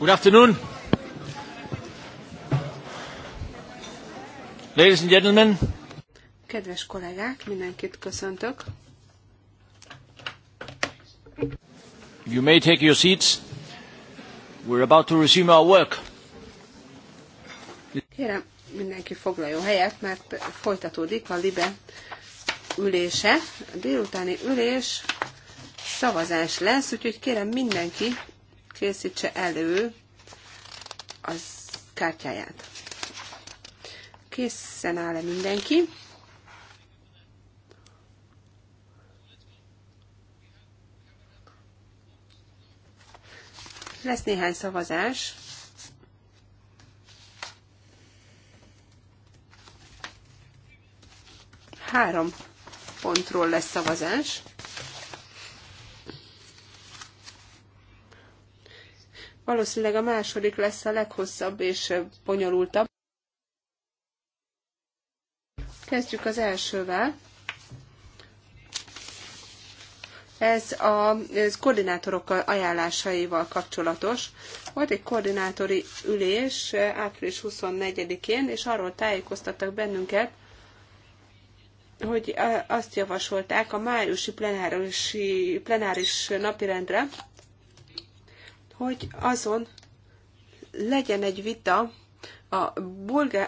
Good afternoon. Ladies and gentlemen. Kedves kollégák, mindenkit köszöntök. you may take your seats. We're about to resume our work. Kérem, mindenki foglaljon helyet, mert folytatódik a LIBE ülése. A délutáni ülés szavazás lesz, úgyhogy kérem mindenki készítse elő az kártyáját. Készen áll-e mindenki? Lesz néhány szavazás. Három pontról lesz szavazás. Valószínűleg a második lesz a leghosszabb és bonyolultabb. Kezdjük az elsővel. Ez a ez koordinátorok ajánlásaival kapcsolatos. Volt egy koordinátori ülés április 24-én, és arról tájékoztattak bennünket, hogy azt javasolták a májusi plenáris, plenáris napirendre, hogy azon legyen egy vita a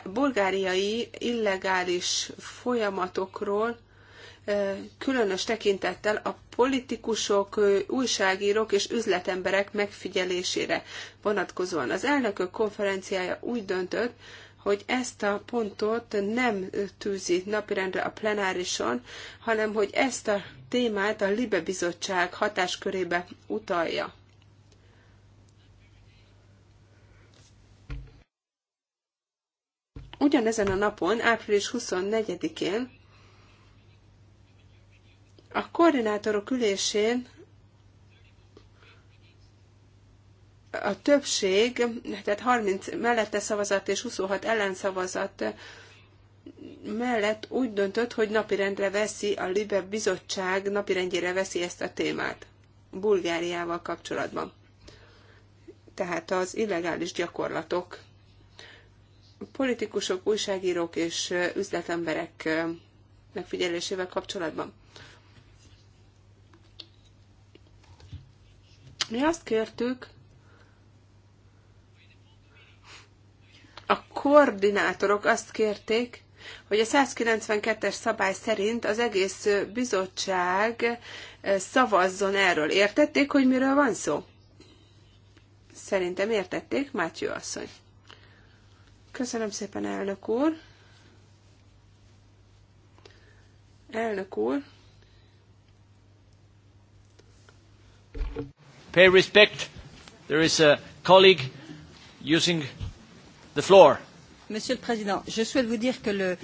bulgáriai illegális folyamatokról, különös tekintettel a politikusok, újságírók és üzletemberek megfigyelésére vonatkozóan. Az elnökök konferenciája úgy döntött, hogy ezt a pontot nem tűzi napirendre a plenárison, hanem hogy ezt a témát a Libe Bizottság hatáskörébe utalja. ugyanezen a napon, április 24-én, a koordinátorok ülésén a többség, tehát 30 mellette szavazat és 26 ellenszavazat mellett úgy döntött, hogy napirendre veszi, a Libe bizottság napirendjére veszi ezt a témát Bulgáriával kapcsolatban. Tehát az illegális gyakorlatok politikusok, újságírók és üzletemberek megfigyelésével kapcsolatban. Mi azt kértük, a koordinátorok azt kérték, hogy a 192-es szabály szerint az egész bizottság szavazzon erről. Értették, hogy miről van szó? Szerintem értették, Mátyő asszony. Köszönöm szépen, elnök úr. Elnök úr. Pay respect. There is a colleague using the floor. Monsieur le Président, je souhaite vous dire que le...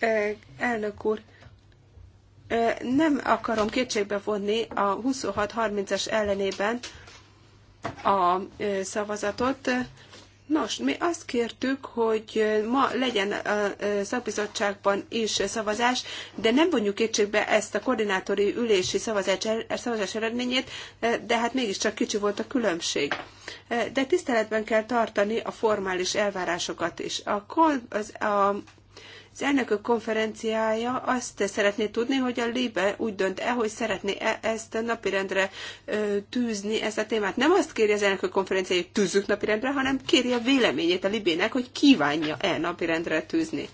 Eh, elnök úr, eh, nem akarom kétségbe vonni a 26-30-es ellenében a eh, szavazatot, Nos, mi azt kértük, hogy ma legyen a szakbizottságban is szavazás, de nem vonjuk kétségbe ezt a koordinátori ülési szavazás, szavazás eredményét, de hát mégiscsak kicsi volt a különbség. De tiszteletben kell tartani a formális elvárásokat is. A, kol, az, a az elnökök konferenciája azt szeretné tudni, hogy a Libe úgy dönt-e, hogy szeretné -e ezt napirendre ö, tűzni, ezt a témát. Nem azt kéri az elnökök konferenciája, hogy tűzzük napirendre, hanem kéri a véleményét a Libének, hogy kívánja-e napirendre tűzni.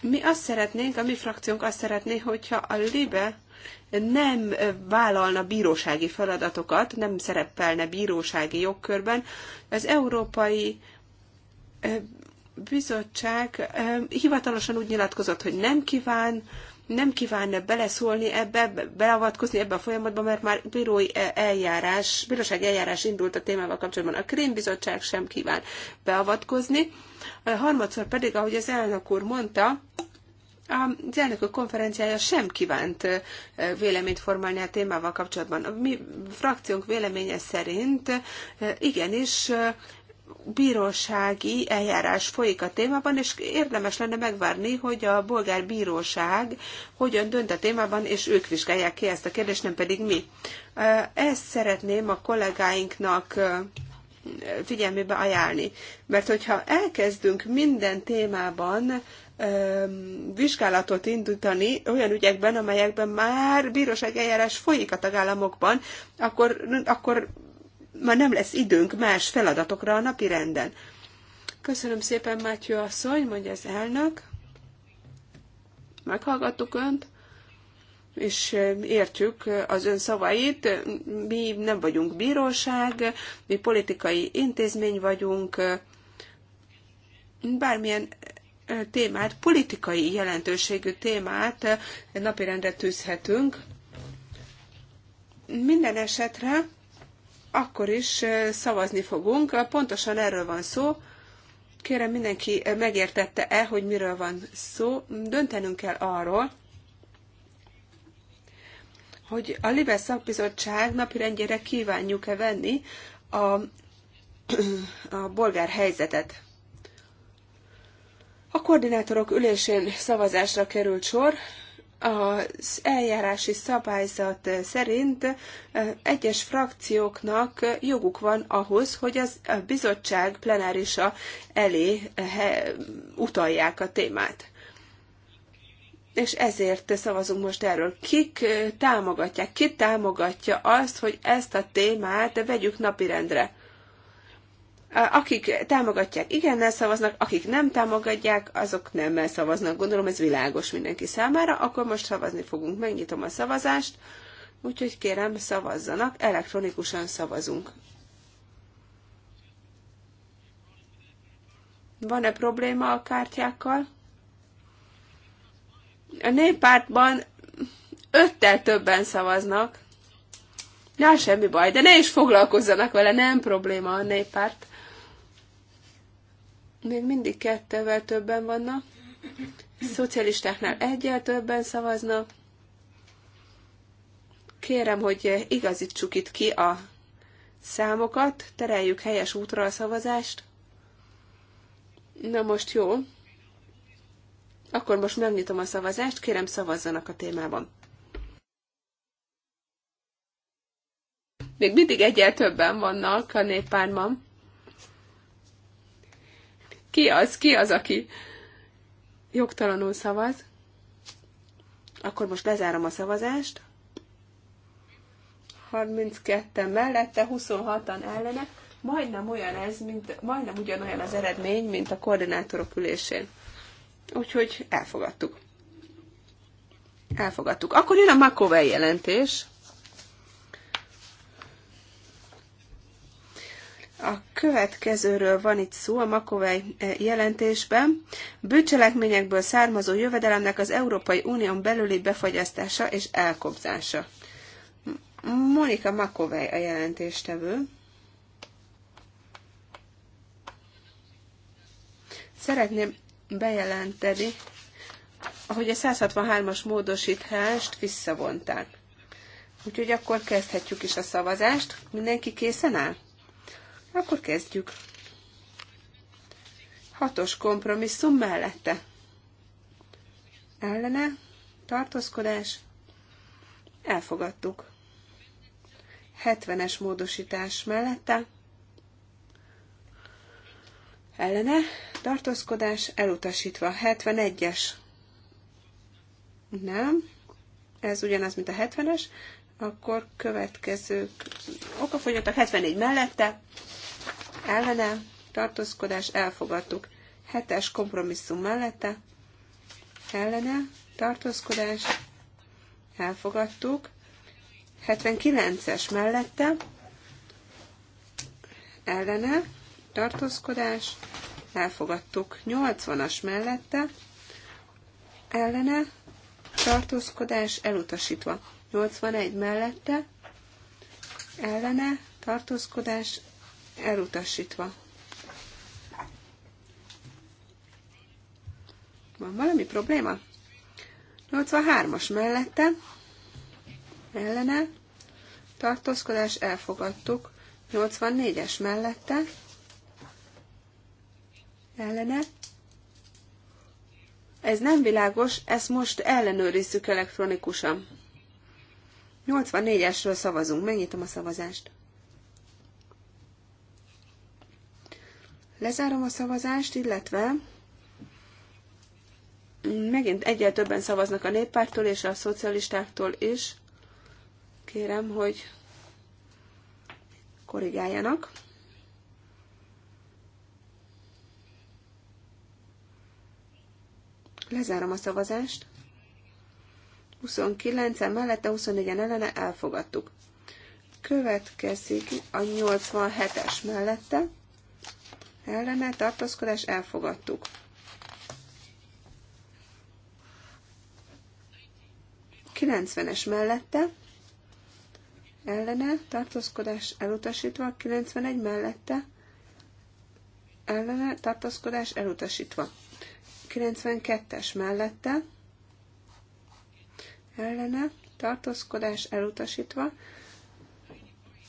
Mi azt szeretnénk, a mi frakciónk azt szeretné, hogyha a Libe nem vállalna bírósági feladatokat, nem szerepelne bírósági jogkörben, az Európai bizottság hivatalosan úgy nyilatkozott, hogy nem kíván nem kíván beleszólni ebbe, beavatkozni ebbe a folyamatba, mert már bírói e, eljárás, bíróság eljárás indult a témával kapcsolatban. A Krémbizottság sem kíván beavatkozni. A harmadszor pedig, ahogy az elnök úr mondta, az elnökök konferenciája sem kívánt véleményt formálni a témával kapcsolatban. A mi frakciónk véleménye szerint igenis bírósági eljárás folyik a témában, és érdemes lenne megvárni, hogy a bolgár bíróság hogyan dönt a témában, és ők vizsgálják ki ezt a kérdést, nem pedig mi. Ezt szeretném a kollégáinknak figyelmébe ajánlni. Mert hogyha elkezdünk minden témában vizsgálatot indítani olyan ügyekben, amelyekben már bíróság eljárás folyik a tagállamokban, akkor, akkor már nem lesz időnk más feladatokra a napi renden. Köszönöm szépen, Mátyó asszony, mondja az elnök. Meghallgattuk önt, és értjük az ön szavait. Mi nem vagyunk bíróság, mi politikai intézmény vagyunk. Bármilyen témát, politikai jelentőségű témát napirendre tűzhetünk. Minden esetre akkor is szavazni fogunk. Pontosan erről van szó. Kérem, mindenki megértette-e, hogy miről van szó. Döntenünk kell arról, hogy a Libe szakbizottság napirendjére kívánjuk-e venni a, a bolgár helyzetet. A koordinátorok ülésén szavazásra került sor, az eljárási szabályzat szerint egyes frakcióknak joguk van ahhoz, hogy az a bizottság plenárisa elé utalják a témát. És ezért szavazunk most erről. Kik támogatják, ki támogatja azt, hogy ezt a témát vegyük napirendre? Akik támogatják, igennel szavaznak, akik nem támogatják, azok nemmel szavaznak. Gondolom ez világos mindenki számára. Akkor most szavazni fogunk. Megnyitom a szavazást. Úgyhogy kérem, szavazzanak. Elektronikusan szavazunk. Van-e probléma a kártyákkal? A néppártban öttel többen szavaznak. Na, semmi baj, de ne is foglalkozzanak vele, nem probléma a néppárt. Még mindig kettővel többen vannak. Szocialistáknál egyel többen szavaznak. Kérem, hogy igazítsuk itt ki a számokat, tereljük helyes útra a szavazást. Na most jó. Akkor most megnyitom a szavazást, kérem szavazzanak a témában. Még mindig egyel többen vannak a néppárban. Ki az, ki az, aki jogtalanul szavaz? Akkor most lezárom a szavazást. 32 mellette, 26-an ellene. Majdnem olyan ez, mint, majdnem ugyanolyan az eredmény, mint a koordinátorok ülésén. Úgyhogy elfogadtuk. Elfogadtuk. Akkor jön a Makovei jelentés. A következőről van itt szó a Makovej e, jelentésben. Bűncselekményekből származó jövedelemnek az Európai Unión belüli befagyasztása és elkobzása. Monika Makovej a jelentéstevő. Szeretném bejelenteni, ahogy a 163-as módosítást visszavonták. Úgyhogy akkor kezdhetjük is a szavazást. Mindenki készen áll? Akkor kezdjük. Hatos kompromisszum mellette. Ellene, tartózkodás, elfogadtuk. 70-es módosítás mellette. Ellene, tartózkodás, elutasítva. 71-es. Nem, ez ugyanaz, mint a 70-es, akkor következők okafogyottak 74 mellette, ellene, tartózkodás elfogadtuk. Hetes kompromisszum mellette, ellene, tartózkodás elfogadtuk. 79-es mellette, ellene, tartózkodás elfogadtuk. 80-as mellette, ellene, tartózkodás elutasítva. 81 mellette, ellene, tartózkodás elutasítva. Van valami probléma? 83-as mellette, ellene, tartózkodás elfogadtuk. 84-es mellette, ellene. Ez nem világos, ezt most ellenőrizzük elektronikusan. 84-esről szavazunk, megnyitom a szavazást. Lezárom a szavazást, illetve megint egyel többen szavaznak a néppártól és a szocialistáktól is. Kérem, hogy korrigáljanak. Lezárom a szavazást. 29-en mellette, 24-en ellene elfogadtuk. Következik a 87-es mellette ellene tartózkodás elfogadtuk. 90-es mellette ellene tartózkodás elutasítva, 91 mellette ellene tartózkodás elutasítva, 92-es mellette ellene tartózkodás elutasítva,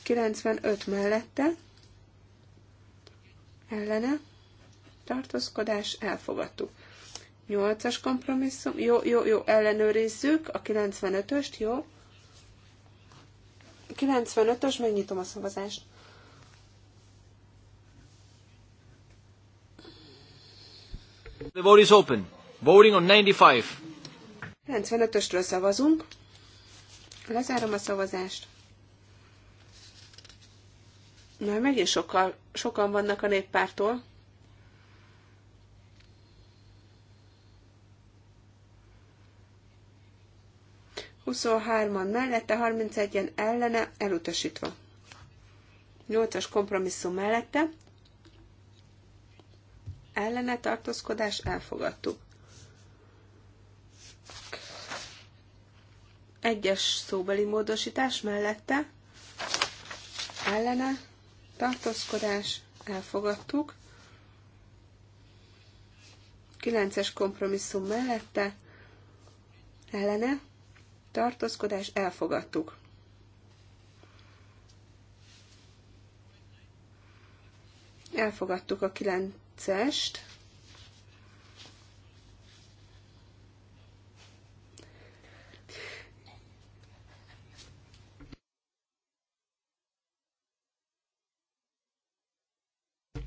95 mellette ellene, tartózkodás, elfogadtuk. 8-as kompromisszum, jó, jó, jó, ellenőrizzük a 95-öst, jó. 95-ös, megnyitom a szavazást. The vote is open. Voting on 95. 95-ösről szavazunk. Lezárom a szavazást. Na, megint sokkal, sokan vannak a néppártól. Huszonhárman mellette, 31-en ellene, elutasítva. 8-as kompromisszum mellette, ellene tartózkodás, elfogadtuk. Egyes szóbeli módosítás mellette, ellene, tartózkodás, elfogadtuk. 9-es kompromisszum mellette, ellene, tartózkodás, elfogadtuk. Elfogadtuk a 9-est,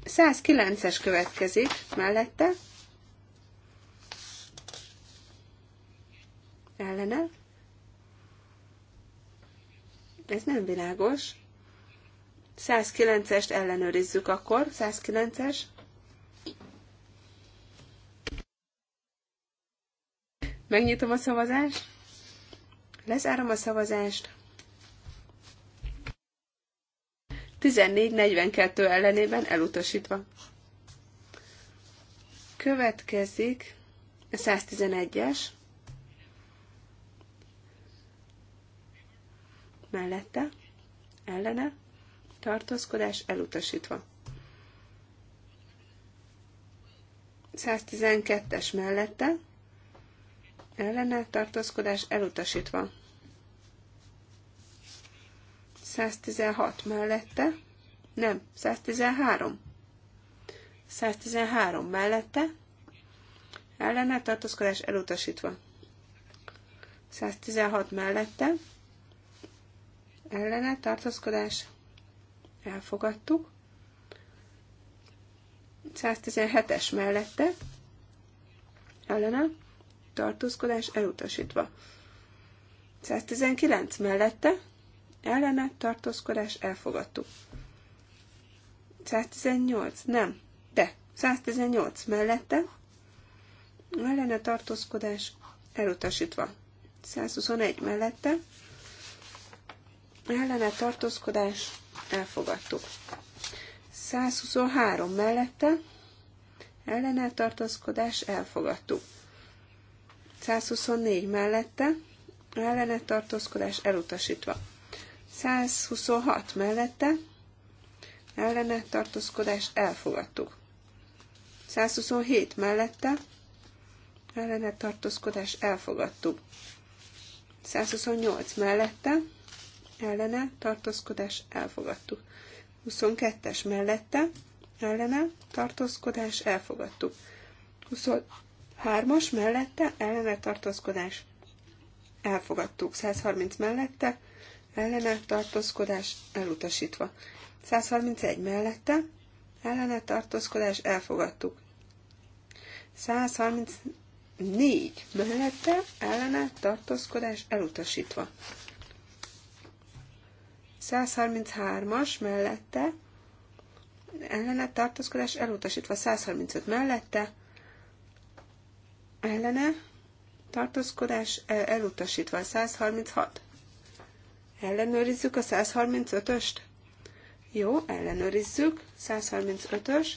109-es következik mellette. Ellene. Ez nem világos. 109-est ellenőrizzük akkor. 109-es. Megnyitom a szavazást. Lezárom a szavazást. 14.42 ellenében elutasítva. Következik a 111-es. Mellette, ellene, tartózkodás elutasítva. 112-es mellette, ellene, tartózkodás elutasítva. 116 mellette, nem, 113. 113 mellette, ellene tartózkodás elutasítva. 116 mellette, ellene tartózkodás elfogadtuk. 117-es mellette, ellene tartózkodás elutasítva. 119 mellette, ellene tartózkodás elfogadtuk. 118, nem, de 118 mellette ellene tartózkodás elutasítva. 121 mellette ellene tartózkodás elfogadtuk. 123 mellette ellene tartózkodás elfogadtuk. 124 mellette ellene tartózkodás elutasítva. 126 mellette ellene tartózkodás elfogadtuk. 127 mellette ellene tartózkodás elfogadtuk. 128 mellette ellene tartózkodás elfogadtuk. 22-es mellette ellene tartózkodás elfogadtuk. 23-as mellette ellene tartózkodás elfogadtuk. 130 mellette ellene tartózkodás elutasítva. 131 mellette ellene tartózkodás elfogadtuk. 134 mellette ellene tartózkodás elutasítva. 133-as mellette ellene tartózkodás elutasítva. 135 mellette ellene tartózkodás elutasítva. 136 Ellenőrizzük a 135-öst? Jó, ellenőrizzük. 135-ös.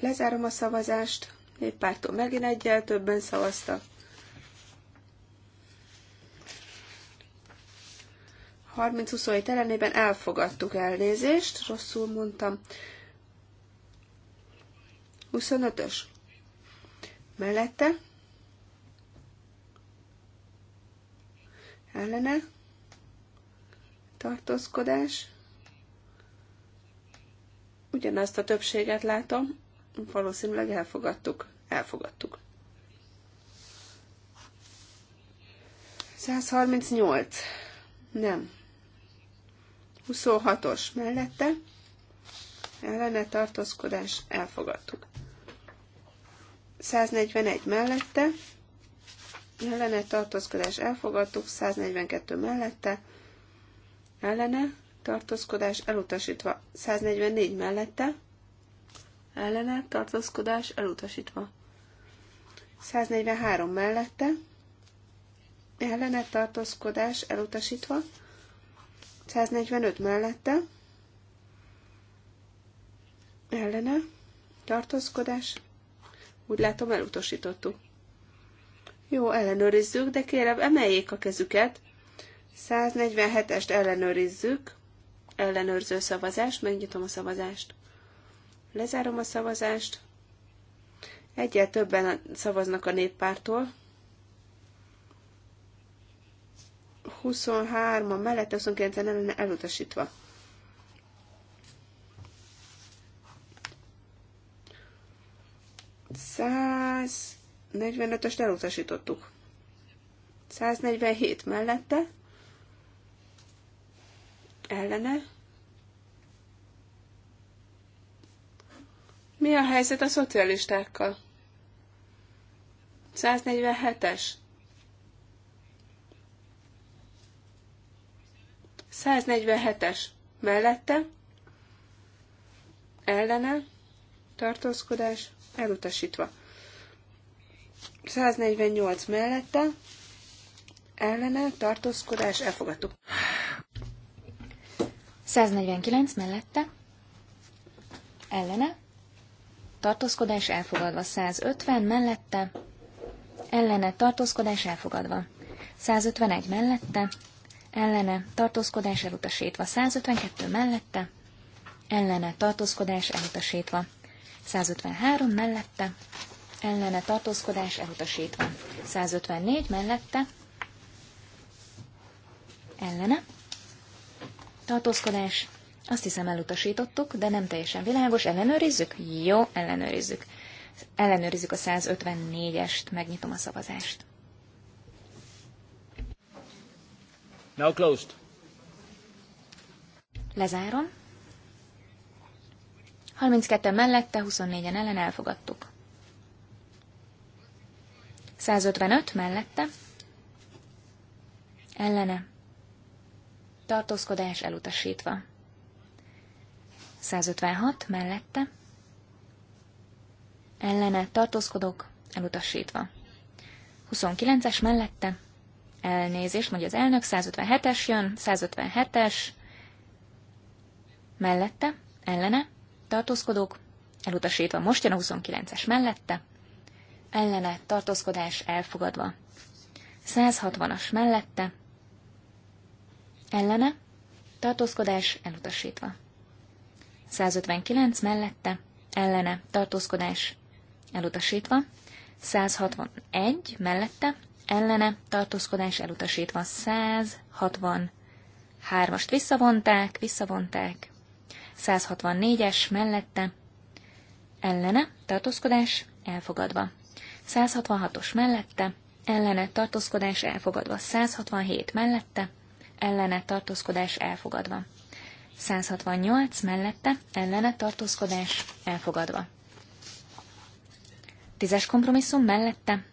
Lezárom a szavazást. Néppártól megint egyel többen szavaztak. 30-27 ellenében elfogadtuk elnézést, rosszul mondtam. 25-ös mellette, ellene, tartózkodás, ugyanazt a többséget látom, valószínűleg elfogadtuk, elfogadtuk. 138. Nem. 26-os mellette ellene tartózkodás elfogadtuk. 141 mellette, ellene tartózkodás elfogadtuk, 142 mellette, ellene tartózkodás elutasítva, 144 mellette, ellene tartózkodás elutasítva, 143 mellette, ellene tartózkodás elutasítva, 145 mellette, ellene tartózkodás úgy látom, elutasítottuk. Jó, ellenőrizzük, de kérem, emeljék a kezüket. 147-est ellenőrizzük. Ellenőrző szavazást, megnyitom a szavazást. Lezárom a szavazást. Egyel többen szavaznak a néppártól. 23-a mellett, 29-en elutasítva. 145-öst elutasítottuk. 147 mellette, ellene. Mi a helyzet a szocialistákkal? 147-es. 147-es mellette, ellene, tartózkodás, elutasítva. 148 mellette, ellene, tartózkodás, elfogadtuk. 149 mellette, ellene, tartózkodás elfogadva. 150 mellette, ellene, tartózkodás elfogadva. 151 mellette, ellene, tartózkodás elutasítva. 152 mellette, ellene, tartózkodás elutasítva. 153 mellette, ellene tartózkodás elutasítva. 154 mellette, ellene tartózkodás, azt hiszem elutasítottuk, de nem teljesen világos, ellenőrizzük? Jó, ellenőrizzük. Ellenőrizzük a 154-est, megnyitom a szavazást. Now closed. Lezárom. 32 en mellette, 24-en ellen elfogadtuk. 155 mellette, ellene, tartózkodás elutasítva. 156 mellette, ellene, tartózkodok, elutasítva. 29-es mellette, elnézést, mondja az elnök, 157-es jön, 157-es, mellette, ellene, tartózkodók, elutasítva. Most jön a 29-es mellette, ellene tartózkodás elfogadva. 160-as mellette, ellene tartózkodás elutasítva. 159 mellette, ellene tartózkodás elutasítva. 161 mellette, ellene tartózkodás elutasítva. 160 Hármast visszavonták, visszavonták, 164-es mellette, ellene, tartózkodás, elfogadva. 166-os mellette, ellene, tartózkodás, elfogadva. 167 mellette, ellene, tartózkodás, elfogadva. 168 mellette, ellene, tartózkodás, elfogadva. Tízes kompromisszum mellette,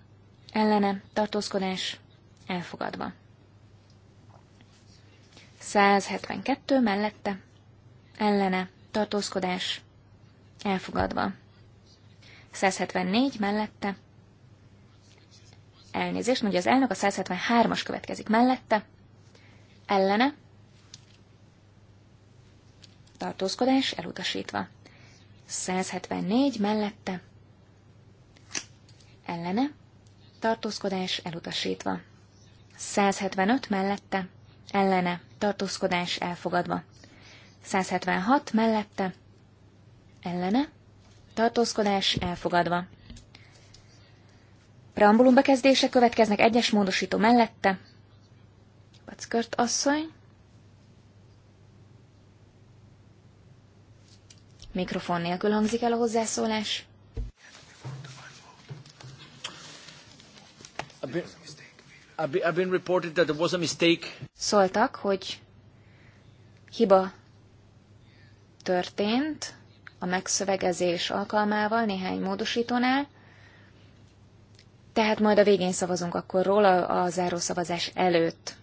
ellene, tartózkodás, elfogadva. 172 mellette, ellene, tartózkodás, elfogadva. 174 mellette, elnézést, mondja az elnök, a 173-as következik mellette, ellene, tartózkodás elutasítva. 174 mellette, ellene, tartózkodás elutasítva. 175 mellette, ellene, tartózkodás elfogadva. 176 mellette, ellene, tartózkodás elfogadva. Preambulum bekezdése következnek egyes módosító mellette. Packört asszony. Mikrofon nélkül hangzik el a hozzászólás. I've been reported that there was a mistake. Szóltak, hogy hiba történt a megszövegezés alkalmával néhány módosítónál, tehát majd a végén szavazunk akkor róla a zárószavazás előtt.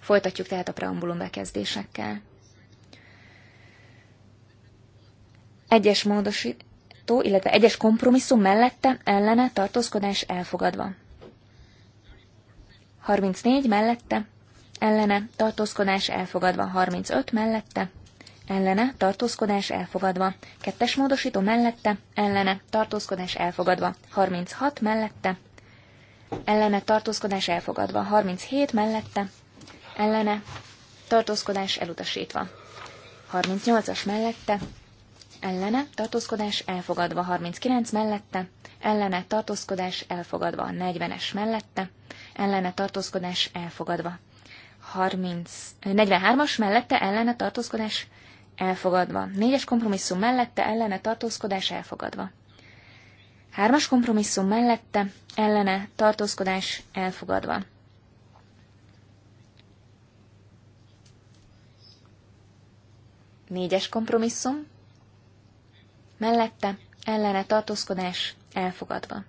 Folytatjuk tehát a preambulum bekezdésekkel. Egyes módosító, illetve egyes kompromisszum mellette ellene tartózkodás elfogadva. 34 mellette ellene tartózkodás elfogadva, 35 mellette ellene, tartózkodás elfogadva. Kettes módosító mellette, ellene, tartózkodás elfogadva. 36 mellette, ellene, tartózkodás elfogadva. 37 mellette, ellene, tartózkodás elutasítva. 38-as mellette, ellene, tartózkodás elfogadva. 39 mellette, ellene, tartózkodás elfogadva. 40-es mellette, ellene, tartózkodás elfogadva. 30, 43-as mellette ellene tartózkodás elfogadva. Négyes kompromisszum mellette ellene tartózkodás elfogadva. Hármas kompromisszum mellette ellene tartózkodás elfogadva. Négyes kompromisszum mellette ellene tartózkodás elfogadva.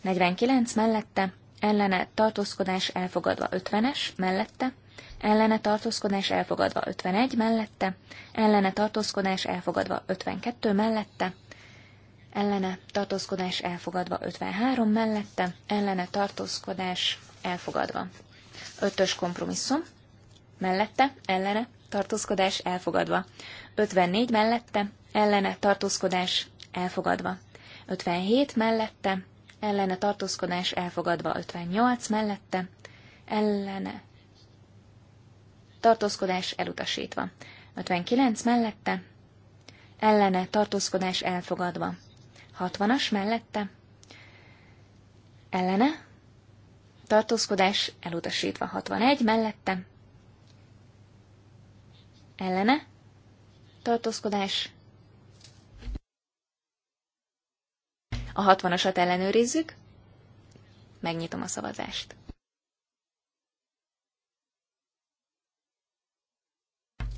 49 mellette ellene tartózkodás elfogadva 50-es mellette ellene tartózkodás elfogadva 51 mellette, ellene tartózkodás elfogadva 52 mellette, ellene tartózkodás elfogadva 53 mellette, ellene tartózkodás elfogadva. Ötös kompromisszum, mellette, ellene, tartózkodás elfogadva. 54 mellette, ellene, tartózkodás elfogadva. 57 mellette, ellene, tartózkodás elfogadva. 58 mellette, ellene, tartózkodás elutasítva. 59 mellette, ellene tartózkodás elfogadva. 60-as mellette, ellene tartózkodás elutasítva. 61 mellette, ellene tartózkodás a 60-asat ellenőrizzük, megnyitom a szavazást.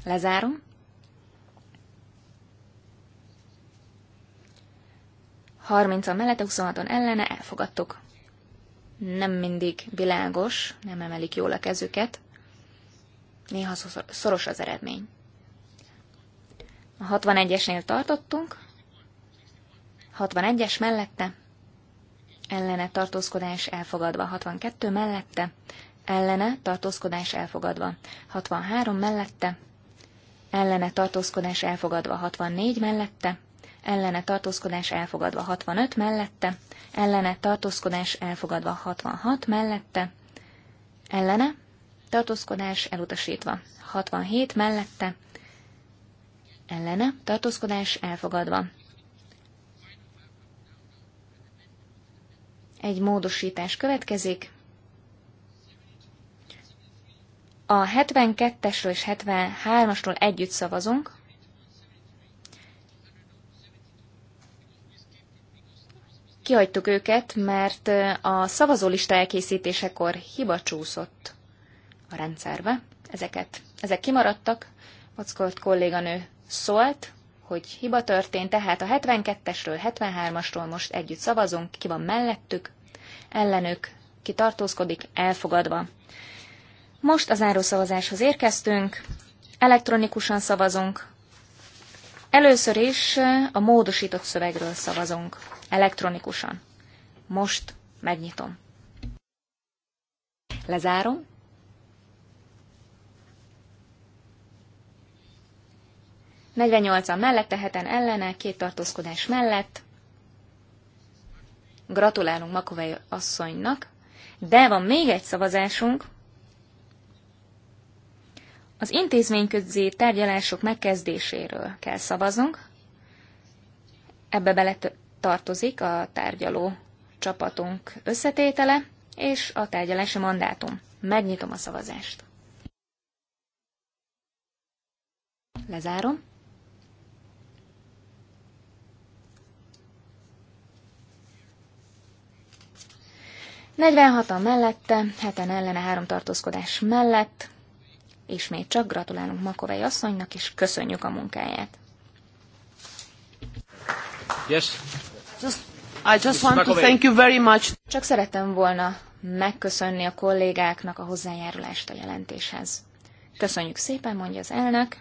Lezárom. Harminc a mellette, 26-on ellene, elfogadtuk. Nem mindig világos, nem emelik jól a kezüket. Néha szoros az eredmény. A 61-esnél tartottunk. 61-es mellette, ellene tartózkodás elfogadva. 62 mellette, ellene tartózkodás elfogadva. 63 mellette, ellene tartózkodás elfogadva 64 mellette, ellene tartózkodás elfogadva 65 mellette, ellene tartózkodás elfogadva 66 mellette, ellene tartózkodás elutasítva 67 mellette, ellene tartózkodás elfogadva. Egy módosítás következik, A 72-esről és 73-asról együtt szavazunk. Kihagytuk őket, mert a szavazólista elkészítésekor hiba csúszott a rendszerbe. Ezeket, ezek kimaradtak. Mockolt kolléganő szólt, hogy hiba történt, tehát a 72-esről, 73-asról most együtt szavazunk, ki van mellettük, ellenük, ki tartózkodik, elfogadva. Most az árószavazáshoz érkeztünk, elektronikusan szavazunk. Először is a módosított szövegről szavazunk, elektronikusan. Most megnyitom. Lezárom. a mellett, teheten ellene, két tartózkodás mellett. Gratulálunk Makovei asszonynak, de van még egy szavazásunk, az intézményközi tárgyalások megkezdéséről kell szavaznunk. Ebbe bele tartozik a tárgyaló csapatunk összetétele és a tárgyalási mandátum. Megnyitom a szavazást. Lezárom. Negyvenhatan mellette, heten ellene három tartózkodás mellett Ismét csak gratulálunk Makovei asszonynak, és köszönjük a munkáját. Yes. Just, I just want to thank you very much. Csak szerettem volna megköszönni a kollégáknak a hozzájárulást a jelentéshez. Köszönjük szépen, mondja az elnök.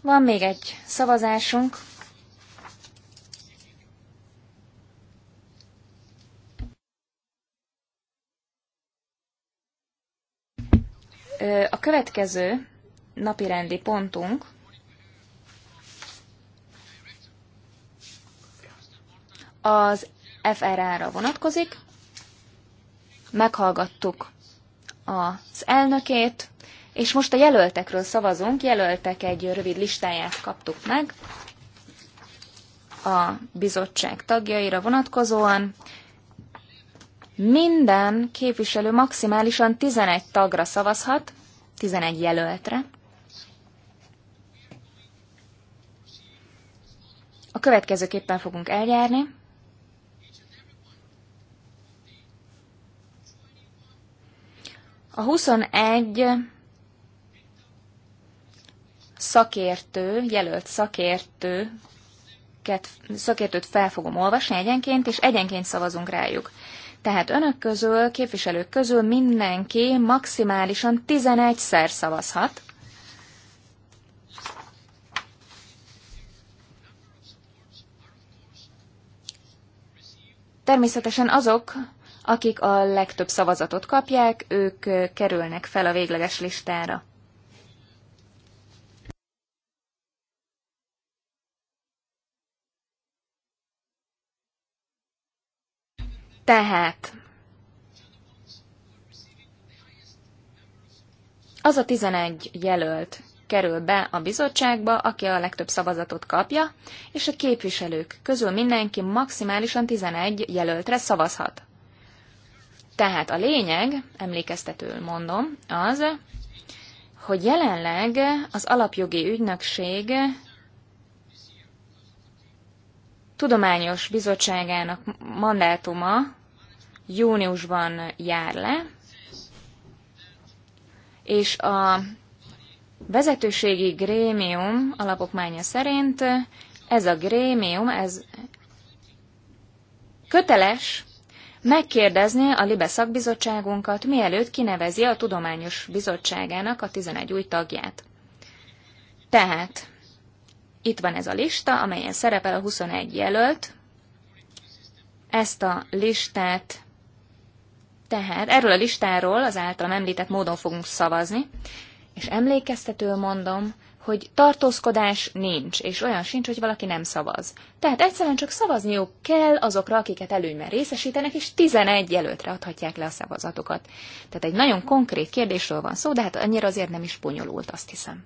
Van még egy szavazásunk, A következő napirendi pontunk az FRA-ra vonatkozik. Meghallgattuk az elnökét, és most a jelöltekről szavazunk. Jelöltek egy rövid listáját kaptuk meg a bizottság tagjaira vonatkozóan. Minden képviselő maximálisan 11 tagra szavazhat, 11 jelöltre. A következőképpen fogunk eljárni. A 21 szakértő, jelölt szakértő, szakértőt fel fogom olvasni egyenként, és egyenként szavazunk rájuk. Tehát önök közül, képviselők közül mindenki maximálisan 11-szer szavazhat. Természetesen azok, akik a legtöbb szavazatot kapják, ők kerülnek fel a végleges listára. Tehát az a 11 jelölt kerül be a bizottságba, aki a legtöbb szavazatot kapja, és a képviselők közül mindenki maximálisan 11 jelöltre szavazhat. Tehát a lényeg, emlékeztetőül mondom, az, hogy jelenleg az alapjogi ügynökség tudományos bizottságának mandátuma júniusban jár le, és a vezetőségi grémium alapokmánya szerint ez a grémium, ez köteles megkérdezni a Libe szakbizottságunkat, mielőtt kinevezi a tudományos bizottságának a 11 új tagját. Tehát itt van ez a lista, amelyen szerepel a 21 jelölt. Ezt a listát, tehát erről a listáról az általam említett módon fogunk szavazni, és emlékeztető mondom, hogy tartózkodás nincs, és olyan sincs, hogy valaki nem szavaz. Tehát egyszerűen csak szavazniuk kell azokra, akiket előnyben részesítenek, és 11 jelöltre adhatják le a szavazatokat. Tehát egy nagyon konkrét kérdésről van szó, de hát annyira azért nem is bonyolult, azt hiszem.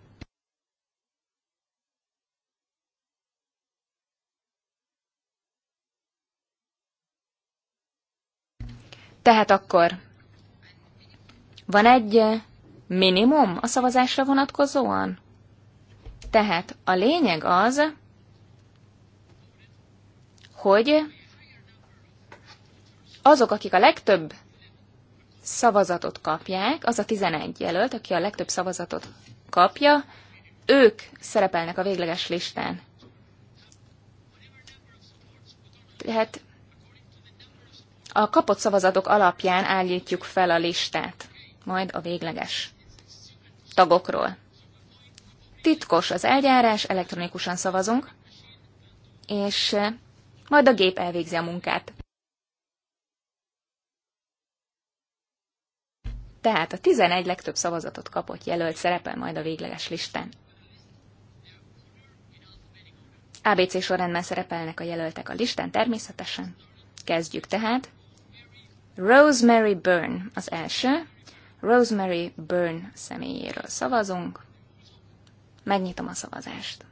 Tehát akkor van egy minimum a szavazásra vonatkozóan? Tehát a lényeg az, hogy azok, akik a legtöbb szavazatot kapják, az a 11 jelölt, aki a legtöbb szavazatot kapja, ők szerepelnek a végleges listán. Tehát a kapott szavazatok alapján állítjuk fel a listát, majd a végleges tagokról. Titkos az eljárás, elektronikusan szavazunk, és eh, majd a gép elvégzi a munkát. Tehát a 11 legtöbb szavazatot kapott jelölt szerepel majd a végleges listán. ABC sorrendben szerepelnek a jelöltek a listán természetesen. Kezdjük tehát. Rosemary Byrne az első. Rosemary Byrne személyéről szavazunk. Megnyitom a szavazást.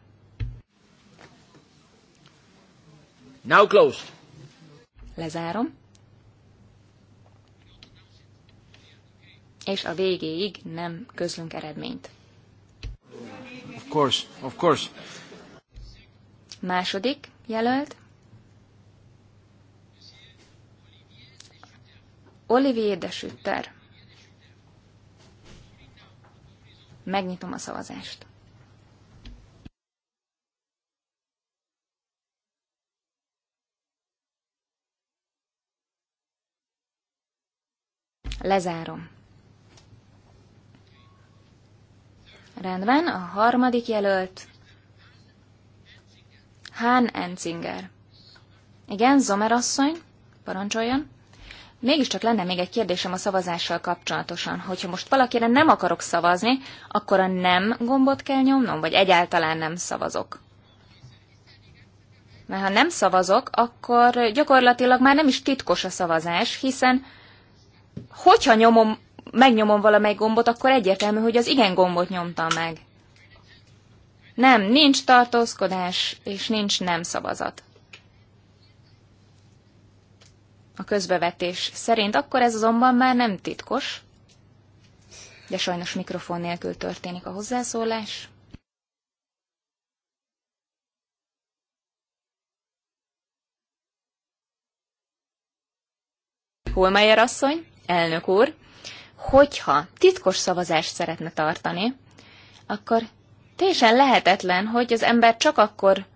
Now closed. Lezárom. És a végéig nem közlünk eredményt. Of course, of course. Második jelölt. Olivier de Sütter. Megnyitom a szavazást. Lezárom. Rendben, a harmadik jelölt Hán Enzinger. Igen, Zomer asszony, parancsoljon. Mégiscsak lenne még egy kérdésem a szavazással kapcsolatosan, hogyha most valakire nem akarok szavazni, akkor a nem gombot kell nyomnom, vagy egyáltalán nem szavazok. Mert ha nem szavazok, akkor gyakorlatilag már nem is titkos a szavazás, hiszen hogyha nyomom, megnyomom valamely gombot, akkor egyértelmű, hogy az igen gombot nyomtam meg. Nem, nincs tartózkodás, és nincs nem szavazat a közbevetés szerint, akkor ez azonban már nem titkos, de sajnos mikrofon nélkül történik a hozzászólás. Holmeyer asszony, elnök úr, hogyha titkos szavazást szeretne tartani, akkor teljesen lehetetlen, hogy az ember csak akkor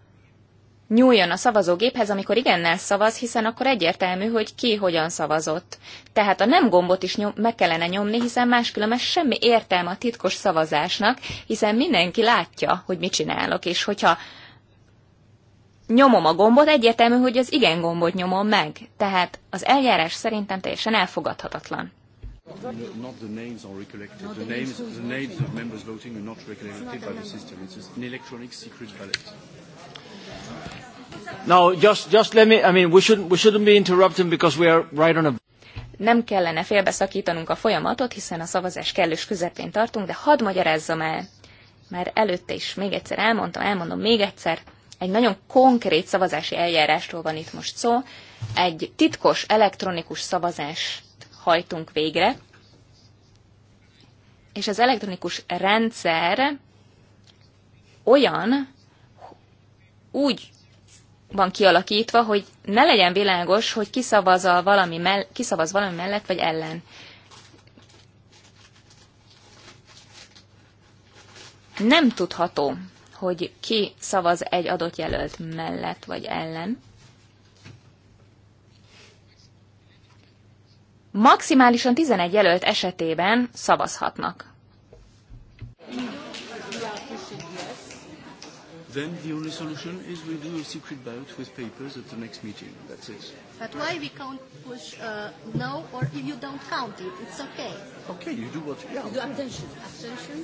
nyúljon a szavazógéphez, amikor igennel szavaz, hiszen akkor egyértelmű, hogy ki hogyan szavazott. Tehát a nem gombot is nyom, meg kellene nyomni, hiszen máskülönben semmi értelme a titkos szavazásnak, hiszen mindenki látja, hogy mit csinálok, és hogyha nyomom a gombot, egyértelmű, hogy az igen gombot nyomom meg. Tehát az eljárás szerintem teljesen elfogadhatatlan. Not the names are recollected. The names, the names of members voting are not recollected by the system. It's an electronic secret ballot. Now, just, just let me, I mean, we shouldn't, we shouldn't be interrupting because we are right on a... Nem kellene félbeszakítanunk a folyamatot, hiszen a szavazás kellős közepén tartunk, de hadd magyarázzam el, már előtte is még egyszer elmondtam, elmondom még egyszer, egy nagyon konkrét szavazási eljárásról van itt most szó, egy titkos elektronikus szavazást hajtunk végre, és az elektronikus rendszer olyan, úgy van kialakítva, hogy ne legyen világos, hogy kiszavaz, a valami mell- kiszavaz valami mellett vagy ellen. Nem tudható, hogy ki szavaz egy adott jelölt mellett vagy ellen. Maximálisan 11 jelölt esetében szavazhatnak. Then the only solution is we do a secret ballot with papers at the next meeting. That's it. But why we can't push uh, no or if you don't count it? It's okay. Okay, you do what you yeah. You do abstention. Abstention?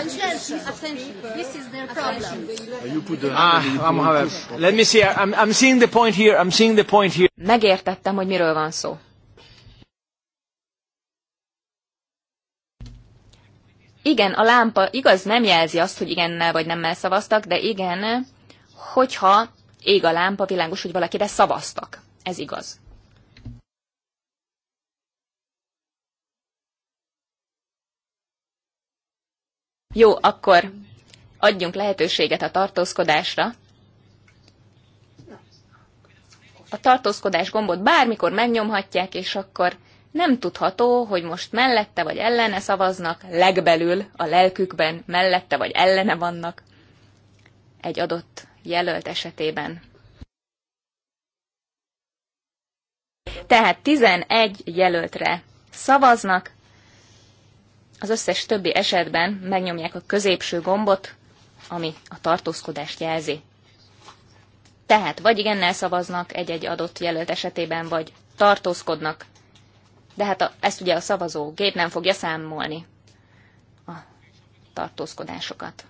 Abstention. Abstention. This is their problem. Uh, You put the ah, you I'm have, let me see. I'm, I'm seeing the point here. I'm seeing the point here. Megértettem, hogy miről van szó. igen, a lámpa igaz nem jelzi azt, hogy igennel vagy nemmel szavaztak, de igen, hogyha ég a lámpa, világos, hogy valakire szavaztak. Ez igaz. Jó, akkor adjunk lehetőséget a tartózkodásra. A tartózkodás gombot bármikor megnyomhatják, és akkor nem tudható, hogy most mellette vagy ellene szavaznak, legbelül a lelkükben mellette vagy ellene vannak egy adott jelölt esetében. Tehát 11 jelöltre szavaznak, az összes többi esetben megnyomják a középső gombot, ami a tartózkodást jelzi. Tehát vagy igennel szavaznak egy-egy adott jelölt esetében, vagy tartózkodnak de hát a, ezt ugye a szavazó gép nem fogja számolni a tartózkodásokat.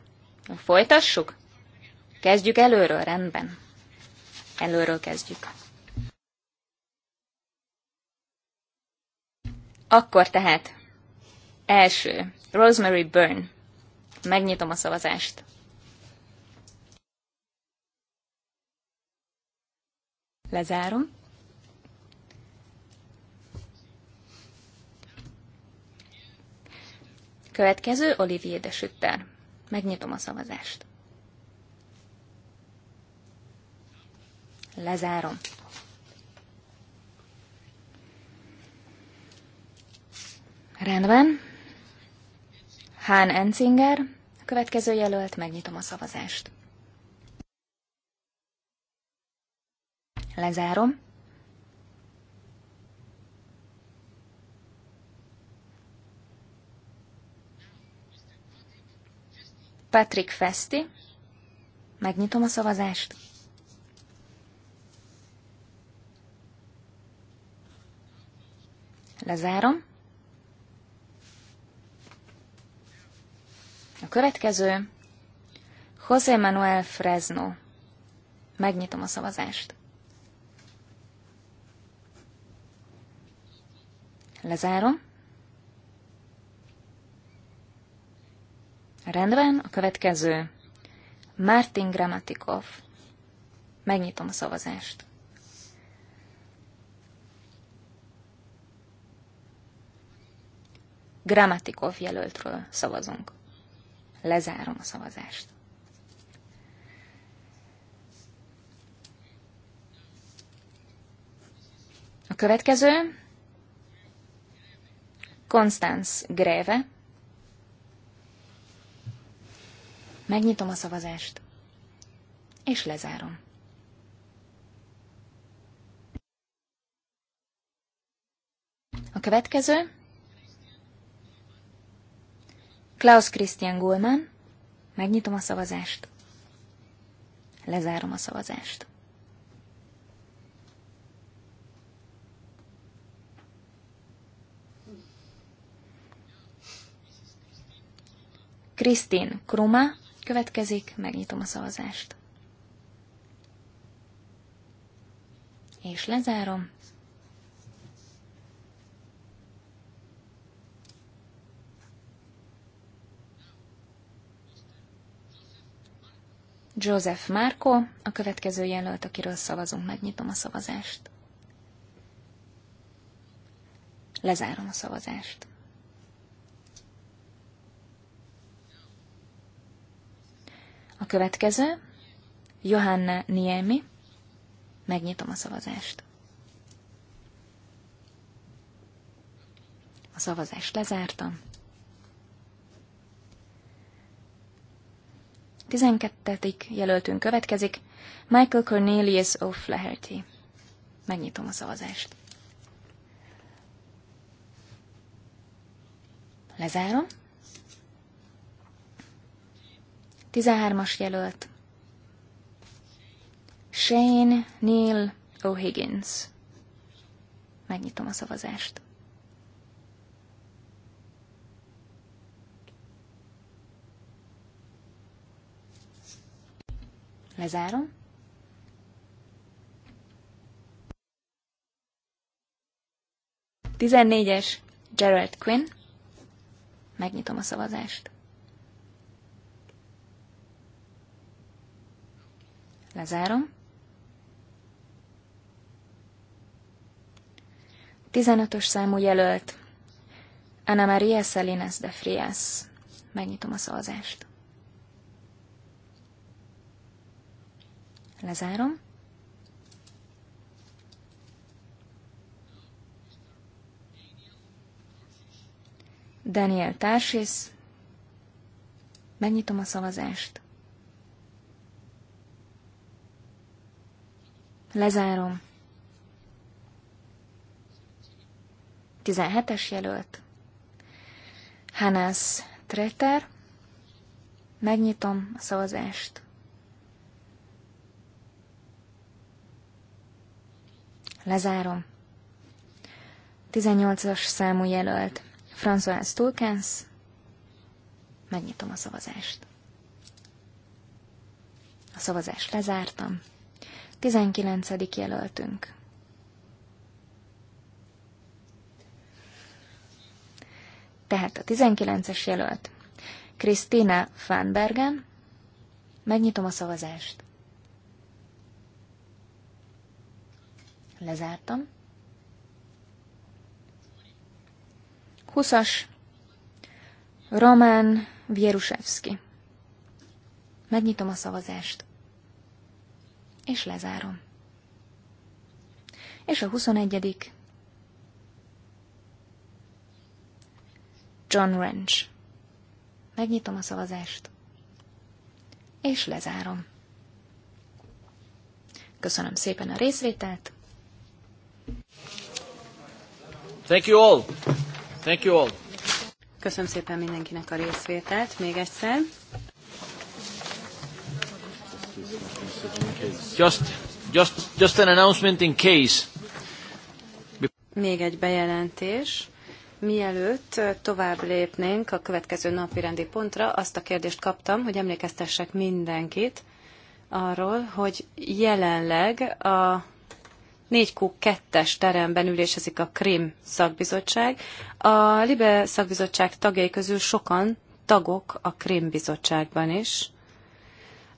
Folytassuk? Kezdjük előről, rendben. Előről kezdjük. Akkor tehát, első, Rosemary Byrne. Megnyitom a szavazást. Lezárom. Következő Olivier de Sütter. Megnyitom a szavazást. Lezárom. Rendben. Hán Enzinger, következő jelölt, megnyitom a szavazást. Lezárom. Patrick Festi. Megnyitom a szavazást. Lezárom. A következő José Manuel Fresno. Megnyitom a szavazást. Lezárom. Rendben, a következő. Martin Gramatikov. Megnyitom a szavazást. Gramatikov jelöltről szavazunk. Lezárom a szavazást. A következő Konstanz Greve. Megnyitom a szavazást, és lezárom. A következő Klaus Christian Gullmann. megnyitom a szavazást, lezárom a szavazást. Krisztin Kruma, következik, megnyitom a szavazást. És lezárom. Joseph Marco, a következő jelölt, akiről szavazunk, megnyitom a szavazást. Lezárom a szavazást. A következő, Johanna Niemi. Megnyitom a szavazást. A szavazást lezártam. 12. jelöltünk következik, Michael Cornelius O'Flaherty. Megnyitom a szavazást. Lezárom. 13-as jelölt. Shane Neil O'Higgins. Megnyitom a szavazást. Lezárom. Tizennégyes Gerald Quinn. Megnyitom a szavazást. Lezárom. 15-ös számú jelölt. Ana Maria Salinas de Frias. Megnyitom a szavazást. Lezárom. Daniel Társész. Megnyitom a szavazást. Lezárom. 17-es jelölt. Hanász Treter. Megnyitom a szavazást. Lezárom. 18-as számú jelölt. François Tulkens. Megnyitom a szavazást. A szavazást lezártam. 19. jelöltünk. Tehát a 19-es jelölt. Krisztina Fánbergen. Megnyitom a szavazást. Lezártam. 20-as. Roman Vieruszewski. Megnyitom a szavazást és lezárom. És a 21. John Wrench. Megnyitom a szavazást. És lezárom. Köszönöm szépen a részvételt. Thank you all. Thank you all. Köszönöm szépen mindenkinek a részvételt még egyszer. Just, just, just an announcement in case. Még egy bejelentés. Mielőtt tovább lépnénk a következő napi rendi pontra, azt a kérdést kaptam, hogy emlékeztessek mindenkit arról, hogy jelenleg a 4Q2-es teremben ülésezik a Krim szakbizottság. A Libe szakbizottság tagjai közül sokan tagok a Krim bizottságban is.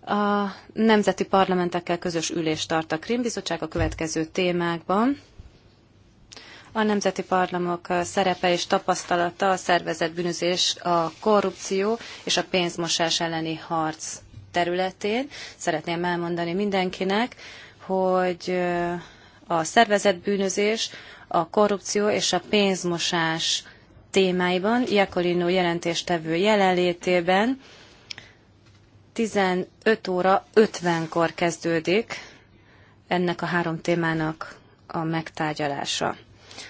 A nemzeti parlamentekkel közös ülést tart a Krimbizottság a következő témákban. A nemzeti parlamok szerepe és tapasztalata a szervezett bűnözés, a korrupció és a pénzmosás elleni harc területén. Szeretném elmondani mindenkinek, hogy a szervezett bűnözés, a korrupció és a pénzmosás témáiban, Iacolino jelentéstevő jelenlétében 15 óra 50-kor kezdődik ennek a három témának a megtárgyalása.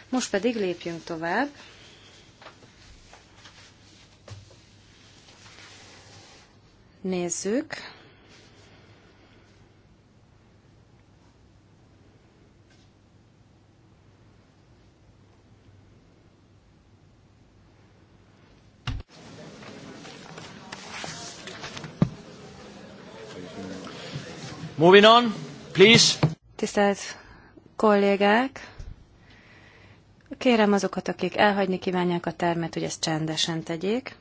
Most pedig lépjünk tovább. Nézzük. Moving on, please. Tisztelt kollégák, kérem azokat, akik elhagyni kívánják a termet, hogy ezt csendesen tegyék.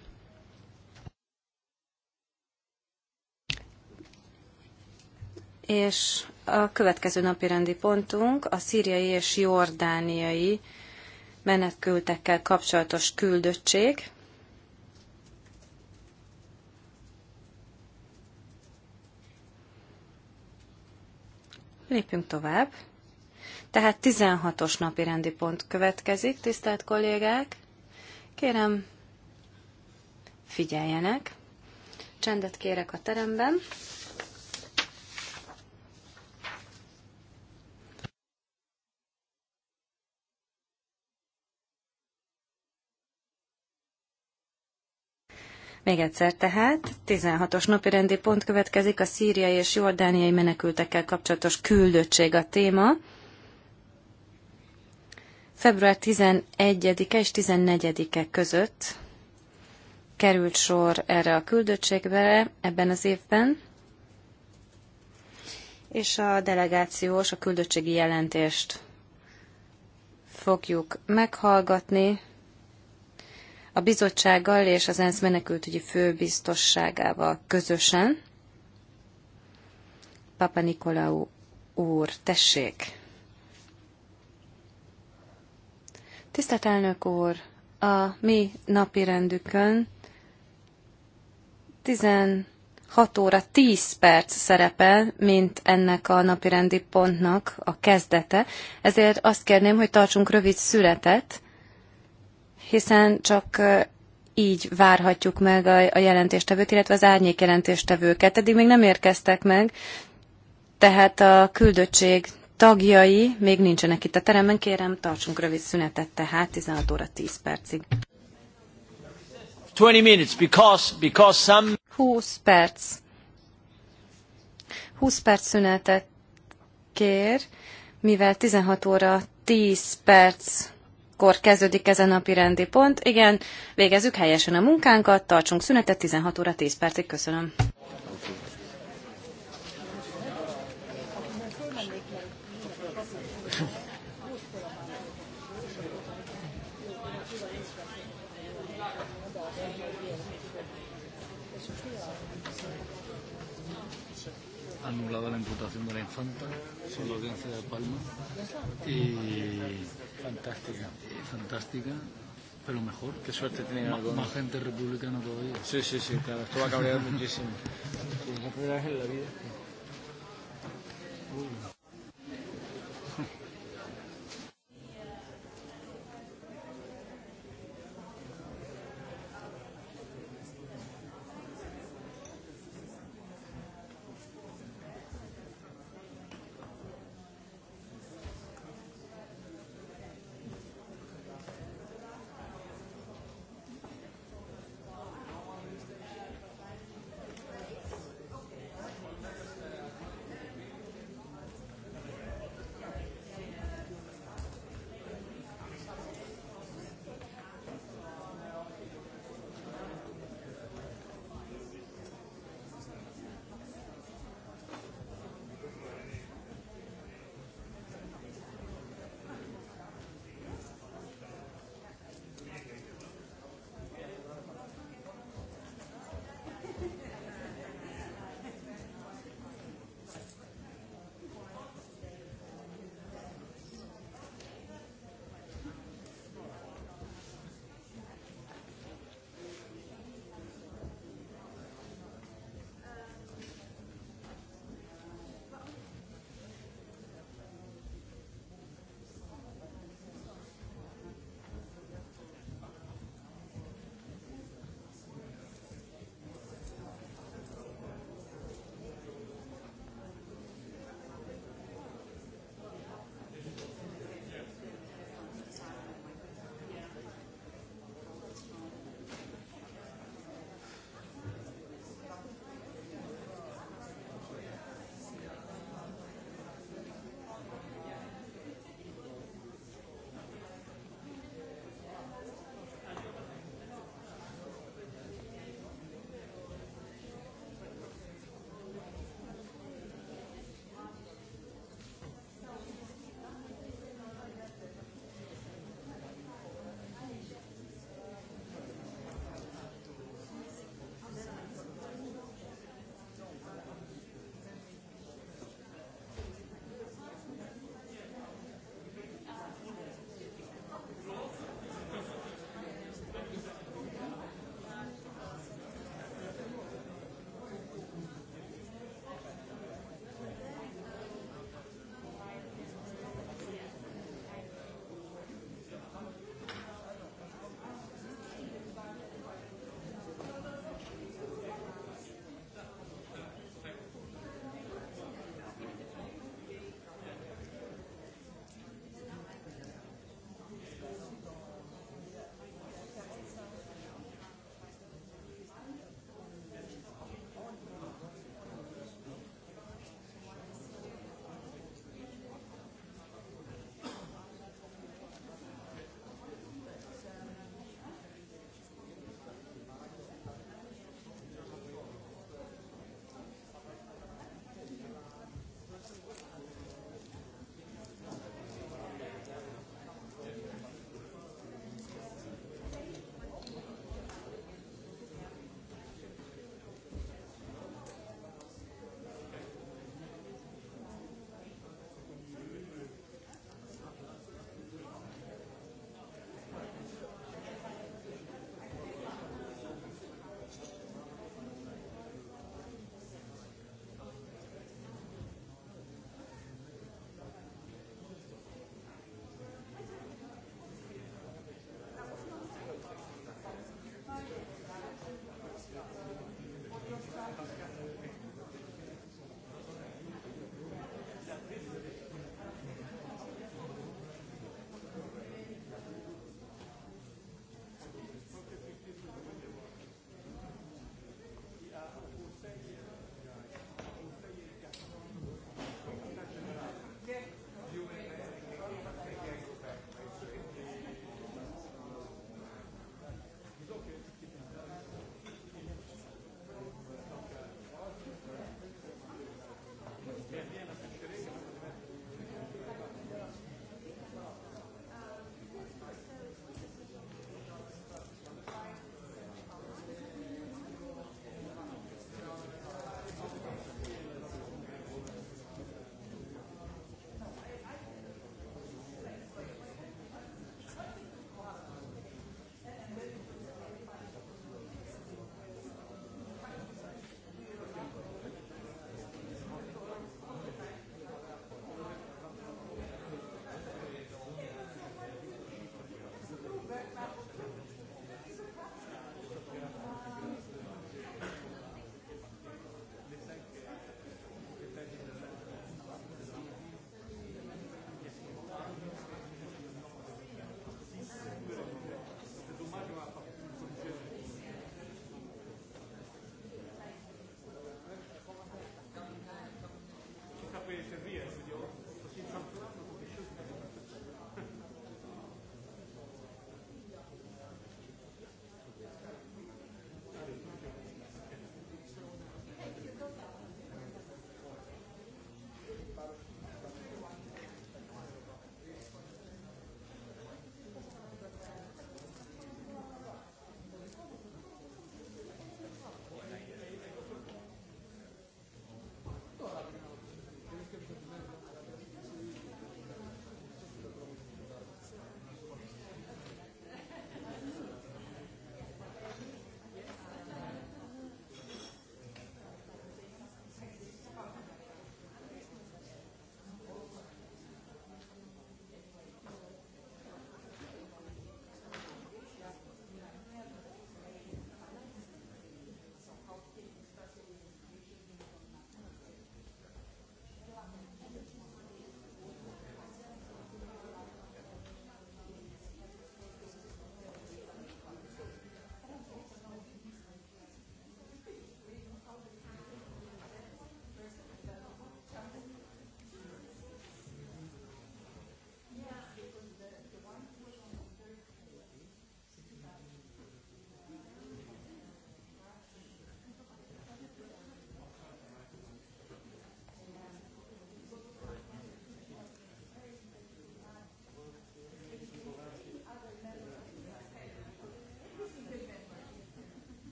És a következő napi rendi pontunk a szíriai és jordániai menetkültekkel kapcsolatos küldöttség. Lépjünk tovább. Tehát 16-os napi rendi pont következik, tisztelt kollégák. Kérem, figyeljenek. Csendet kérek a teremben. Még egyszer tehát, 16-os napi rendi pont következik, a szíriai és jordániai menekültekkel kapcsolatos küldöttség a téma. Február 11-e és 14-e között került sor erre a küldöttségbe ebben az évben, és a delegációs, a küldöttségi jelentést fogjuk meghallgatni a bizottsággal és az ENSZ menekültügyi főbiztosságával közösen. Papa Nikolaou úr, tessék! Tisztelt elnök úr, a mi napi rendükön 16 óra 10 perc szerepel, mint ennek a napirendi pontnak a kezdete, ezért azt kérném, hogy tartsunk rövid szüretet, hiszen csak így várhatjuk meg a, jelentéstevőt, illetve az árnyék jelentéstevőket. Eddig még nem érkeztek meg, tehát a küldöttség tagjai még nincsenek itt a teremben. Kérem, tartsunk rövid szünetet, tehát 16 óra 10 percig. 20 minutes, because, because some... 20 perc. 20 perc szünetet kér, mivel 16 óra 10 perc kor kezdődik ez a napi rendi pont. Igen, végezzük helyesen a munkánkat, tartsunk szünetet 16 óra 10 percig. Köszönöm. anulada la imputación de la infanta, solo audiencia de Palma y fantástica fantástica, pero mejor. Qué suerte tienen algunos. Más gente republicana todavía. Sí, sí, sí, claro. Esto va a cabrear muchísimo. Es la primera vez en la vida. Uy.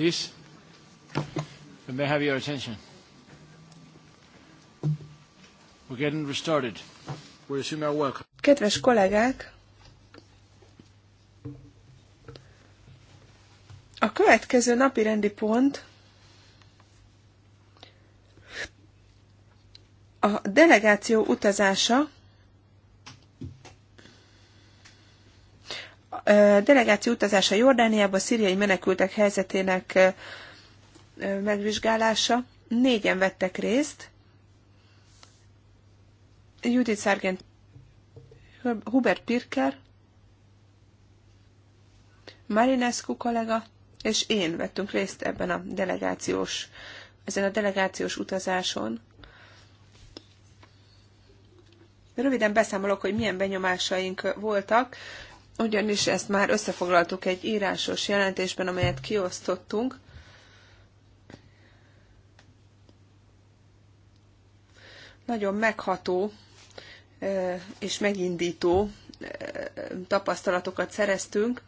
Please, we may have your attention. We're getting restarted. We resuming our work. Kedves kollégák, a következő napi rendi pont a delegáció utazása delegáció utazása Jordániába, szíriai menekültek helyzetének megvizsgálása. Négyen vettek részt. Judith Sargent, Hubert Pirker, Marinescu kollega, és én vettünk részt ebben a delegációs, ezen a delegációs utazáson. Röviden beszámolok, hogy milyen benyomásaink voltak ugyanis ezt már összefoglaltuk egy írásos jelentésben, amelyet kiosztottunk. Nagyon megható eh, és megindító eh, tapasztalatokat szereztünk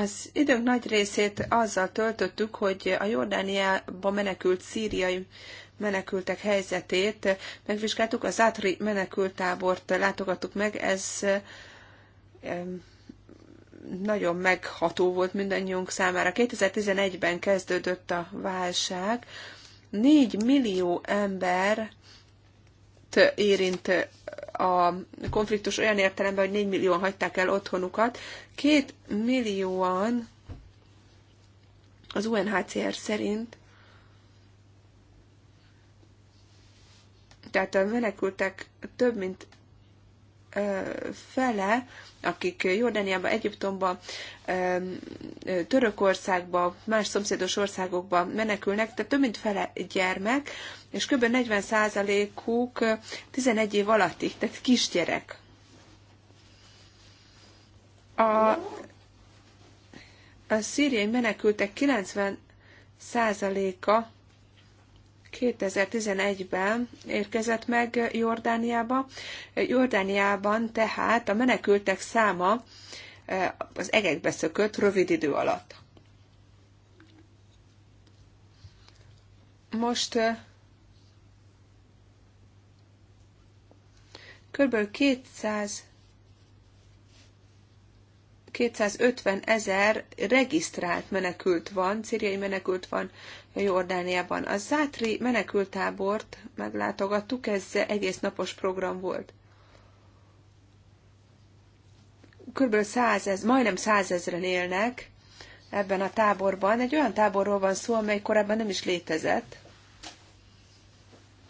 Az időnk nagy részét azzal töltöttük, hogy a Jordániába menekült szíriai menekültek helyzetét megvizsgáltuk, az Átri menekültábort látogattuk meg, ez nagyon megható volt mindannyiunk számára. 2011-ben kezdődött a válság, 4 millió ember milliót érint a konfliktus olyan értelemben, hogy 4 millióan hagyták el otthonukat. Két millióan az UNHCR szerint, tehát a menekültek több mint fele, akik Jordániába, Egyiptomba, Törökországba, más szomszédos országokba menekülnek, tehát több mint fele gyermek, és kb. 40%-uk 11 év alatti, tehát kisgyerek. A, a szíriai menekültek 90%-a 2011-ben érkezett meg Jordániába. Jordániában tehát a menekültek száma eh, az egekbe szökött rövid idő alatt. Most eh, kb. 200 250 ezer regisztrált menekült van, szíriai menekült van Jordániában. A Zátri menekültábort meglátogattuk, ez egész napos program volt. Körülbelül 100 ez, majdnem százezren élnek ebben a táborban. Egy olyan táborról van szó, amely korábban nem is létezett.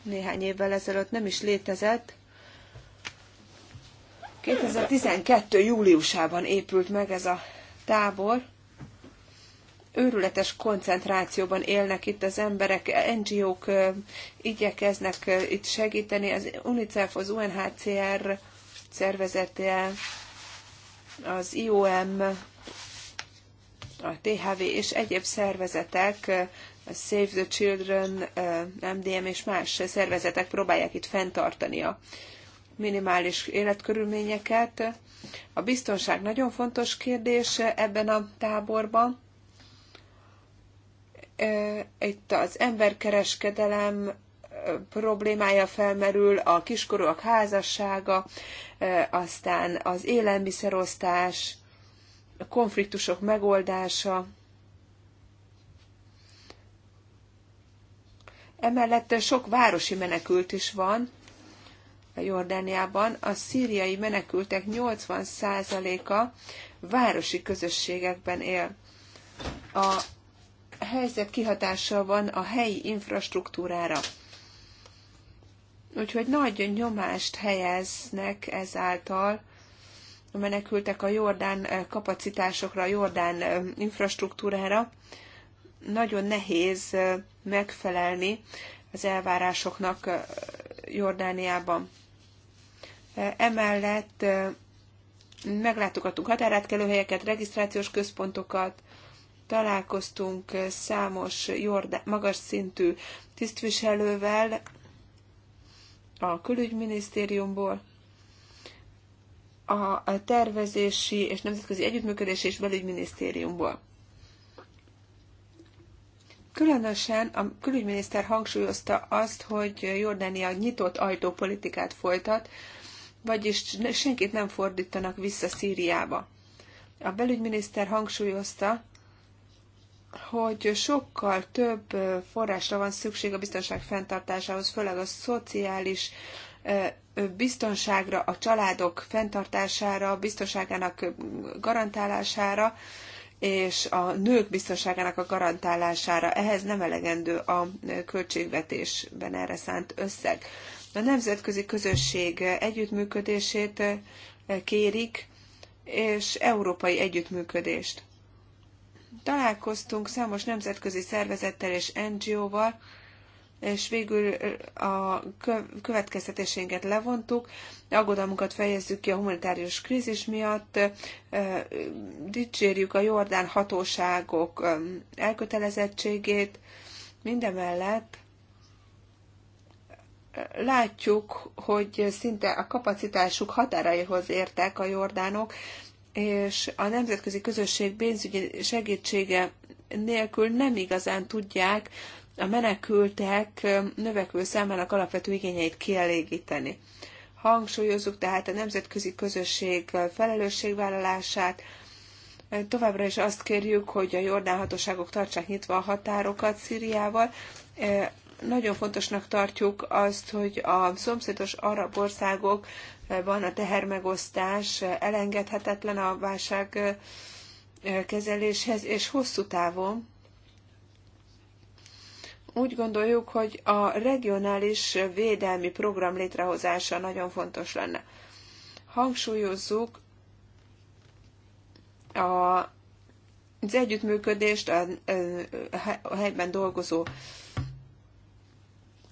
Néhány évvel ezelőtt nem is létezett 2012. júliusában épült meg ez a tábor. Őrületes koncentrációban élnek itt az emberek, NGO-k igyekeznek itt segíteni, az UNICEF, az UNHCR szervezete, az IOM, a THV és egyéb szervezetek, a Save the Children, MDM és más szervezetek próbálják itt fenntartani a minimális életkörülményeket. A biztonság nagyon fontos kérdés ebben a táborban. Itt az emberkereskedelem problémája felmerül, a kiskorúak házassága, aztán az élelmiszerosztás, a konfliktusok megoldása. Emellett sok városi menekült is van, Jordániában a szíriai menekültek 80%-a városi közösségekben él. A helyzet kihatása van a helyi infrastruktúrára. Úgyhogy nagy nyomást helyeznek ezáltal a menekültek a jordán kapacitásokra, a jordán infrastruktúrára. Nagyon nehéz megfelelni az elvárásoknak Jordániában. Emellett meglátogattunk határátkelőhelyeket, regisztrációs központokat, találkoztunk számos jordá- magas szintű tisztviselővel a külügyminisztériumból, a tervezési és nemzetközi együttműködési és belügyminisztériumból. Különösen a külügyminiszter hangsúlyozta azt, hogy Jordánia nyitott ajtópolitikát folytat, vagyis senkit nem fordítanak vissza Szíriába. A belügyminiszter hangsúlyozta, hogy sokkal több forrásra van szükség a biztonság fenntartásához, főleg a szociális biztonságra, a családok fenntartására, biztonságának garantálására, és a nők biztonságának a garantálására. Ehhez nem elegendő a költségvetésben erre szánt összeg. A nemzetközi közösség együttműködését eh, kérik, és európai együttműködést. Találkoztunk számos nemzetközi szervezettel és NGO-val, és végül eh, a következtetésénket levontuk, aggodalmunkat fejezzük ki a humanitárius krízis miatt, eh, dicsérjük a jordán hatóságok elkötelezettségét, mindemellett látjuk, hogy szinte a kapacitásuk határaihoz értek a jordánok, és a nemzetközi közösség pénzügyi segítsége nélkül nem igazán tudják a menekültek növekvő számának alapvető igényeit kielégíteni. Hangsúlyozzuk tehát a nemzetközi közösség felelősségvállalását, Továbbra is azt kérjük, hogy a jordán hatóságok tartsák nyitva a határokat Szíriával, nagyon fontosnak tartjuk azt, hogy a szomszédos arab országokban a tehermegosztás elengedhetetlen a válság kezeléshez, és hosszú távon úgy gondoljuk, hogy a regionális védelmi program létrehozása nagyon fontos lenne. Hangsúlyozzuk a, az együttműködést a, a helyben dolgozó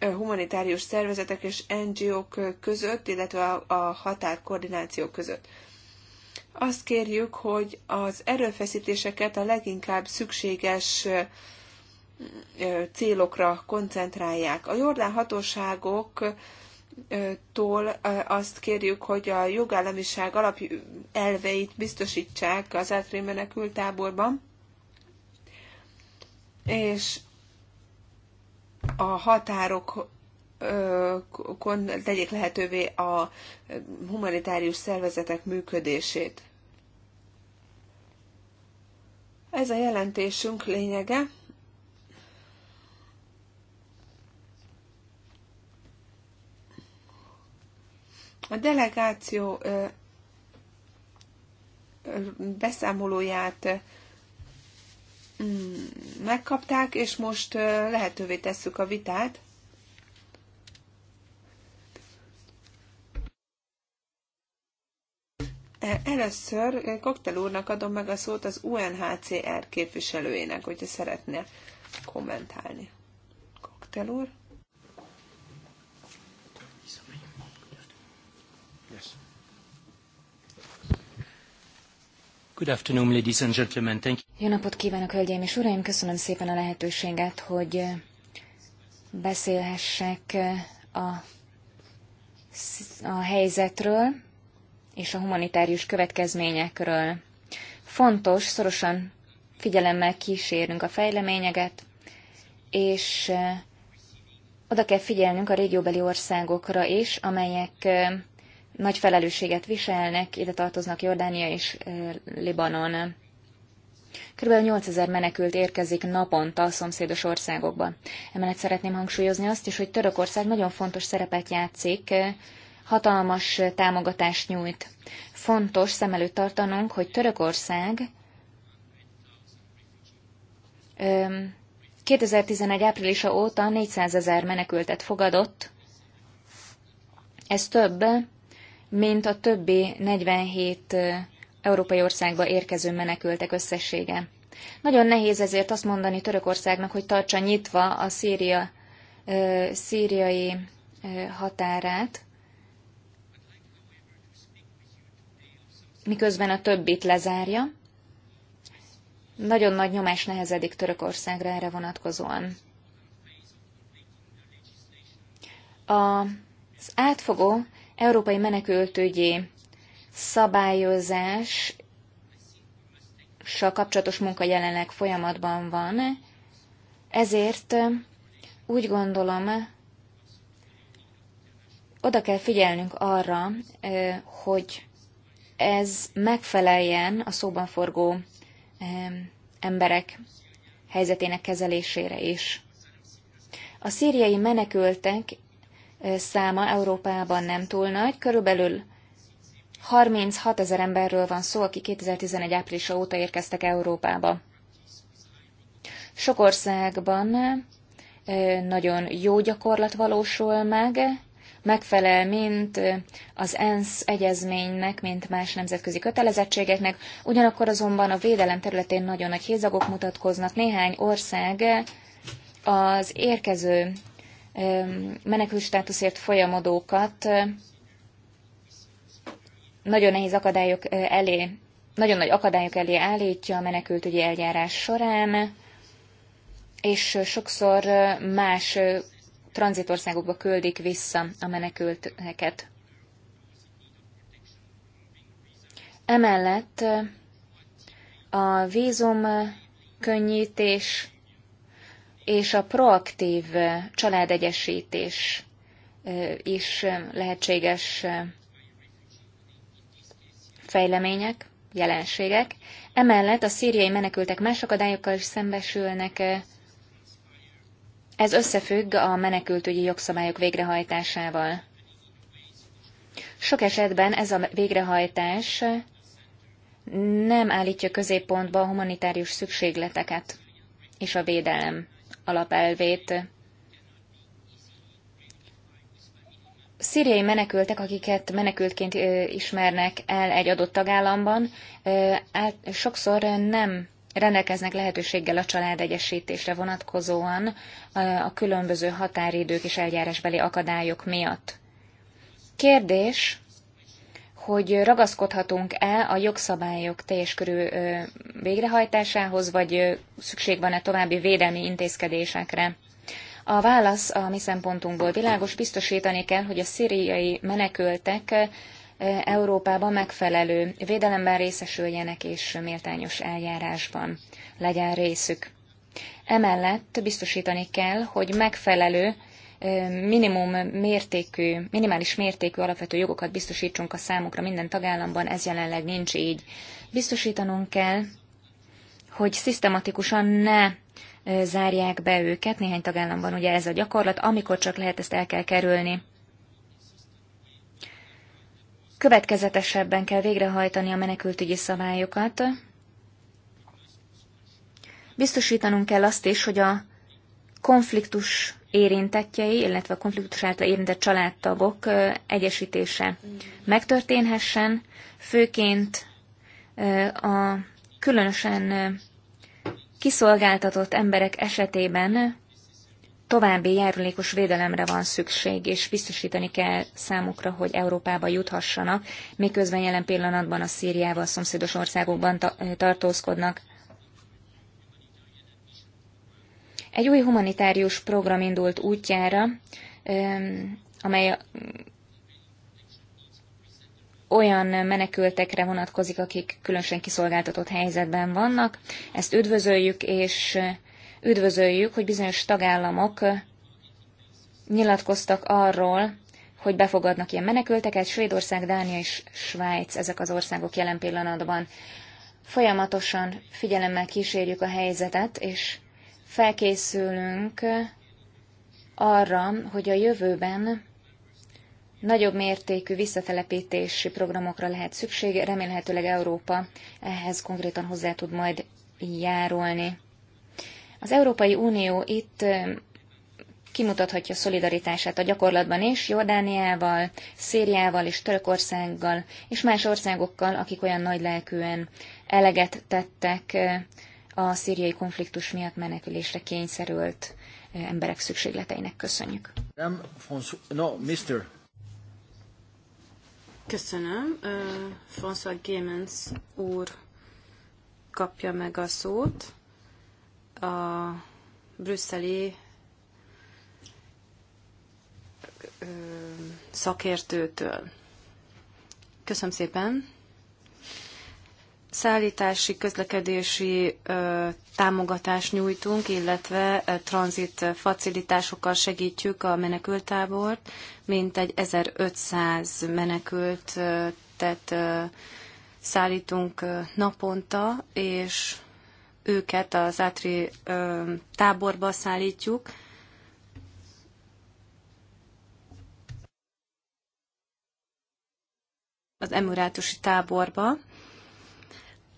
humanitárius szervezetek és NGO-k között, illetve a határkoordináció között. Azt kérjük, hogy az erőfeszítéseket a leginkább szükséges célokra koncentrálják. A jordán hatóságok tól azt kérjük, hogy a jogállamiság alap elveit biztosítsák az átrémenekült táborban, és a határok tegyék lehetővé a humanitárius szervezetek működését. Ez a jelentésünk lényege. A delegáció beszámolóját Mm, megkapták, és most lehetővé tesszük a vitát. E, először Koktel úrnak adom meg a szót az UNHCR képviselőjének, hogyha szeretne kommentálni. Koktel úr? Good afternoon, ladies and gentlemen. Thank you. Jó napot kívánok, hölgyeim és uraim! Köszönöm szépen a lehetőséget, hogy eh, beszélhessek eh, a, a helyzetről és a humanitárius következményekről. Fontos, szorosan figyelemmel kísérünk a fejleményeket, és eh, oda kell figyelnünk a régióbeli országokra is, amelyek nagy felelősséget viselnek, ide tartoznak Jordánia és Libanon. Körülbelül 8000 menekült érkezik naponta a szomszédos országokba. Emellett szeretném hangsúlyozni azt is, hogy Törökország nagyon fontos szerepet játszik, hatalmas támogatást nyújt. Fontos szem előtt tartanunk, hogy Törökország 2011. áprilisa óta 400 ezer menekültet fogadott, ez több, mint a többi 47 európai országba érkező menekültek összessége. Nagyon nehéz ezért azt mondani Törökországnak, hogy tartsa nyitva a Szíria, szíriai határát, miközben a többit lezárja. Nagyon nagy nyomás nehezedik Törökországra erre vonatkozóan. Az átfogó európai menekültügyi szabályozás kapcsolatos munka jelenleg folyamatban van, ezért úgy gondolom, oda kell figyelnünk arra, hogy ez megfeleljen a szóban forgó emberek helyzetének kezelésére is. A szíriai menekültek száma Európában nem túl nagy. Körülbelül 36 ezer emberről van szó, aki 2011 áprilisa óta érkeztek Európába. Sok országban nagyon jó gyakorlat valósul meg, megfelel mint az ENSZ egyezménynek, mint más nemzetközi kötelezettségeknek, ugyanakkor azonban a védelem területén nagyon nagy hézagok mutatkoznak. Néhány ország az érkező menekül státuszért folyamodókat nagyon nehéz akadályok elé, nagyon nagy akadályok elé állítja a menekültügyi eljárás során, és sokszor más tranzitországokba küldik vissza a menekülteket. Emellett a vízum könnyítés és a proaktív családegyesítés is lehetséges fejlemények, jelenségek. Emellett a szíriai menekültek más akadályokkal is szembesülnek. Ez összefügg a menekültügyi jogszabályok végrehajtásával. Sok esetben ez a végrehajtás nem állítja középpontba a humanitárius szükségleteket és a védelem alapelvét. Szíriai menekültek, akiket menekültként ismernek el egy adott tagállamban, sokszor nem rendelkeznek lehetőséggel a család egyesítésre vonatkozóan a különböző határidők és eljárásbeli akadályok miatt. Kérdés, hogy ragaszkodhatunk-e a jogszabályok teljes körű végrehajtásához, vagy szükség van-e további védelmi intézkedésekre. A válasz a mi szempontunkból világos, biztosítani kell, hogy a szíriai menekültek Európában megfelelő védelemben részesüljenek és méltányos eljárásban legyen részük. Emellett biztosítani kell, hogy megfelelő minimum mértékű, minimális mértékű alapvető jogokat biztosítsunk a számukra minden tagállamban, ez jelenleg nincs így. Biztosítanunk kell, hogy szisztematikusan ne zárják be őket, néhány tagállamban ugye ez a gyakorlat, amikor csak lehet ezt el kell kerülni. Következetesebben kell végrehajtani a menekültügyi szabályokat. Biztosítanunk kell azt is, hogy a konfliktus érintettjei, illetve a konfliktus által érintett családtagok egyesítése megtörténhessen, főként a különösen kiszolgáltatott emberek esetében további járulékos védelemre van szükség, és biztosítani kell számukra, hogy Európába juthassanak, miközben jelen pillanatban a Szíriával szomszédos országokban tartózkodnak. Egy új humanitárius program indult útjára, amely olyan menekültekre vonatkozik, akik különösen kiszolgáltatott helyzetben vannak. Ezt üdvözöljük, és üdvözöljük, hogy bizonyos tagállamok nyilatkoztak arról, hogy befogadnak ilyen menekülteket. Svédország, Dánia és Svájc ezek az országok jelen pillanatban. Folyamatosan figyelemmel kísérjük a helyzetet, és felkészülünk arra, hogy a jövőben nagyobb mértékű visszatelepítési programokra lehet szükség, remélhetőleg Európa ehhez konkrétan hozzá tud majd járulni. Az Európai Unió itt kimutathatja szolidaritását a gyakorlatban is, Jordániával, Szíriával és Törökországgal, és más országokkal, akik olyan nagy lelkűen eleget tettek a szíriai konfliktus miatt menekülésre kényszerült emberek szükségleteinek. Köszönjük. no, Mr. Köszönöm. Uh, François Gémens úr kapja meg a szót. A brüsszeli szakértőtől. Köszönöm szépen szállítási, közlekedési ö, támogatást nyújtunk, illetve ö, tranzit facilitásokkal segítjük a menekültábort, mint egy 1500 menekültet ö, szállítunk ö, naponta, és őket az átri ö, táborba szállítjuk. az emirátusi táborba.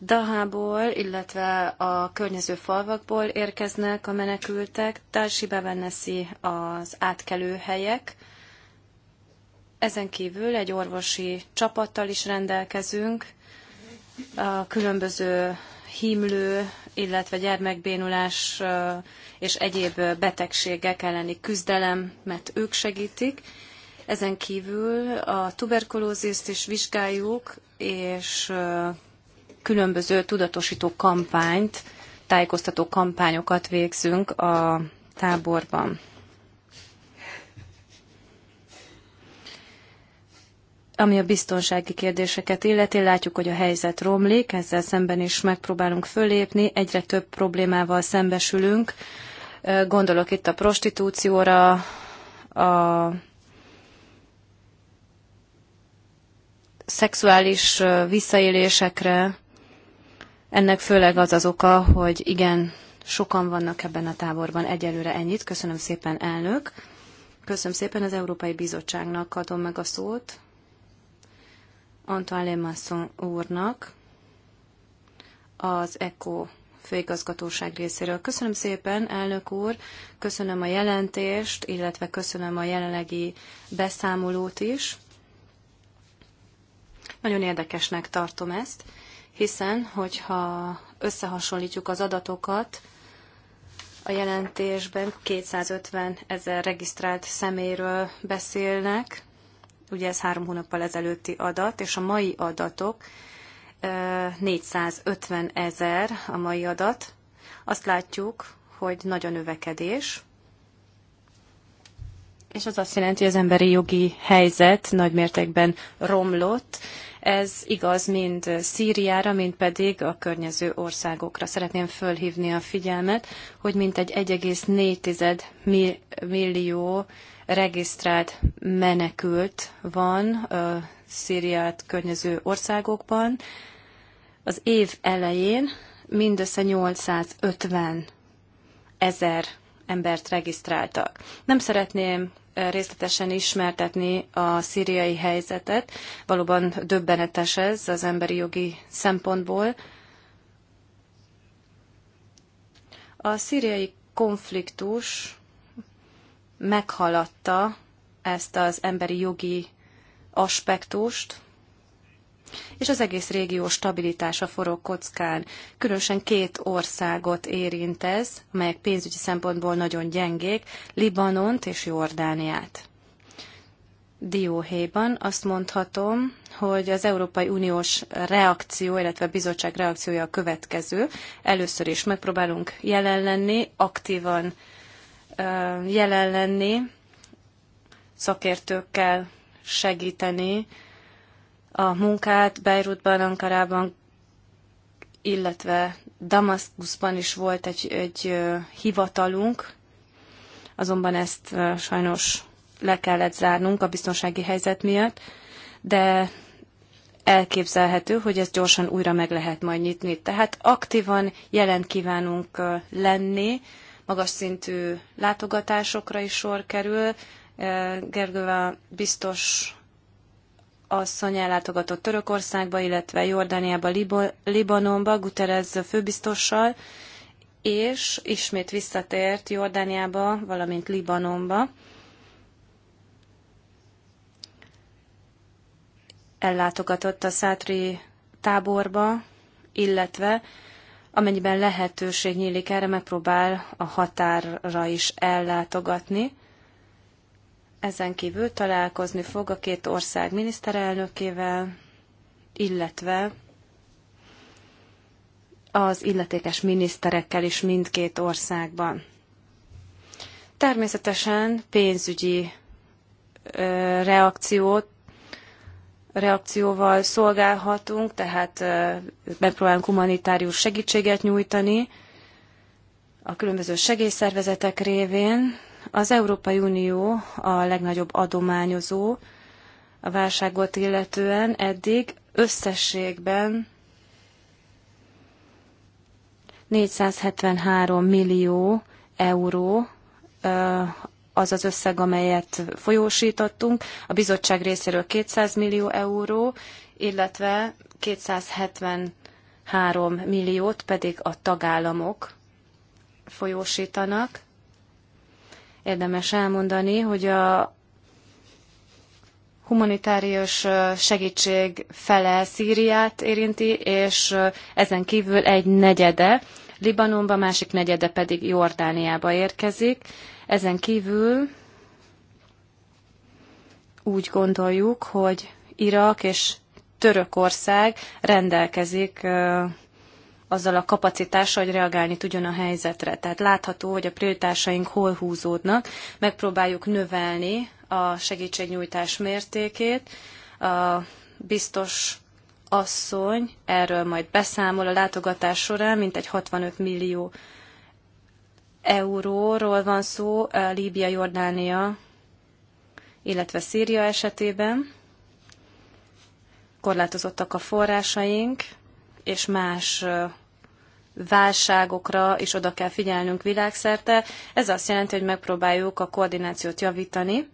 Dahából, illetve a környező falvakból érkeznek a menekültek, társi Beneszi az átkelő helyek. Ezen kívül egy orvosi csapattal is rendelkezünk, a különböző hímlő, illetve gyermekbénulás és egyéb betegségek elleni küzdelem, mert ők segítik. Ezen kívül a tuberkulózist is vizsgáljuk, és különböző tudatosító kampányt, tájékoztató kampányokat végzünk a táborban. Ami a biztonsági kérdéseket illeti, látjuk, hogy a helyzet romlik, ezzel szemben is megpróbálunk fölépni, egyre több problémával szembesülünk. Gondolok itt a prostitúcióra, a szexuális visszaélésekre, ennek főleg az az oka, hogy igen, sokan vannak ebben a táborban. Egyelőre ennyit. Köszönöm szépen, elnök. Köszönöm szépen az Európai Bizottságnak adom meg a szót. Antoine Lemasson úrnak az ECO főigazgatóság részéről. Köszönöm szépen, elnök úr, köszönöm a jelentést, illetve köszönöm a jelenlegi beszámolót is. Nagyon érdekesnek tartom ezt hiszen hogyha összehasonlítjuk az adatokat, a jelentésben 250 ezer regisztrált személyről beszélnek, ugye ez három hónappal ezelőtti adat, és a mai adatok 450 ezer a mai adat. Azt látjuk, hogy nagy a növekedés, és az azt jelenti, hogy az emberi jogi helyzet nagymértékben romlott, ez igaz mind Szíriára, mind pedig a környező országokra. Szeretném fölhívni a figyelmet, hogy mintegy 1,4 millió regisztrált menekült van Szíriát környező országokban. Az év elején mindössze 850 ezer embert regisztráltak. Nem szeretném részletesen ismertetni a szíriai helyzetet. Valóban döbbenetes ez az emberi jogi szempontból. A szíriai konfliktus meghaladta ezt az emberi jogi aspektust, és az egész régió stabilitása forog kockán. Különösen két országot érint ez, melyek pénzügyi szempontból nagyon gyengék, Libanont és Jordániát. Dióhéjban azt mondhatom, hogy az Európai Uniós reakció, illetve a bizottság reakciója a következő. Először is megpróbálunk jelen lenni, aktívan jelen lenni, szakértőkkel segíteni, a munkát Beirutban, Ankarában, illetve Damaszkuszban is volt egy, egy hivatalunk, azonban ezt sajnos le kellett zárnunk a biztonsági helyzet miatt, de elképzelhető, hogy ezt gyorsan újra meg lehet majd nyitni. Tehát aktívan jelen kívánunk lenni, magas szintű látogatásokra is sor kerül. Gergővel biztos asszony ellátogatott Törökországba, illetve Jordániába, Libanonba, Guterres főbiztossal, és ismét visszatért Jordániába, valamint Libanonba. Ellátogatott a Szátri táborba, illetve amennyiben lehetőség nyílik erre, megpróbál a határra is ellátogatni. Ezen kívül találkozni fog a két ország miniszterelnökével, illetve az illetékes miniszterekkel is mindkét országban. Természetesen pénzügyi ö, reakciót, reakcióval szolgálhatunk, tehát ö, megpróbálunk humanitárius segítséget nyújtani a különböző segélyszervezetek révén, az Európai Unió a legnagyobb adományozó a válságot illetően eddig összességben 473 millió euró az az összeg, amelyet folyósítottunk, a bizottság részéről 200 millió euró, illetve 273 milliót pedig a tagállamok folyósítanak érdemes elmondani, hogy a humanitárius segítség fele Szíriát érinti, és ezen kívül egy negyede Libanonba, másik negyede pedig Jordániába érkezik. Ezen kívül úgy gondoljuk, hogy Irak és Törökország rendelkezik azzal a kapacitással, hogy reagálni tudjon a helyzetre. Tehát látható, hogy a prioritásaink hol húzódnak. Megpróbáljuk növelni a segítségnyújtás mértékét. A biztos asszony erről majd beszámol a látogatás során, mint egy 65 millió euróról van szó eh, Líbia, Jordánia, illetve Szíria esetében. Korlátozottak a forrásaink, és más eh, válságokra is oda kell figyelnünk világszerte. Ez azt jelenti, hogy megpróbáljuk a koordinációt javítani.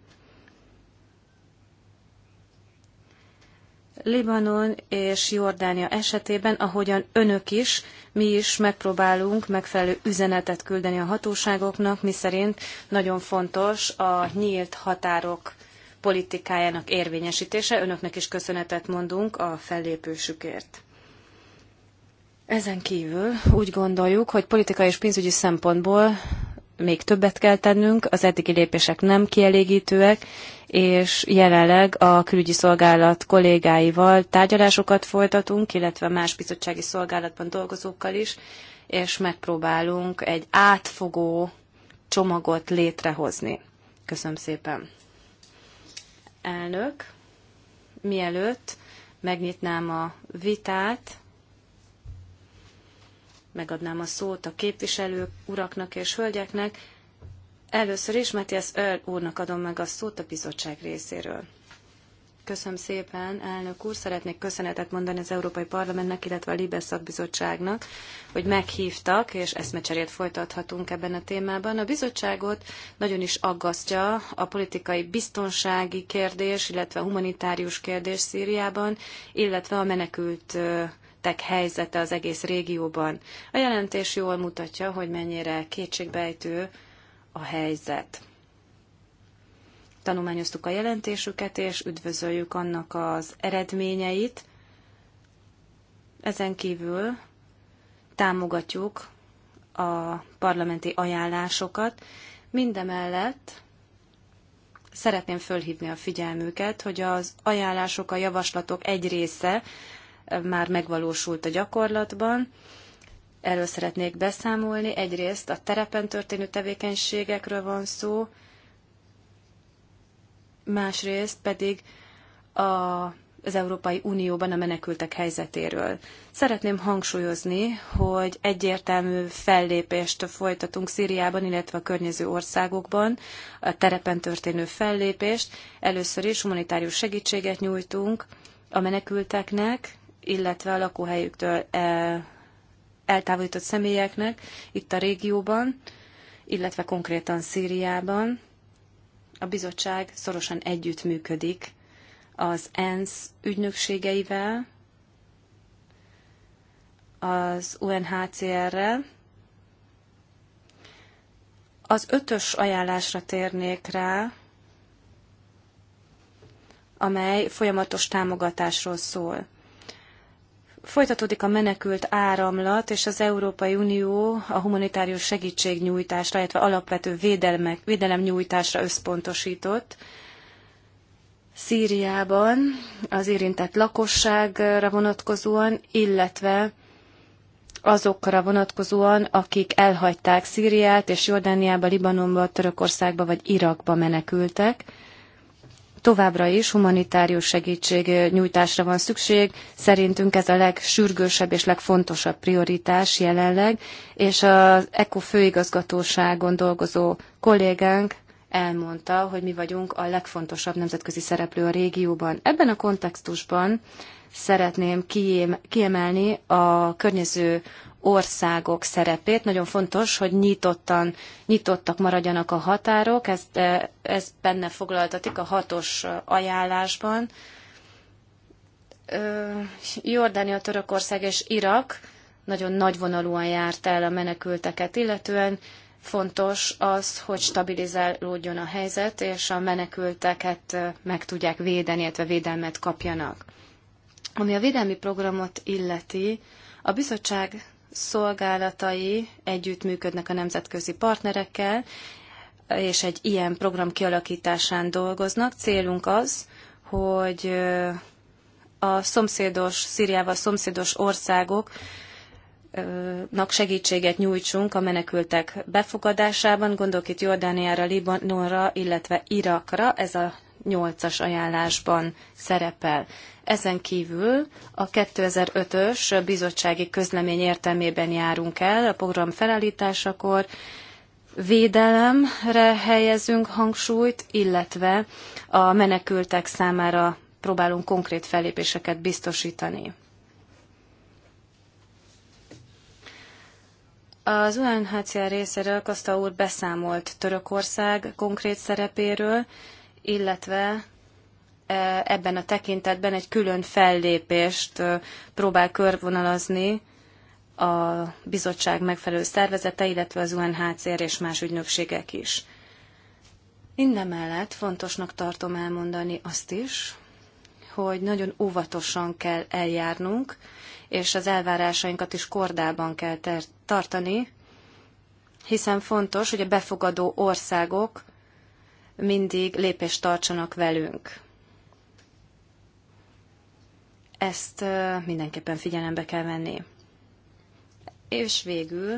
Libanon és Jordánia esetében, ahogyan önök is, mi is megpróbálunk megfelelő üzenetet küldeni a hatóságoknak, miszerint nagyon fontos a nyílt határok politikájának érvényesítése. Önöknek is köszönetet mondunk a fellépősükért. Ezen kívül úgy gondoljuk, hogy politikai és pénzügyi szempontból még többet kell tennünk, az eddigi lépések nem kielégítőek, és jelenleg a külügyi szolgálat kollégáival tárgyalásokat folytatunk, illetve más bizottsági szolgálatban dolgozókkal is, és megpróbálunk egy átfogó csomagot létrehozni. Köszönöm szépen. Elnök, mielőtt megnyitnám a vitát, megadnám a szót a képviselők, uraknak és hölgyeknek. Először is Matthias Earl úrnak adom meg a szót a bizottság részéről. Köszönöm szépen, elnök úr. Szeretnék köszönetet mondani az Európai Parlamentnek, illetve a Libes szakbizottságnak, hogy meghívtak, és eszmecserét folytathatunk ebben a témában. A bizottságot nagyon is aggasztja a politikai biztonsági kérdés, illetve a humanitárius kérdés Szíriában, illetve a menekült érintettek helyzete az egész régióban. A jelentés jól mutatja, hogy mennyire kétségbejtő a helyzet. Tanulmányoztuk a jelentésüket, és üdvözöljük annak az eredményeit. Ezen kívül támogatjuk a parlamenti ajánlásokat. Mindemellett szeretném fölhívni a figyelmüket, hogy az ajánlások, a javaslatok egy része már megvalósult a gyakorlatban. Erről szeretnék beszámolni. Egyrészt a terepen történő tevékenységekről van szó, másrészt pedig a, az Európai Unióban a menekültek helyzetéről. Szeretném hangsúlyozni, hogy egyértelmű fellépést folytatunk Szíriában, illetve a környező országokban, a terepen történő fellépést. Először is humanitárius segítséget nyújtunk a menekülteknek, illetve a lakóhelyüktől e, eltávolított személyeknek itt a régióban, illetve konkrétan Szíriában. A bizottság szorosan együttműködik az ENSZ ügynökségeivel, az UNHCR-rel. Az ötös ajánlásra térnék rá, amely folyamatos támogatásról szól. Folytatódik a menekült áramlat, és az Európai Unió a humanitárius segítségnyújtásra, illetve alapvető védelmek, védelemnyújtásra összpontosított. Szíriában az érintett lakosságra vonatkozóan, illetve azokra vonatkozóan, akik elhagyták Szíriát és Jordániába, Libanonba, Törökországba vagy Irakba menekültek továbbra is humanitárius segítség nyújtásra van szükség. Szerintünk ez a legsürgősebb és legfontosabb prioritás jelenleg, és az ECO főigazgatóságon dolgozó kollégánk elmondta, hogy mi vagyunk a legfontosabb nemzetközi szereplő a régióban. Ebben a kontextusban szeretném kiemelni a környező országok szerepét. Nagyon fontos, hogy nyitottan, nyitottak maradjanak a határok, ez, ez benne foglaltatik a hatos ajánlásban. Jordánia, Törökország és Irak nagyon nagyvonalúan járt el a menekülteket, illetően fontos az, hogy stabilizálódjon a helyzet, és a menekülteket meg tudják védeni, illetve védelmet kapjanak. Ami a védelmi programot illeti, a bizottság szolgálatai együttműködnek a nemzetközi partnerekkel, és egy ilyen program kialakításán dolgoznak. Célunk az, hogy a szomszédos, Szíriával szomszédos országok segítséget nyújtsunk a menekültek befogadásában, gondolok itt Jordániára, Libanonra, illetve Irakra, ez a 2008-as ajánlásban szerepel. Ezen kívül a 2005-ös bizottsági közlemény értelmében járunk el a program felállításakor, védelemre helyezünk hangsúlyt, illetve a menekültek számára próbálunk konkrét fellépéseket biztosítani. Az UNHCR részéről Kasta úr beszámolt Törökország konkrét szerepéről, illetve e, ebben a tekintetben egy külön fellépést e, próbál körvonalazni a bizottság megfelelő szervezete, illetve az UNHCR és más ügynökségek is. mellett fontosnak tartom elmondani azt is, hogy nagyon óvatosan kell eljárnunk, és az elvárásainkat is kordában kell tartani, hiszen fontos, hogy a befogadó országok mindig lépést tartsanak velünk. Ezt mindenképpen figyelembe kell venni. És végül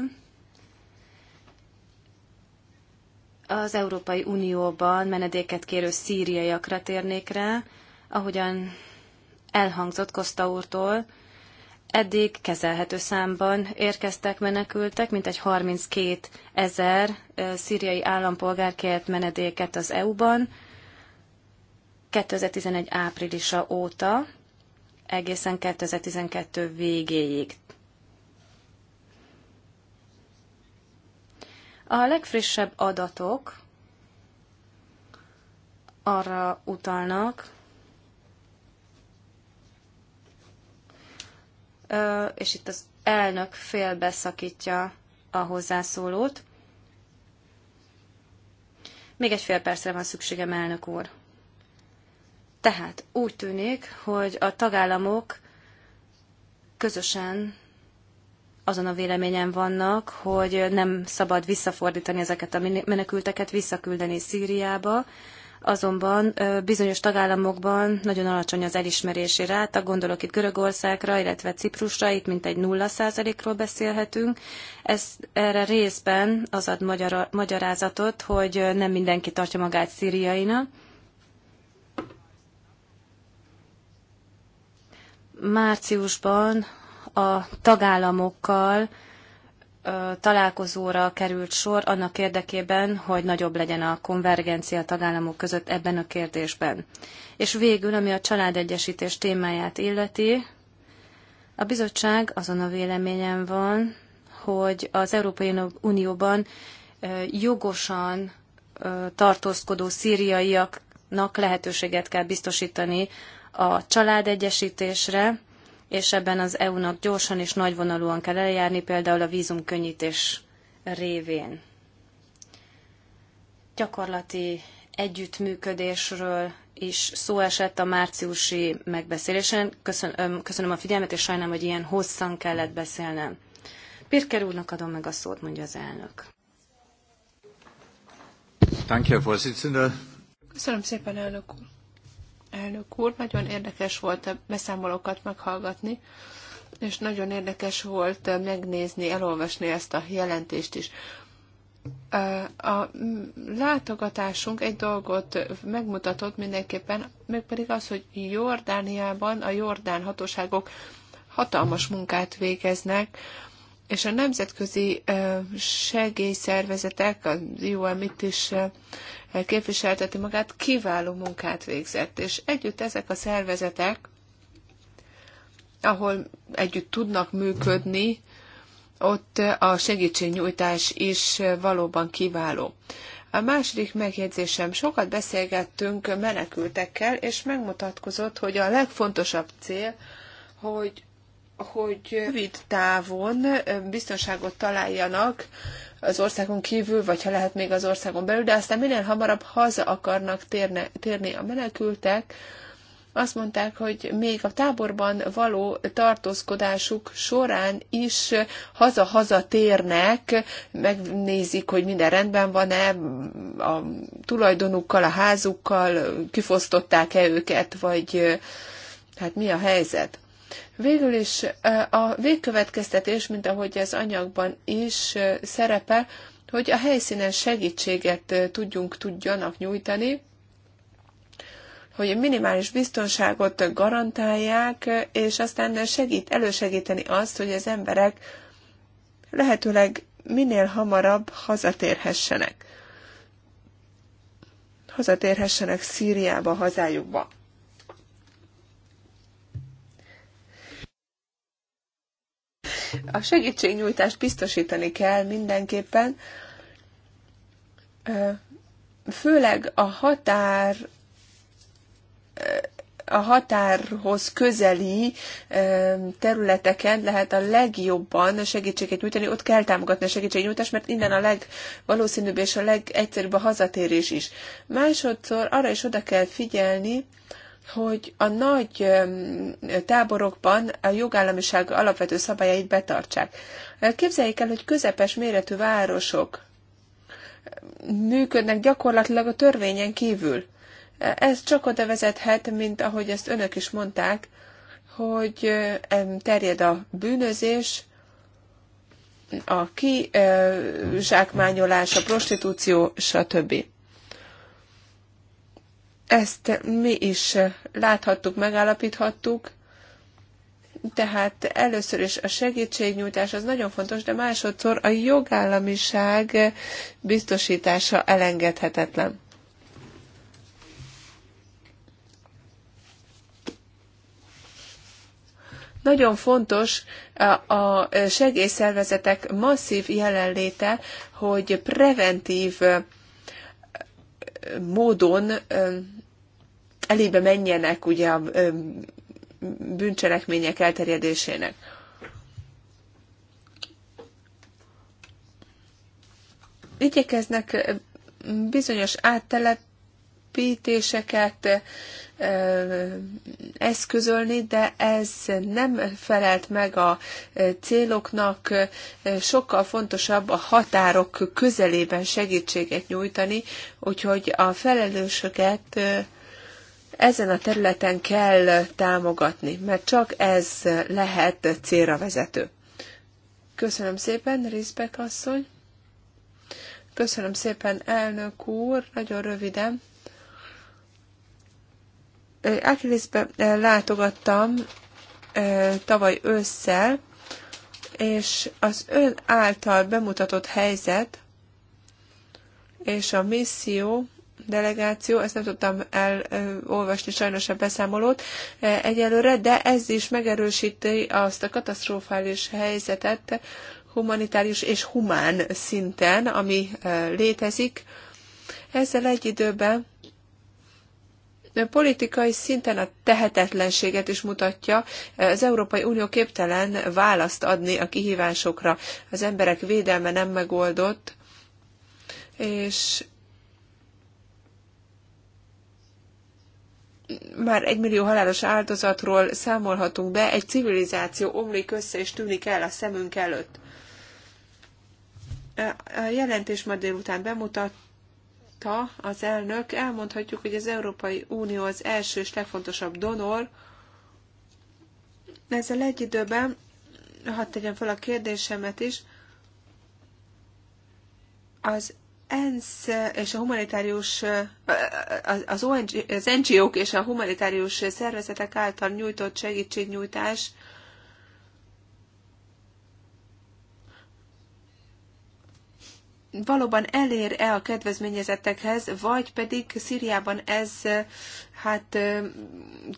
az Európai Unióban menedéket kérő szíriaiakra térnék rá, ahogyan elhangzott Kosta úrtól, Eddig kezelhető számban érkeztek menekültek, mintegy 32 ezer szíriai állampolgár kért menedéket az EU-ban 2011 áprilisa óta egészen 2012 végéig. A legfrissebb adatok arra utalnak, és itt az elnök félbeszakítja a hozzászólót. Még egy fél percre van szükségem, elnök úr. Tehát úgy tűnik, hogy a tagállamok közösen azon a véleményen vannak, hogy nem szabad visszafordítani ezeket a menekülteket, visszaküldeni Szíriába, azonban bizonyos tagállamokban nagyon alacsony az elismerési ráta, gondolok itt Görögországra, illetve Ciprusra, itt mintegy 0%-ról beszélhetünk. Ez erre részben az ad magyar, magyarázatot, hogy nem mindenki tartja magát szíriainak. Márciusban a tagállamokkal találkozóra került sor annak érdekében, hogy nagyobb legyen a konvergencia a tagállamok között ebben a kérdésben. És végül, ami a családegyesítés témáját illeti, a bizottság azon a véleményen van, hogy az Európai Unióban jogosan tartózkodó szíriaiaknak lehetőséget kell biztosítani a családegyesítésre, és ebben az EU-nak gyorsan és nagyvonalúan kell eljárni, például a vízumkönnyítés révén. Gyakorlati együttműködésről is szó esett a márciusi megbeszélésen. köszönöm a figyelmet, és sajnálom, hogy ilyen hosszan kellett beszélnem. Pirker úrnak adom meg a szót, mondja az elnök. Köszönöm szépen, elnök úr elnök úr. Nagyon érdekes volt a beszámolókat meghallgatni, és nagyon érdekes volt megnézni, elolvasni ezt a jelentést is. A látogatásunk egy dolgot megmutatott mindenképpen, pedig az, hogy Jordániában a jordán hatóságok hatalmas munkát végeznek és a nemzetközi segélyszervezetek, a UN itt is képviselteti magát, kiváló munkát végzett, és együtt ezek a szervezetek, ahol együtt tudnak működni, ott a segítségnyújtás is valóban kiváló. A második megjegyzésem, sokat beszélgettünk menekültekkel, és megmutatkozott, hogy a legfontosabb cél, hogy hogy rövid távon biztonságot találjanak az országon kívül, vagy ha lehet még az országon belül, de aztán minél hamarabb haza akarnak térne, térni a menekültek, azt mondták, hogy még a táborban való tartózkodásuk során is haza-haza térnek, megnézik, hogy minden rendben van-e, a tulajdonukkal, a házukkal, kifosztották-e őket, vagy hát mi a helyzet. Végül is a végkövetkeztetés, mint ahogy ez anyagban is szerepel, hogy a helyszínen segítséget tudjunk, tudjanak nyújtani, hogy minimális biztonságot garantálják, és aztán segít, elősegíteni azt, hogy az emberek lehetőleg minél hamarabb hazatérhessenek. Hazatérhessenek Szíriába, hazájukba. A segítségnyújtást biztosítani kell mindenképpen, főleg a határ a határhoz közeli területeken lehet a legjobban segítséget nyújtani, ott kell támogatni a segítségnyújtást, mert innen a legvalószínűbb és a legegyszerűbb a hazatérés is. Másodszor arra is oda kell figyelni, hogy a nagy táborokban a jogállamiság alapvető szabályait betartsák. Képzeljék el, hogy közepes méretű városok működnek gyakorlatilag a törvényen kívül. Ez csak oda vezethet, mint ahogy ezt önök is mondták, hogy terjed a bűnözés, a kizsákmányolás, a prostitúció, stb. Ezt mi is láthattuk, megállapíthattuk, tehát először is a segítségnyújtás az nagyon fontos, de másodszor a jogállamiság biztosítása elengedhetetlen. Nagyon fontos a segélyszervezetek masszív jelenléte, hogy preventív módon elébe menjenek ugye a bűncselekmények elterjedésének. Igyekeznek bizonyos áttelepítéseket eszközölni, de ez nem felelt meg a céloknak, sokkal fontosabb a határok közelében segítséget nyújtani, úgyhogy a felelősöket ezen a területen kell támogatni, mert csak ez lehet célra vezető. Köszönöm szépen, Rizbek asszony. Köszönöm szépen, elnök úr, nagyon röviden. Akilisbe látogattam tavaly ősszel, és az ön által bemutatott helyzet és a misszió delegáció, ezt nem tudtam elolvasni sajnos a beszámolót eh, egyelőre, de ez is megerősíti azt a katasztrofális helyzetet humanitárius és humán szinten, ami eh, létezik. Ezzel egy időben politikai szinten a tehetetlenséget is mutatja. Eh, az Európai Unió képtelen választ adni a kihívásokra. Az emberek védelme nem megoldott, és már egy millió halálos áldozatról számolhatunk be, egy civilizáció omlik össze és tűnik el a szemünk előtt. A jelentés ma délután bemutatta az elnök, elmondhatjuk, hogy az Európai Unió az első és legfontosabb donor. Ezzel egy időben, hadd tegyem fel a kérdésemet is, az ENSZ és a humanitárius, az, ONG, az NGO-k és a humanitárius szervezetek által nyújtott segítségnyújtás valóban elér-e a kedvezményezettekhez, vagy pedig Szíriában ez hát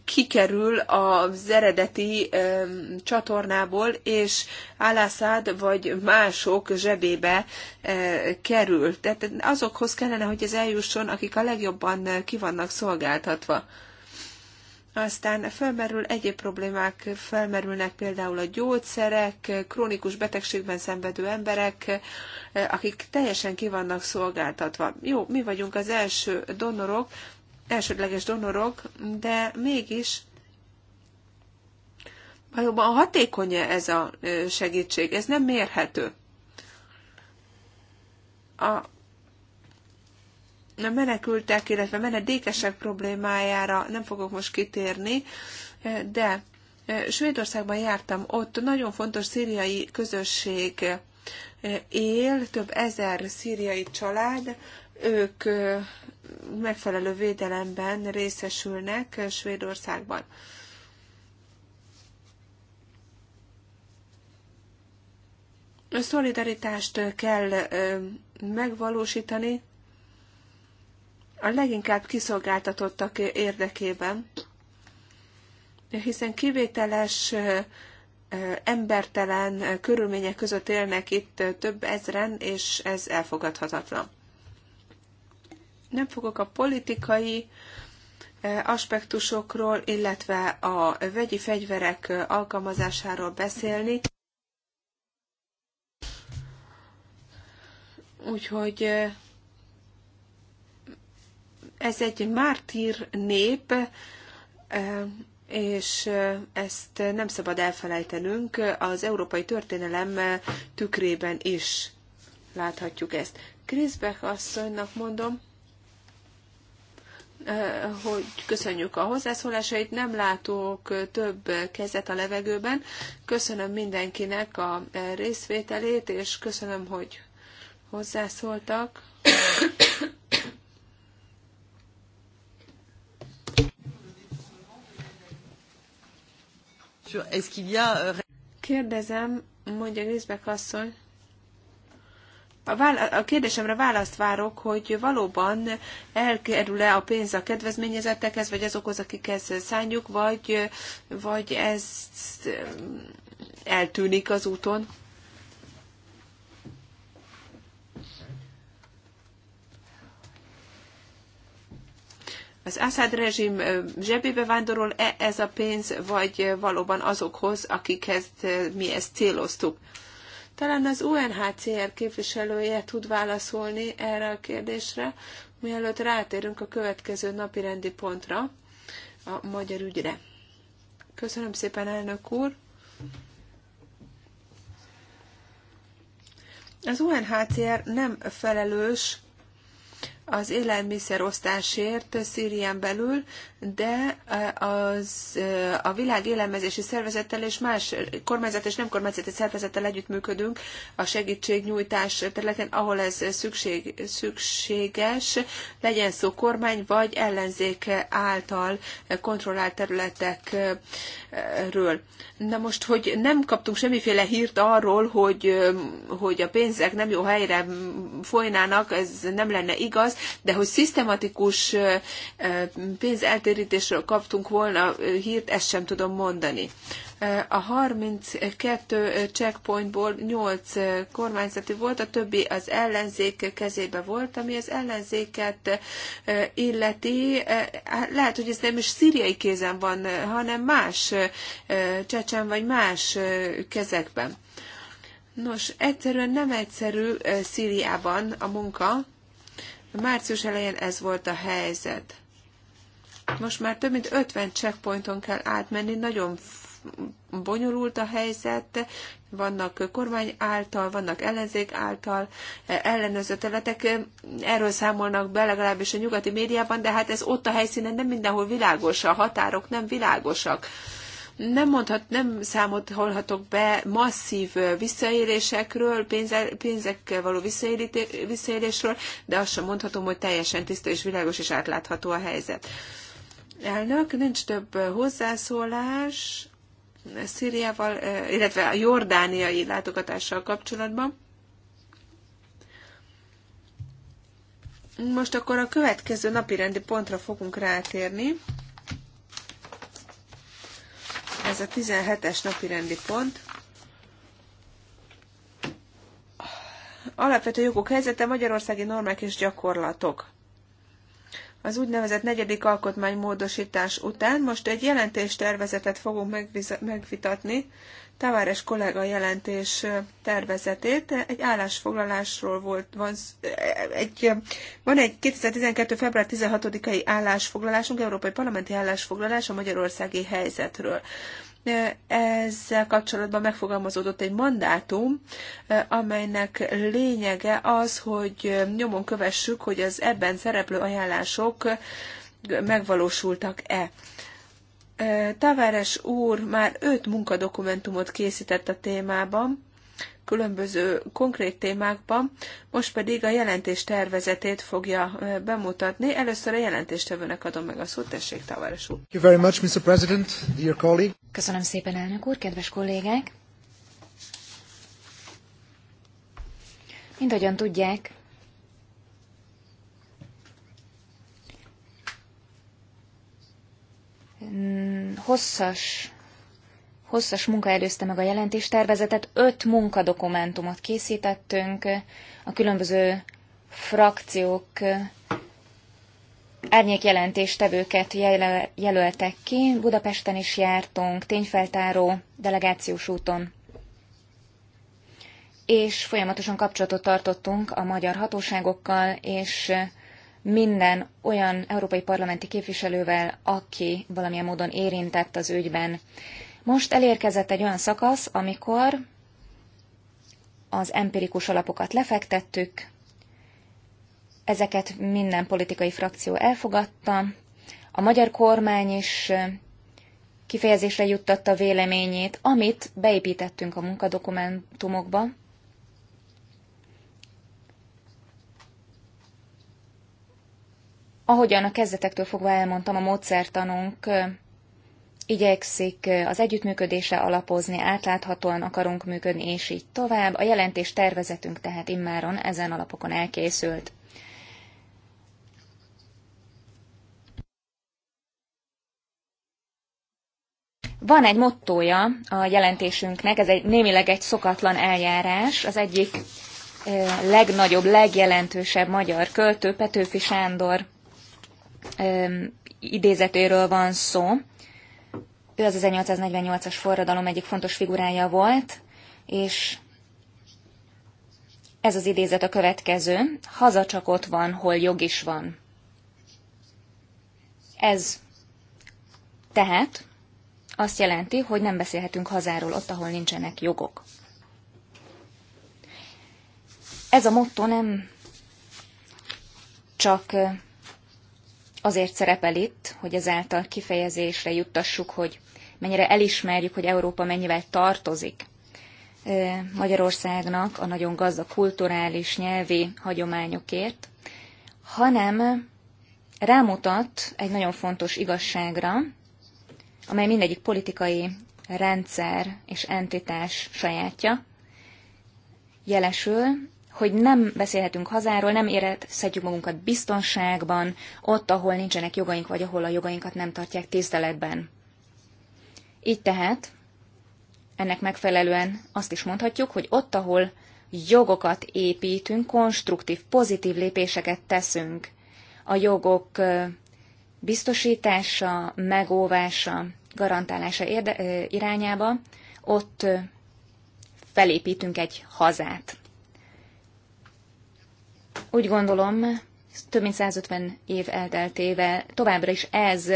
kikerül az eredeti csatornából, és Alászád vagy mások zsebébe kerül. Tehát azokhoz kellene, hogy ez eljusson, akik a legjobban kivannak szolgáltatva. Aztán felmerül egyéb problémák, felmerülnek például a gyógyszerek, krónikus betegségben szenvedő emberek, akik teljesen kivannak szolgáltatva. Jó, mi vagyunk az első donorok, elsődleges donorok, de mégis valóban hatékony -e ez a segítség? Ez nem mérhető. A a menekültek, illetve menedékesek problémájára nem fogok most kitérni, eh, de eh, Svédországban jártam, ott nagyon fontos szíriai közösség eh, él, több ezer szíriai család, ők megfelelő védelemben részesülnek Svédországban. Szolidaritást kell megvalósítani, a leginkább kiszolgáltatottak érdekében, hiszen kivételes, embertelen körülmények között élnek itt több ezren, és ez elfogadhatatlan. Nem fogok a politikai aspektusokról, illetve a vegyi fegyverek alkalmazásáról beszélni. Úgyhogy ez egy mártír nép, és ezt nem szabad elfelejtenünk, az európai történelem tükrében is láthatjuk ezt. Kriszbek asszonynak mondom, hogy köszönjük a hozzászólásait, nem látok több kezet a levegőben. Köszönöm mindenkinek a részvételét, és köszönöm, hogy hozzászóltak. Euh, Kérdezem, mondja Nézbek asszony, a, vála- a kérdésemre választ várok, hogy valóban elkerül-e a pénz a kedvezményezettekhez, vagy azokhoz, akikhez szánjuk, vagy, vagy ez eltűnik az úton. az Assad rezsim zsebébe vándorol -e ez a pénz, vagy valóban azokhoz, akikhez mi ezt céloztuk. Talán az UNHCR képviselője tud válaszolni erre a kérdésre, mielőtt rátérünk a következő napi rendi pontra, a magyar ügyre. Köszönöm szépen, elnök úr! Az UNHCR nem felelős az élelmiszerosztásért Szírián belül, de eh, az, eh, a világ élelmezési szervezettel és más kormányzat és nem kormányzati szervezettel együttműködünk a segítségnyújtás területen, ahol ez szükség, szükséges, legyen szó kormány vagy ellenzék által kontrollált területekről. Na most, hogy nem kaptunk semmiféle hírt arról, hogy, hogy a pénzek nem jó helyre folynának, ez nem lenne igaz, de hogy szisztematikus pénzeltérítésről kaptunk volna hírt, ezt sem tudom mondani. A 32 checkpointból 8 kormányzati volt, a többi az ellenzék kezébe volt, ami az ellenzéket illeti. Lehet, hogy ez nem is szíriai kézen van, hanem más csecsen vagy más kezekben. Nos, egyszerűen nem egyszerű Szíriában a munka, Március elején ez volt a helyzet. Most már több mint 50 checkpointon kell átmenni, nagyon bonyolult a helyzet, vannak kormány által, vannak ellenzék által eh, ellenőrző területek, erről számolnak be legalábbis a nyugati médiában, de hát ez ott a helyszínen nem mindenhol világos, a határok nem világosak nem mondhat, nem számot holhatok be masszív visszaélésekről, pénze, pénzekkel való visszaélésről, de azt sem mondhatom, hogy teljesen tiszta és világos és átlátható a helyzet. Elnök, nincs több hozzászólás. Szíriával, illetve a jordániai látogatással kapcsolatban. Most akkor a következő napi rendi pontra fogunk rátérni. Ez a 17-es napi rendi pont. Alapvető jogok helyzete magyarországi normák és gyakorlatok. Az úgynevezett negyedik alkotmánymódosítás után most egy jelentéstervezetet fogunk megvitatni Tavares kollega jelentés tervezetét. Egy állásfoglalásról volt, van egy, van egy 2012. február 16-ai állásfoglalásunk, Európai Parlamenti állásfoglalás a magyarországi helyzetről. Ezzel kapcsolatban megfogalmazódott egy mandátum, amelynek lényege az, hogy nyomon kövessük, hogy az ebben szereplő ajánlások megvalósultak-e. Tavares úr már öt munkadokumentumot készített a témában, különböző konkrét témákban, most pedig a jelentés tervezetét fogja bemutatni. Először a jelentéstevőnek adom meg a szót, tessék, Tavares úr. Thank you very much, Mr. President, dear colleague. Köszönöm szépen, elnök úr, kedves kollégák! Mint ahogyan tudják, Mm, hosszas, hosszas munka előzte meg a jelentéstervezetet, öt munkadokumentumot készítettünk, a különböző frakciók árnyékjelentéstevőket jelöl, jelöltek ki, Budapesten is jártunk, tényfeltáró delegációs úton, és folyamatosan kapcsolatot tartottunk a magyar hatóságokkal, és minden olyan európai parlamenti képviselővel, aki valamilyen módon érintett az ügyben. Most elérkezett egy olyan szakasz, amikor az empirikus alapokat lefektettük, ezeket minden politikai frakció elfogadta, a magyar kormány is kifejezésre juttatta véleményét, amit beépítettünk a munkadokumentumokba, Ahogyan a kezdetektől fogva elmondtam, a módszertanunk igyekszik az együttműködésre alapozni, átláthatóan akarunk működni, és így tovább. A jelentés tervezetünk tehát immáron ezen alapokon elkészült. Van egy mottója a jelentésünknek, ez egy némileg egy szokatlan eljárás. Az egyik legnagyobb, legjelentősebb magyar költő Petőfi Sándor idézetéről van szó. Ő az 1848-as forradalom egyik fontos figurája volt, és ez az idézet a következő, haza csak ott van, hol jog is van. Ez tehát azt jelenti, hogy nem beszélhetünk hazáról ott, ahol nincsenek jogok. Ez a motto nem csak azért szerepel itt, hogy ezáltal kifejezésre juttassuk, hogy mennyire elismerjük, hogy Európa mennyivel tartozik Magyarországnak a nagyon gazdag kulturális, nyelvi hagyományokért, hanem rámutat egy nagyon fontos igazságra, amely mindegyik politikai rendszer és entitás sajátja, jelesül hogy nem beszélhetünk hazáról, nem érezhetjük magunkat biztonságban, ott, ahol nincsenek jogaink, vagy ahol a jogainkat nem tartják tiszteletben. Így tehát ennek megfelelően azt is mondhatjuk, hogy ott, ahol jogokat építünk, konstruktív, pozitív lépéseket teszünk. A jogok biztosítása, megóvása, garantálása irányába, ott felépítünk egy hazát. Úgy gondolom, több mint 150 év elteltével továbbra is ez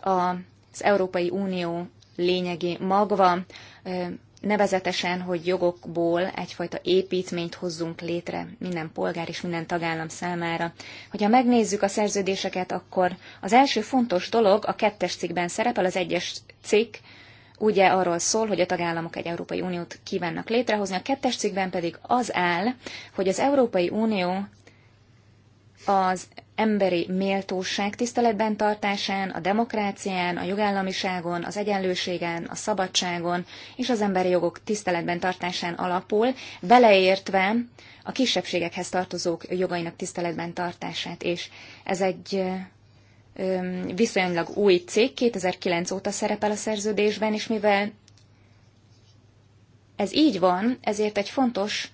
az Európai Unió lényegi magva, nevezetesen, hogy jogokból egyfajta építményt hozzunk létre minden polgár és minden tagállam számára. Hogyha megnézzük a szerződéseket, akkor az első fontos dolog a kettes cikkben szerepel, az egyes cikk, ugye arról szól, hogy a tagállamok egy Európai Uniót kívánnak létrehozni, a kettes cikkben pedig az áll, hogy az Európai Unió az emberi méltóság tiszteletben tartásán, a demokrácián, a jogállamiságon, az egyenlőségen, a szabadságon és az emberi jogok tiszteletben tartásán alapul, beleértve a kisebbségekhez tartozók jogainak tiszteletben tartását és Ez egy viszonylag új cég, 2009 óta szerepel a szerződésben, és mivel ez így van, ezért egy fontos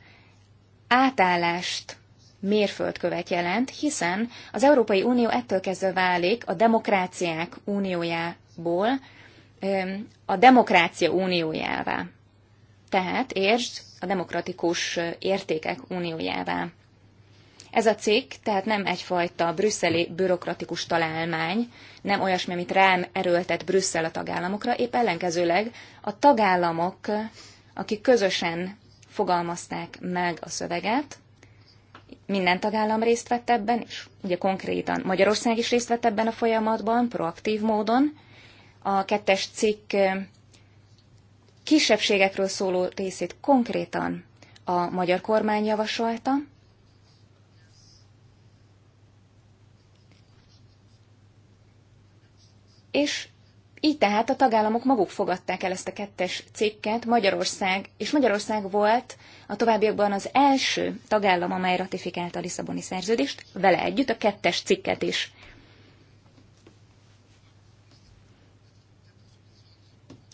átállást mérföldkövet jelent, hiszen az Európai Unió ettől kezdve válik a demokráciák uniójából a demokrácia uniójává. Tehát értsd, a demokratikus értékek uniójává. Ez a cikk tehát nem egyfajta brüsszeli bürokratikus találmány, nem olyasmi, amit rám erőltet Brüsszel a tagállamokra, épp ellenkezőleg a tagállamok, akik közösen fogalmazták meg a szöveget, minden tagállam részt vett ebben, és ugye konkrétan Magyarország is részt vett ebben a folyamatban, proaktív módon. A kettes cikk kisebbségekről szóló részét konkrétan a magyar kormány javasolta. És így tehát a tagállamok maguk fogadták el ezt a kettes cikket, Magyarország, és Magyarország volt a továbbiakban az első tagállam, amely ratifikálta a Lisszaboni szerződést, vele együtt a kettes cikket is.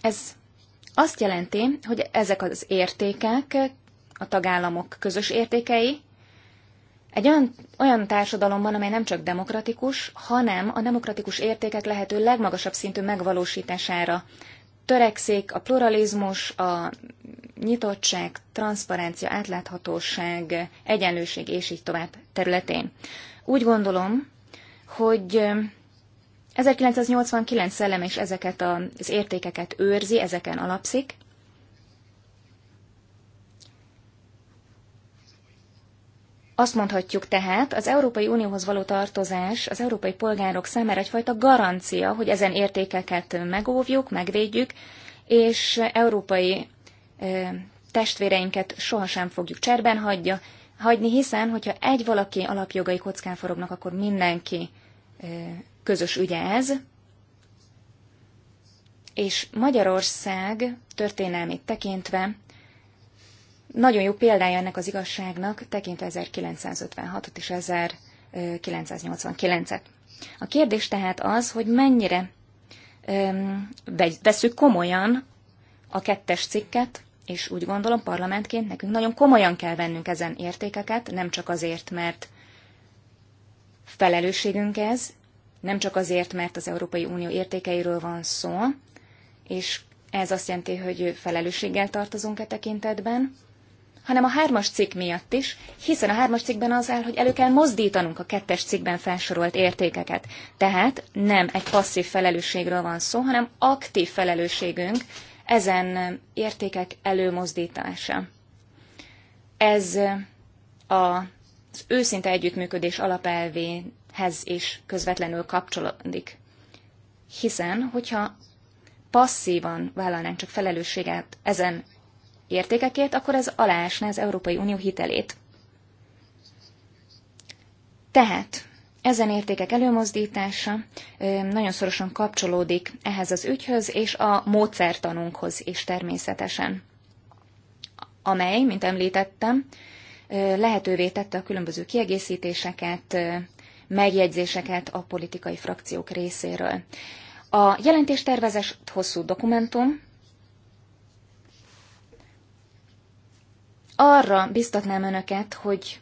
Ez azt jelenti, hogy ezek az értékek, a tagállamok közös értékei, egy olyan, olyan társadalomban, amely nem csak demokratikus, hanem a demokratikus értékek lehető legmagasabb szintű megvalósítására törekszik a pluralizmus, a nyitottság, transzparencia, átláthatóság, egyenlőség és így tovább területén. Úgy gondolom, hogy 1989 szellem is ezeket az értékeket őrzi, ezeken alapszik, Azt mondhatjuk tehát, az Európai Unióhoz való tartozás az európai polgárok számára egyfajta garancia, hogy ezen értékeket megóvjuk, megvédjük, és európai ö, testvéreinket sohasem fogjuk cserben hagyja, hagyni, hiszen hogyha egy valaki alapjogai kockán forognak, akkor mindenki ö, közös ügye ez. És Magyarország történelmét tekintve nagyon jó példája ennek az igazságnak tekintve 1956-ot és 1989-et. A kérdés tehát az, hogy mennyire öm, veszük komolyan a kettes cikket, és úgy gondolom parlamentként nekünk nagyon komolyan kell vennünk ezen értékeket, nem csak azért, mert felelősségünk ez, nem csak azért, mert az Európai Unió értékeiről van szó, és ez azt jelenti, hogy felelősséggel tartozunk e tekintetben, hanem a hármas cikk miatt is, hiszen a hármas cikkben az áll, hogy elő kell mozdítanunk a kettes cikkben felsorolt értékeket. Tehát nem egy passzív felelősségről van szó, hanem aktív felelősségünk ezen értékek előmozdítása. Ez a az őszinte együttműködés alapelvéhez is közvetlenül kapcsolódik. Hiszen, hogyha passzívan vállalnánk csak felelősséget ezen értékekért, akkor ez aláásná az Európai Unió hitelét. Tehát ezen értékek előmozdítása nagyon szorosan kapcsolódik ehhez az ügyhöz és a módszertanunkhoz is természetesen, amely, mint említettem, lehetővé tette a különböző kiegészítéseket, megjegyzéseket a politikai frakciók részéről. A jelentéstervezett hosszú dokumentum, arra biztatnám önöket, hogy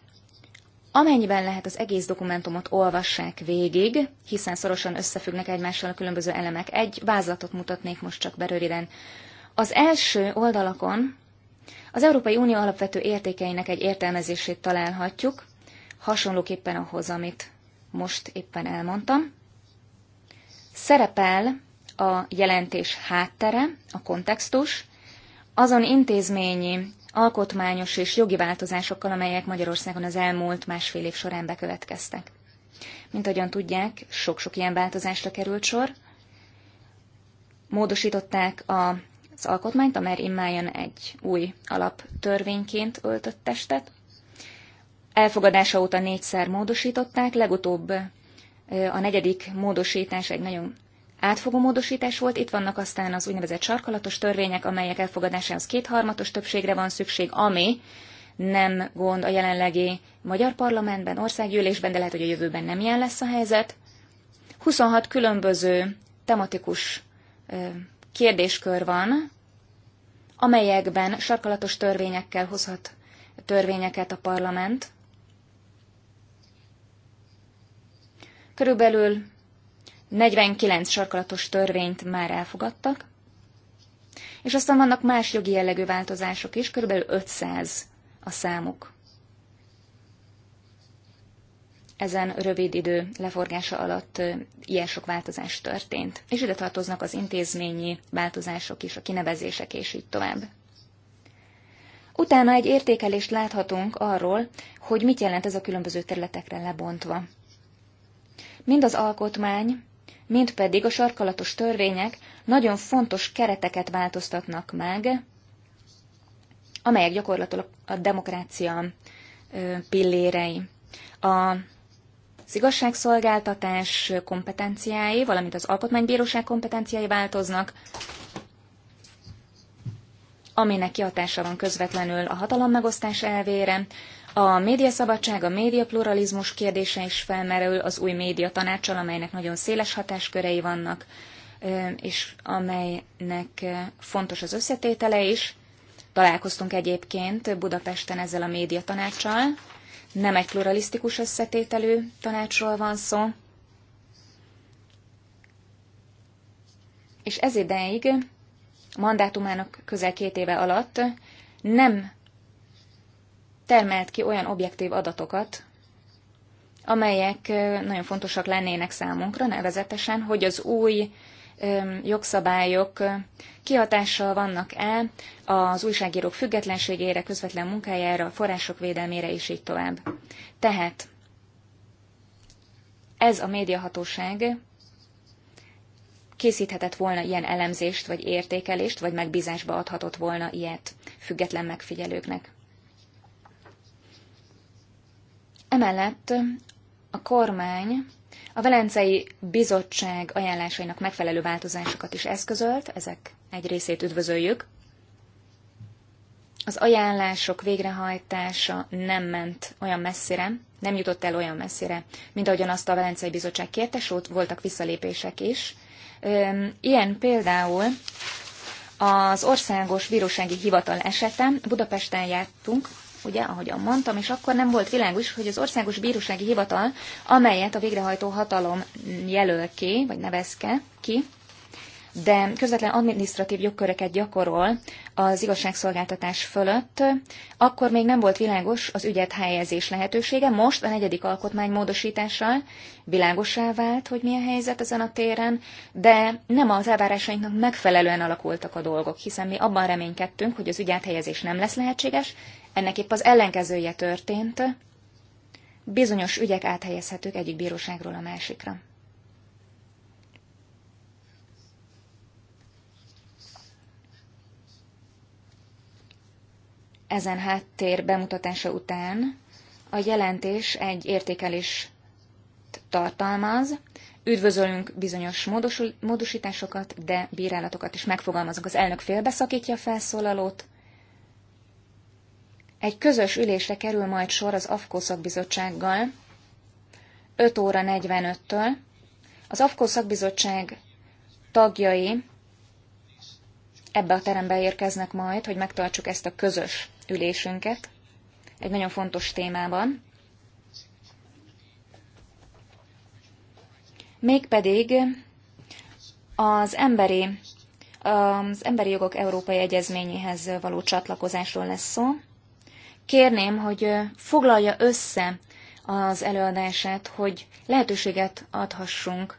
amennyiben lehet az egész dokumentumot olvassák végig, hiszen szorosan összefüggnek egymással a különböző elemek. Egy vázlatot mutatnék most csak beröviden. Az első oldalakon az Európai Unió alapvető értékeinek egy értelmezését találhatjuk, hasonlóképpen ahhoz, amit most éppen elmondtam. Szerepel a jelentés háttere, a kontextus, azon intézményi alkotmányos és jogi változásokkal, amelyek Magyarországon az elmúlt másfél év során bekövetkeztek. Mint ahogyan tudják, sok-sok ilyen változásra került sor. Módosították a az alkotmányt, amely immáján egy új alaptörvényként öltött testet. Elfogadása óta négyszer módosították, legutóbb a negyedik módosítás egy nagyon átfogó módosítás volt, itt vannak aztán az úgynevezett sarkalatos törvények, amelyek elfogadásához kétharmatos többségre van szükség, ami nem gond a jelenlegi magyar parlamentben, országgyűlésben, de lehet, hogy a jövőben nem ilyen lesz a helyzet. 26 különböző tematikus kérdéskör van, amelyekben sarkalatos törvényekkel hozhat törvényeket a parlament. Körülbelül 49 sarkalatos törvényt már elfogadtak, és aztán vannak más jogi jellegű változások is, kb. 500 a számuk. Ezen rövid idő leforgása alatt ilyen sok változás történt, és ide tartoznak az intézményi változások is, a kinevezések és így tovább. Utána egy értékelést láthatunk arról, hogy mit jelent ez a különböző területekre lebontva. Mind az alkotmány, mint pedig a sarkalatos törvények nagyon fontos kereteket változtatnak meg, amelyek gyakorlatilag a demokrácia pillérei. A az igazságszolgáltatás kompetenciái, valamint az alkotmánybíróság kompetenciái változnak, aminek kihatása van közvetlenül a hatalommegosztás elvére, a médiaszabadság, a médiapluralizmus kérdése is felmerül az új média tanácsal, amelynek nagyon széles hatáskörei vannak, és amelynek fontos az összetétele is. Találkoztunk egyébként Budapesten ezzel a média tanácsal. Nem egy pluralisztikus összetételű tanácsról van szó. És ez ideig, mandátumának közel két éve alatt nem termelt ki olyan objektív adatokat, amelyek nagyon fontosak lennének számunkra, nevezetesen, hogy az új jogszabályok kihatással vannak el, az újságírók függetlenségére, közvetlen munkájára, források védelmére és így tovább. Tehát ez a médiahatóság készíthetett volna ilyen elemzést, vagy értékelést, vagy megbízásba adhatott volna ilyet független megfigyelőknek. Emellett a kormány a Velencei Bizottság ajánlásainak megfelelő változásokat is eszközölt, ezek egy részét üdvözöljük. Az ajánlások végrehajtása nem ment olyan messzire, nem jutott el olyan messzire, mint ahogyan azt a Velencei Bizottság kérte, sőt voltak visszalépések is. Ilyen például az Országos Bírósági Hivatal esetén Budapesten jártunk, ugye, ahogyan mondtam, és akkor nem volt világos, hogy az Országos Bírósági Hivatal, amelyet a végrehajtó hatalom jelöl ki, vagy nevezke ki, de közvetlen adminisztratív jogköröket gyakorol az igazságszolgáltatás fölött, akkor még nem volt világos az ügyet helyezés lehetősége. Most a negyedik alkotmány módosítással világosá vált, hogy milyen helyzet ezen a téren, de nem az elvárásainknak megfelelően alakultak a dolgok, hiszen mi abban reménykedtünk, hogy az ügyet helyezés nem lesz lehetséges, ennek épp az ellenkezője történt, bizonyos ügyek áthelyezhetők egyik bíróságról a másikra. Ezen háttér bemutatása után a jelentés egy értékelés tartalmaz, Üdvözölünk bizonyos módosításokat, de bírálatokat is megfogalmazunk. Az elnök félbeszakítja a felszólalót, egy közös ülésre kerül majd sor az AFKO szakbizottsággal 5 óra 45-től. Az AFKO szakbizottság tagjai ebbe a terembe érkeznek majd, hogy megtartsuk ezt a közös ülésünket egy nagyon fontos témában. Mégpedig az emberi, az emberi jogok európai egyezményéhez való csatlakozásról lesz szó. Kérném, hogy foglalja össze az előadását, hogy lehetőséget adhassunk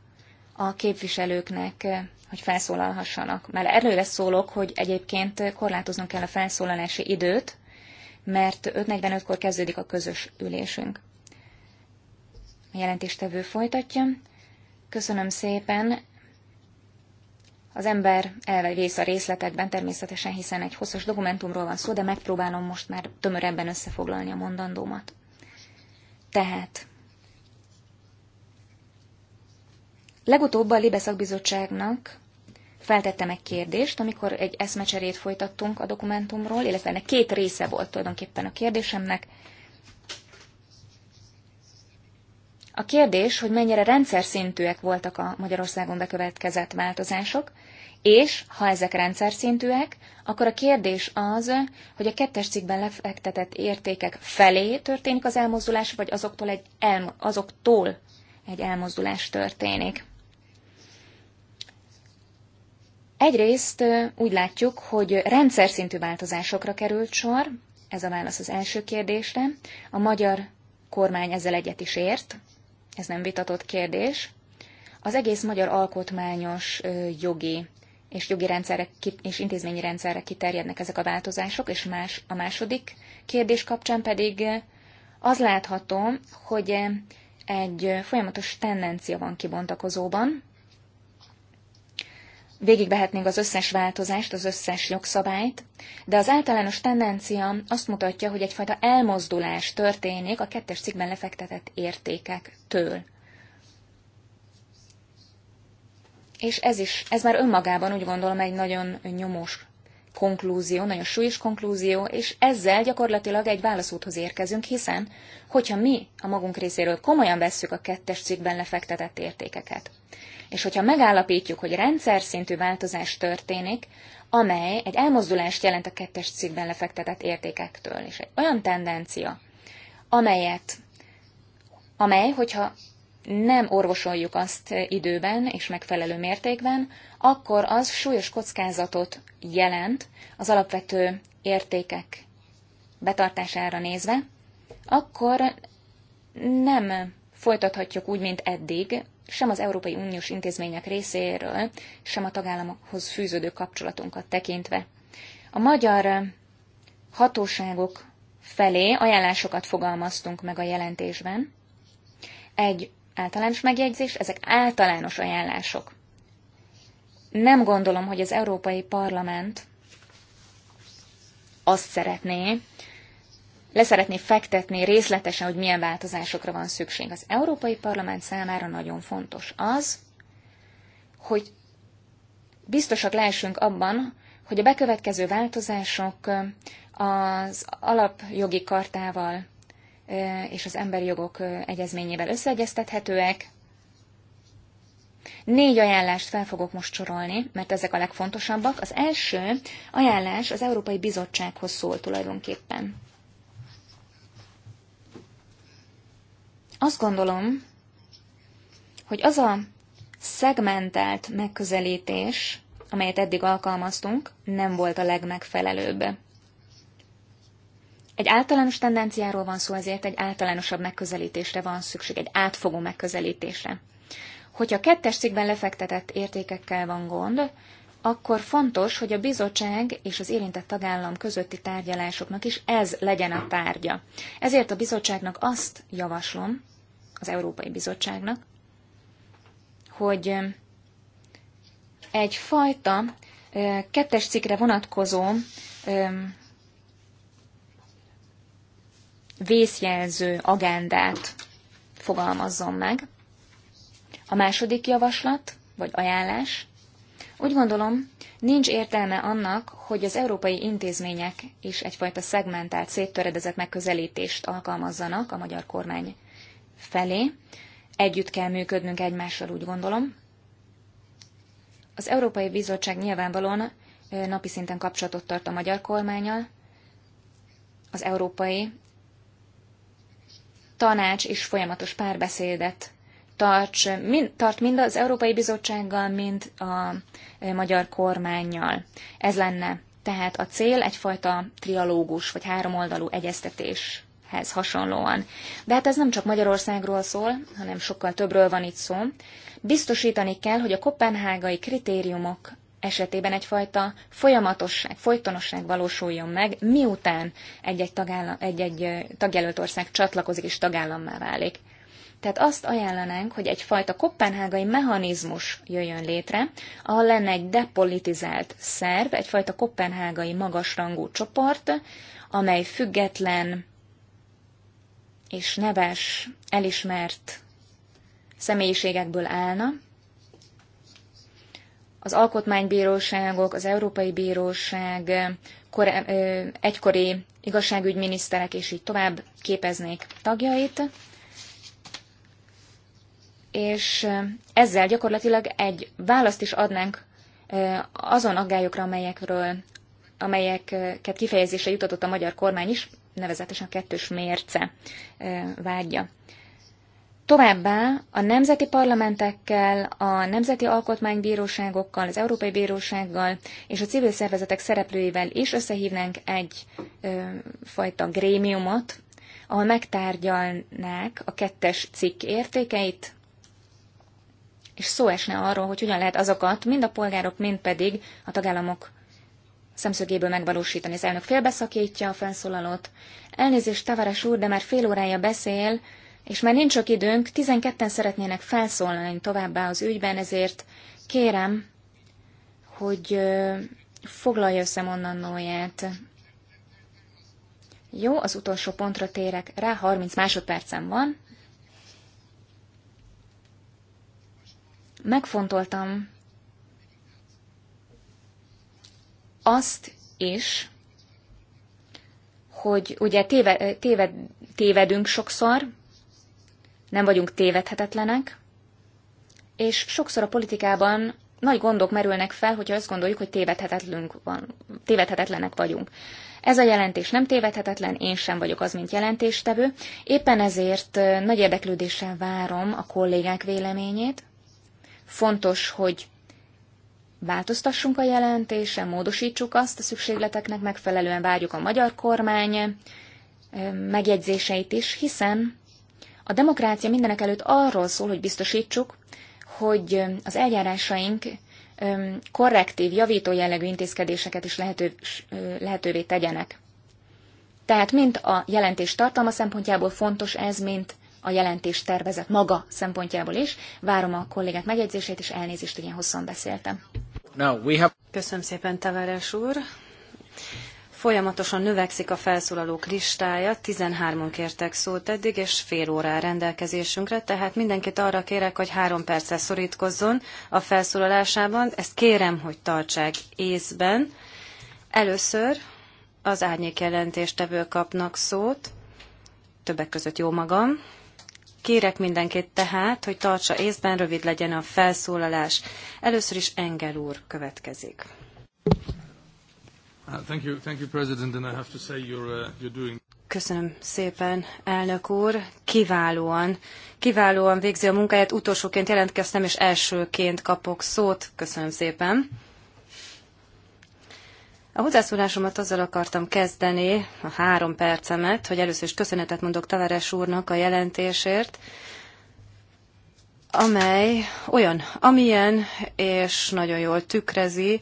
a képviselőknek, hogy felszólalhassanak. Mert előre szólok, hogy egyébként korlátoznunk kell a felszólalási időt, mert 5.45-kor kezdődik a közös ülésünk. A jelentéstevő folytatja. Köszönöm szépen, az ember elvész a részletekben természetesen, hiszen egy hosszas dokumentumról van szó, de megpróbálom most már tömörebben összefoglalni a mondandómat. Tehát, legutóbb a Libe szakbizottságnak feltettem egy kérdést, amikor egy eszmecserét folytattunk a dokumentumról, illetve ennek két része volt tulajdonképpen a kérdésemnek – A kérdés, hogy mennyire rendszer szintűek voltak a Magyarországon bekövetkezett változások, és ha ezek rendszer szintűek, akkor a kérdés az, hogy a kettes cikkben lefektetett értékek felé történik az elmozdulás, vagy azoktól egy, elmo- azoktól egy elmozdulás történik. Egyrészt úgy látjuk, hogy rendszer szintű változásokra került sor, ez a válasz az első kérdésre. A magyar kormány ezzel egyet is ért, ez nem vitatott kérdés. Az egész magyar alkotmányos jogi és jogi rendszerre és intézményi rendszerre kiterjednek ezek a változások, és más, a második kérdés kapcsán pedig az látható, hogy egy folyamatos tendencia van kibontakozóban, végigvehetnénk az összes változást, az összes jogszabályt, de az általános tendencia azt mutatja, hogy egyfajta elmozdulás történik a kettes cikkben lefektetett értékektől. És ez is, ez már önmagában úgy gondolom egy nagyon nyomós konklúzió, nagyon súlyos konklúzió, és ezzel gyakorlatilag egy válaszúthoz érkezünk, hiszen hogyha mi a magunk részéről komolyan vesszük a kettes cikkben lefektetett értékeket, és hogyha megállapítjuk, hogy rendszer szintű változás történik, amely egy elmozdulást jelent a kettes cikkben lefektetett értékektől, és egy olyan tendencia, amelyet, amely, hogyha nem orvosoljuk azt időben és megfelelő mértékben, akkor az súlyos kockázatot jelent az alapvető értékek betartására nézve, akkor nem folytathatjuk úgy, mint eddig, sem az Európai Uniós intézmények részéről, sem a tagállamokhoz fűződő kapcsolatunkat tekintve. A magyar hatóságok felé ajánlásokat fogalmaztunk meg a jelentésben. Egy általános megjegyzés, ezek általános ajánlások. Nem gondolom, hogy az Európai Parlament azt szeretné, leszeretné fektetni részletesen, hogy milyen változásokra van szükség. Az Európai Parlament számára nagyon fontos az, hogy biztosak lehessünk abban, hogy a bekövetkező változások az alapjogi kartával és az emberi jogok egyezményével összeegyeztethetőek. Négy ajánlást fel fogok most sorolni, mert ezek a legfontosabbak. Az első ajánlás az Európai Bizottsághoz szól tulajdonképpen. Azt gondolom, hogy az a szegmentált megközelítés, amelyet eddig alkalmaztunk, nem volt a legmegfelelőbb. Egy általános tendenciáról van szó, ezért egy általánosabb megközelítésre van szükség, egy átfogó megközelítésre. Hogyha a kettes cikkben lefektetett értékekkel van gond, akkor fontos, hogy a bizottság és az érintett tagállam közötti tárgyalásoknak is ez legyen a tárgya. Ezért a bizottságnak azt javaslom, az Európai Bizottságnak, hogy egyfajta kettes cikkre vonatkozó vészjelző agendát fogalmazzon meg. A második javaslat, vagy ajánlás, úgy gondolom, nincs értelme annak, hogy az európai intézmények is egyfajta szegmentált, széttöredezett megközelítést alkalmazzanak a magyar kormány felé. Együtt kell működnünk egymással, úgy gondolom. Az Európai Bizottság nyilvánvalóan napi szinten kapcsolatot tart a magyar kormányal. Az Európai Tanács is folyamatos párbeszédet tarts, mind, tart mind az Európai Bizottsággal, mind a magyar kormányjal. Ez lenne tehát a cél egyfajta trialógus vagy háromoldalú egyeztetés hez hasonlóan. De hát ez nem csak Magyarországról szól, hanem sokkal többről van itt szó. Biztosítani kell, hogy a kopenhágai kritériumok esetében egyfajta folyamatosság, folytonosság valósuljon meg, miután egy-egy, tagállam, egy-egy tagjelölt ország csatlakozik és tagállammá válik. Tehát azt ajánlanánk, hogy egyfajta kopenhágai mechanizmus jöjjön létre, ahol lenne egy depolitizált szerv, egyfajta kopenhágai magasrangú csoport, amely független és neves, elismert személyiségekből állna. Az alkotmánybíróságok, az Európai Bíróság, kor, ö, egykori igazságügyminiszterek és így tovább képeznék tagjait, és ezzel gyakorlatilag egy választ is adnánk azon aggályokra, amelyekről, amelyeket kifejezésre jutatott a magyar kormány is, nevezetesen a kettős mérce vágya. Továbbá a nemzeti parlamentekkel, a nemzeti alkotmánybíróságokkal, az Európai Bírósággal és a civil szervezetek szereplőivel is összehívnánk egy ö, fajta grémiumot, ahol megtárgyalnák a kettes cikk értékeit, és szó esne arról, hogy hogyan lehet azokat mind a polgárok, mind pedig a tagállamok szemszögéből megvalósítani. Az elnök félbeszakítja a felszólalót. Elnézést, Tavares úr, de már fél órája beszél, és már nincs sok időnk, 12-en szeretnének felszólalni továbbá az ügyben, ezért kérem, hogy foglalja össze mondanóját. Jó, az utolsó pontra térek rá, 30 másodpercem van. Megfontoltam azt is, hogy ugye téve, téved, tévedünk sokszor, nem vagyunk tévedhetetlenek, és sokszor a politikában nagy gondok merülnek fel, hogyha azt gondoljuk, hogy tévedhetetlenünk van, tévedhetetlenek vagyunk. Ez a jelentés nem tévedhetetlen, én sem vagyok az, mint jelentéstevő. Éppen ezért nagy érdeklődéssel várom a kollégák véleményét. Fontos, hogy változtassunk a jelentésen, módosítsuk azt, a szükségleteknek megfelelően várjuk a magyar kormány megjegyzéseit is, hiszen a demokrácia mindenek előtt arról szól, hogy biztosítsuk, hogy az eljárásaink korrektív, javító jellegű intézkedéseket is lehető, lehetővé tegyenek. Tehát mint a jelentés tartalma szempontjából fontos ez, mint a jelentés tervezet maga szempontjából is. Várom a kollégák megjegyzését, és elnézést, hogy ilyen hosszan beszéltem. Köszönöm szépen, Tavares úr. Folyamatosan növekszik a felszólalók listája, 13-on kértek szót eddig, és fél órá rendelkezésünkre, tehát mindenkit arra kérek, hogy három perccel szorítkozzon a felszólalásában. Ezt kérem, hogy tartsák észben. Először az árnyék jelentéstevő kapnak szót, többek között jó magam. Kérek mindenkit tehát, hogy tartsa észben, rövid legyen a felszólalás. Először is Engel úr következik. Uh, uh, Köszönöm szépen, elnök úr. Kiválóan, kiválóan végzi a munkáját. Utolsóként jelentkeztem, és elsőként kapok szót. Köszönöm szépen. A hozzászólásomat azzal akartam kezdeni, a három percemet, hogy először is köszönetet mondok Tavares úrnak a jelentésért, amely olyan, amilyen, és nagyon jól tükrezi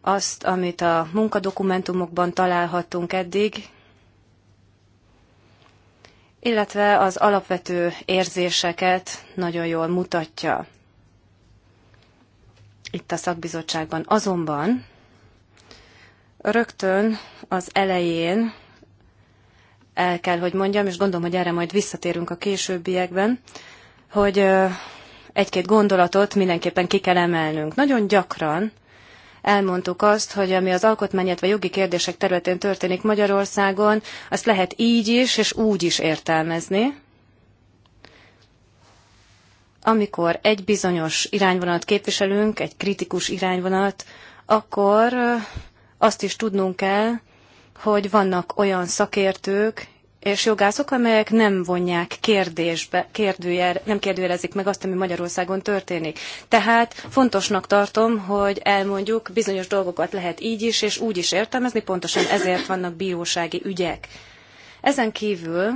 azt, amit a munkadokumentumokban találhattunk eddig, illetve az alapvető érzéseket nagyon jól mutatja itt a szakbizottságban. Azonban Rögtön az elején el kell, hogy mondjam, és gondolom, hogy erre majd visszatérünk a későbbiekben, hogy egy-két gondolatot mindenképpen ki kell emelnünk. Nagyon gyakran elmondtuk azt, hogy ami az alkotmány, vagy jogi kérdések területén történik Magyarországon, azt lehet így is és úgy is értelmezni. Amikor egy bizonyos irányvonalat képviselünk, egy kritikus irányvonalat, akkor azt is tudnunk kell, hogy vannak olyan szakértők és jogászok, amelyek nem vonják kérdésbe, kérdőjel, nem kérdőjelezik meg azt, ami Magyarországon történik. Tehát fontosnak tartom, hogy elmondjuk, bizonyos dolgokat lehet így is és úgy is értelmezni, pontosan ezért vannak bírósági ügyek. Ezen kívül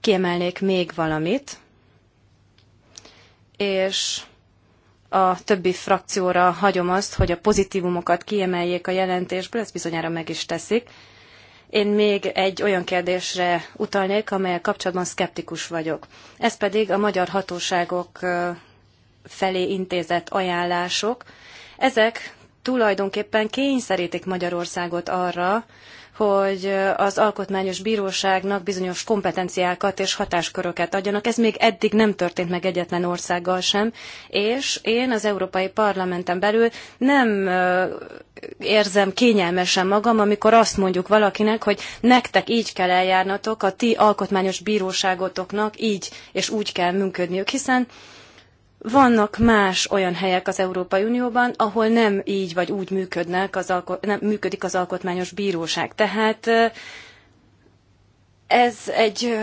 kiemelnék még valamit, és a többi frakcióra hagyom azt, hogy a pozitívumokat kiemeljék a jelentésből, ezt bizonyára meg is teszik. Én még egy olyan kérdésre utalnék, amely kapcsolatban szkeptikus vagyok. Ez pedig a magyar hatóságok felé intézett ajánlások. Ezek tulajdonképpen kényszerítik Magyarországot arra, hogy az alkotmányos bíróságnak bizonyos kompetenciákat és hatásköröket adjanak. Ez még eddig nem történt meg egyetlen országgal sem, és én az Európai Parlamenten belül nem érzem kényelmesen magam, amikor azt mondjuk valakinek, hogy nektek így kell eljárnatok, a ti alkotmányos bíróságotoknak így és úgy kell működniük, hiszen vannak más olyan helyek az Európai Unióban, ahol nem így vagy úgy működnek az alko- nem, működik az alkotmányos bíróság. Tehát ez egy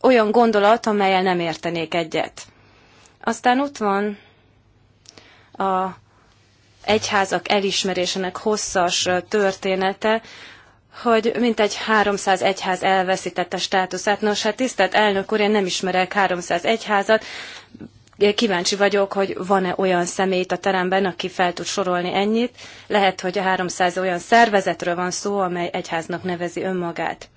olyan gondolat, amelyel nem értenék egyet. Aztán ott van a egyházak elismerésének hosszas története hogy mintegy 300 egyház elveszítette státuszát. Nos, hát tisztelt elnök úr, én nem ismerek 300 egyházat, kíváncsi vagyok, hogy van-e olyan személy a teremben, aki fel tud sorolni ennyit. Lehet, hogy a 300 olyan szervezetről van szó, amely egyháznak nevezi önmagát.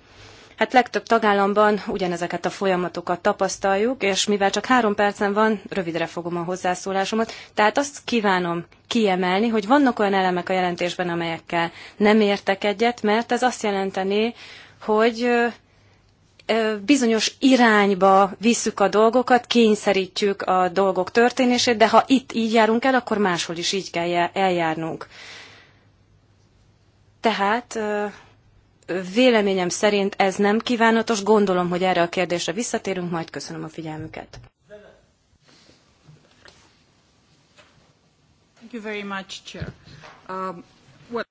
Hát legtöbb tagállamban ugyanezeket a folyamatokat tapasztaljuk, és mivel csak három percen van, rövidre fogom a hozzászólásomat. Tehát azt kívánom kiemelni, hogy vannak olyan elemek a jelentésben, amelyekkel nem értek egyet, mert ez azt jelenteni, hogy bizonyos irányba visszük a dolgokat, kényszerítjük a dolgok történését, de ha itt így járunk el, akkor máshol is így kell eljárnunk. Tehát véleményem szerint ez nem kívánatos. Gondolom, hogy erre a kérdésre visszatérünk, majd köszönöm a figyelmüket. Much, um, what...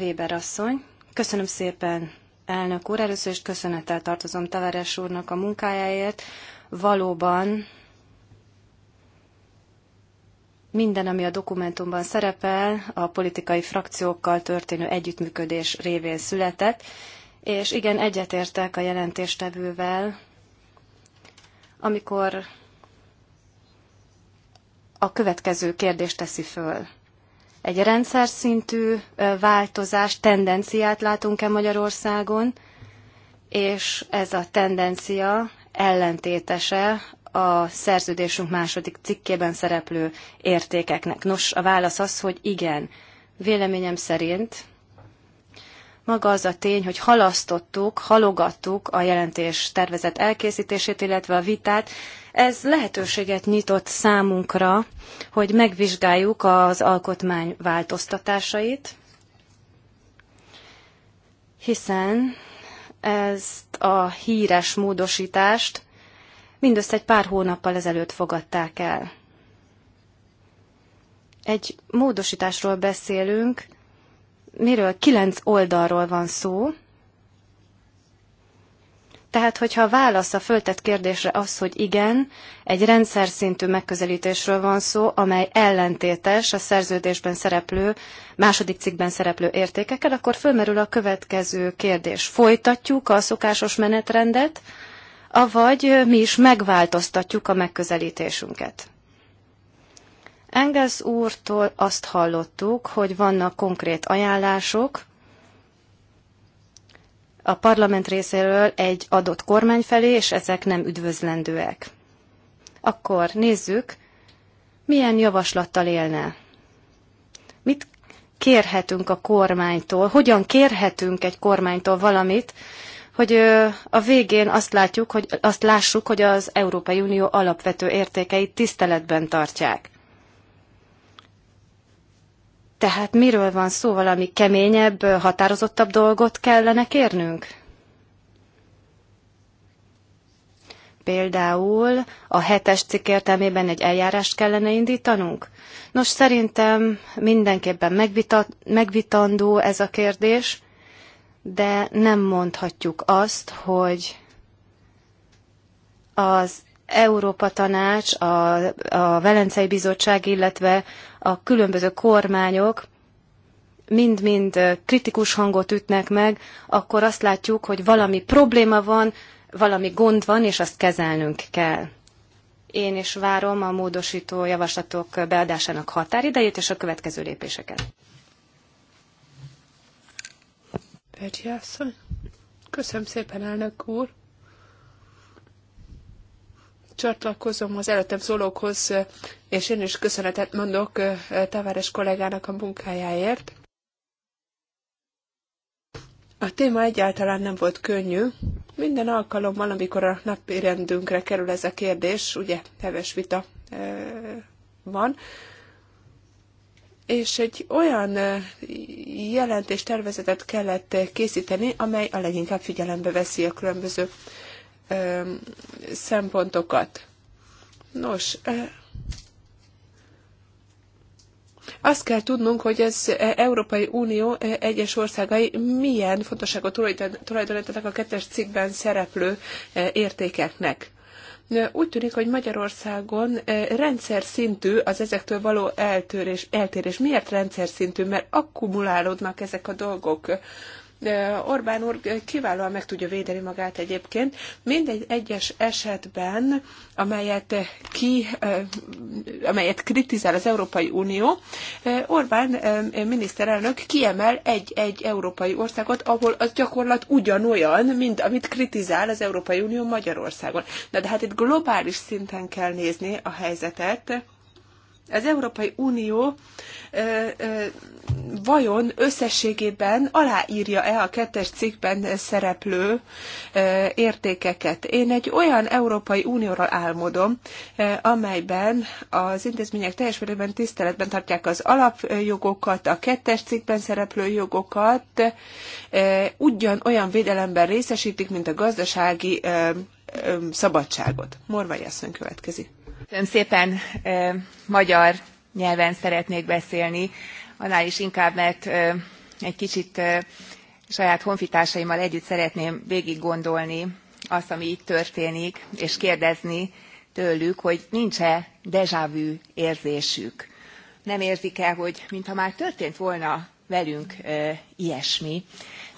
Weber asszony, köszönöm szépen, elnök úr. Először is köszönettel tartozom Tavares úrnak a munkájáért. Valóban minden, ami a dokumentumban szerepel, a politikai frakciókkal történő együttműködés révén született, és igen, egyetértek a jelentéstevővel, amikor a következő kérdést teszi föl. Egy rendszer szintű változás, tendenciát látunk-e Magyarországon, és ez a tendencia ellentétese a szerződésünk második cikkében szereplő értékeknek? Nos, a válasz az, hogy igen. Véleményem szerint maga az a tény, hogy halasztottuk, halogattuk a jelentés tervezet elkészítését, illetve a vitát, ez lehetőséget nyitott számunkra, hogy megvizsgáljuk az alkotmány változtatásait, hiszen ezt a híres módosítást mindössze egy pár hónappal ezelőtt fogadták el. Egy módosításról beszélünk, miről kilenc oldalról van szó, tehát, hogyha a válasz a föltett kérdésre az, hogy igen, egy rendszer szintű megközelítésről van szó, amely ellentétes a szerződésben szereplő, második cikkben szereplő értékekkel, akkor fölmerül a következő kérdés. Folytatjuk a szokásos menetrendet, avagy mi is megváltoztatjuk a megközelítésünket. Engels úrtól azt hallottuk, hogy vannak konkrét ajánlások a parlament részéről egy adott kormány felé, és ezek nem üdvözlendőek. Akkor nézzük, milyen javaslattal élne. Mit kérhetünk a kormánytól, hogyan kérhetünk egy kormánytól valamit, hogy a végén azt látjuk, hogy azt lássuk, hogy az Európai Unió alapvető értékeit tiszteletben tartják. Tehát miről van szó, valami keményebb, határozottabb dolgot kellene kérnünk? Például a hetes cikk értelmében egy eljárást kellene indítanunk? Nos, szerintem mindenképpen megvita, megvitandó ez a kérdés de nem mondhatjuk azt, hogy az Európa Tanács, a, a Velencei Bizottság, illetve a különböző kormányok mind-mind kritikus hangot ütnek meg, akkor azt látjuk, hogy valami probléma van, valami gond van, és azt kezelnünk kell. Én is várom a módosító javaslatok beadásának határidejét és a következő lépéseket. asszony. Köszönöm szépen, elnök úr. Csatlakozom az előttem szólókhoz, és én is köszönetet mondok eh, Taváres kollégának a munkájáért. A téma egyáltalán nem volt könnyű. Minden alkalommal, amikor a napi rendünkre kerül ez a kérdés, ugye heves vita eh, van, és egy olyan jelentéstervezetet kellett készíteni, amely a leginkább figyelembe veszi a különböző szempontokat. Nos, azt kell tudnunk, hogy az Európai Unió egyes országai milyen fontosságot tulajdonítanak a kettes cikkben szereplő értékeknek. Úgy tűnik, hogy Magyarországon eh, rendszer szintű az ezektől való eltörés, eltérés. Miért rendszer szintű? Mert akkumulálódnak ezek a dolgok. Orbán úr kiválóan meg tudja védeni magát egyébként. Mindegy egyes esetben, amelyet, ki, amelyet kritizál az Európai Unió, Orbán miniszterelnök kiemel egy-egy európai országot, ahol az gyakorlat ugyanolyan, mint amit kritizál az Európai Unió Magyarországon. Na de hát itt globális szinten kell nézni a helyzetet, az Európai Unió vajon összességében aláírja-e a kettes cikkben szereplő értékeket. Én egy olyan Európai Unióról álmodom, amelyben az intézmények teljes mértékben tiszteletben tartják az alapjogokat, a kettes cikkben szereplő jogokat, ugyanolyan védelemben részesítik, mint a gazdasági szabadságot. Morvai asszony következik szépen, magyar nyelven szeretnék beszélni, annál is inkább, mert egy kicsit saját honfitársaimmal együtt szeretném végiggondolni azt, ami itt történik, és kérdezni tőlük, hogy nincs-e dejavű érzésük. Nem érzik-e, hogy mintha már történt volna velünk ilyesmi,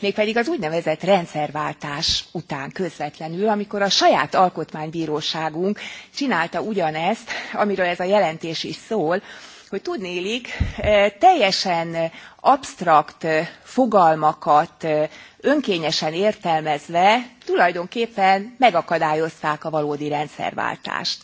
mégpedig az úgynevezett rendszerváltás után közvetlenül, amikor a saját alkotmánybíróságunk csinálta ugyanezt, amiről ez a jelentés is szól, hogy tudnélik eh, teljesen absztrakt eh, fogalmakat eh, önkényesen értelmezve tulajdonképpen megakadályozták a valódi rendszerváltást.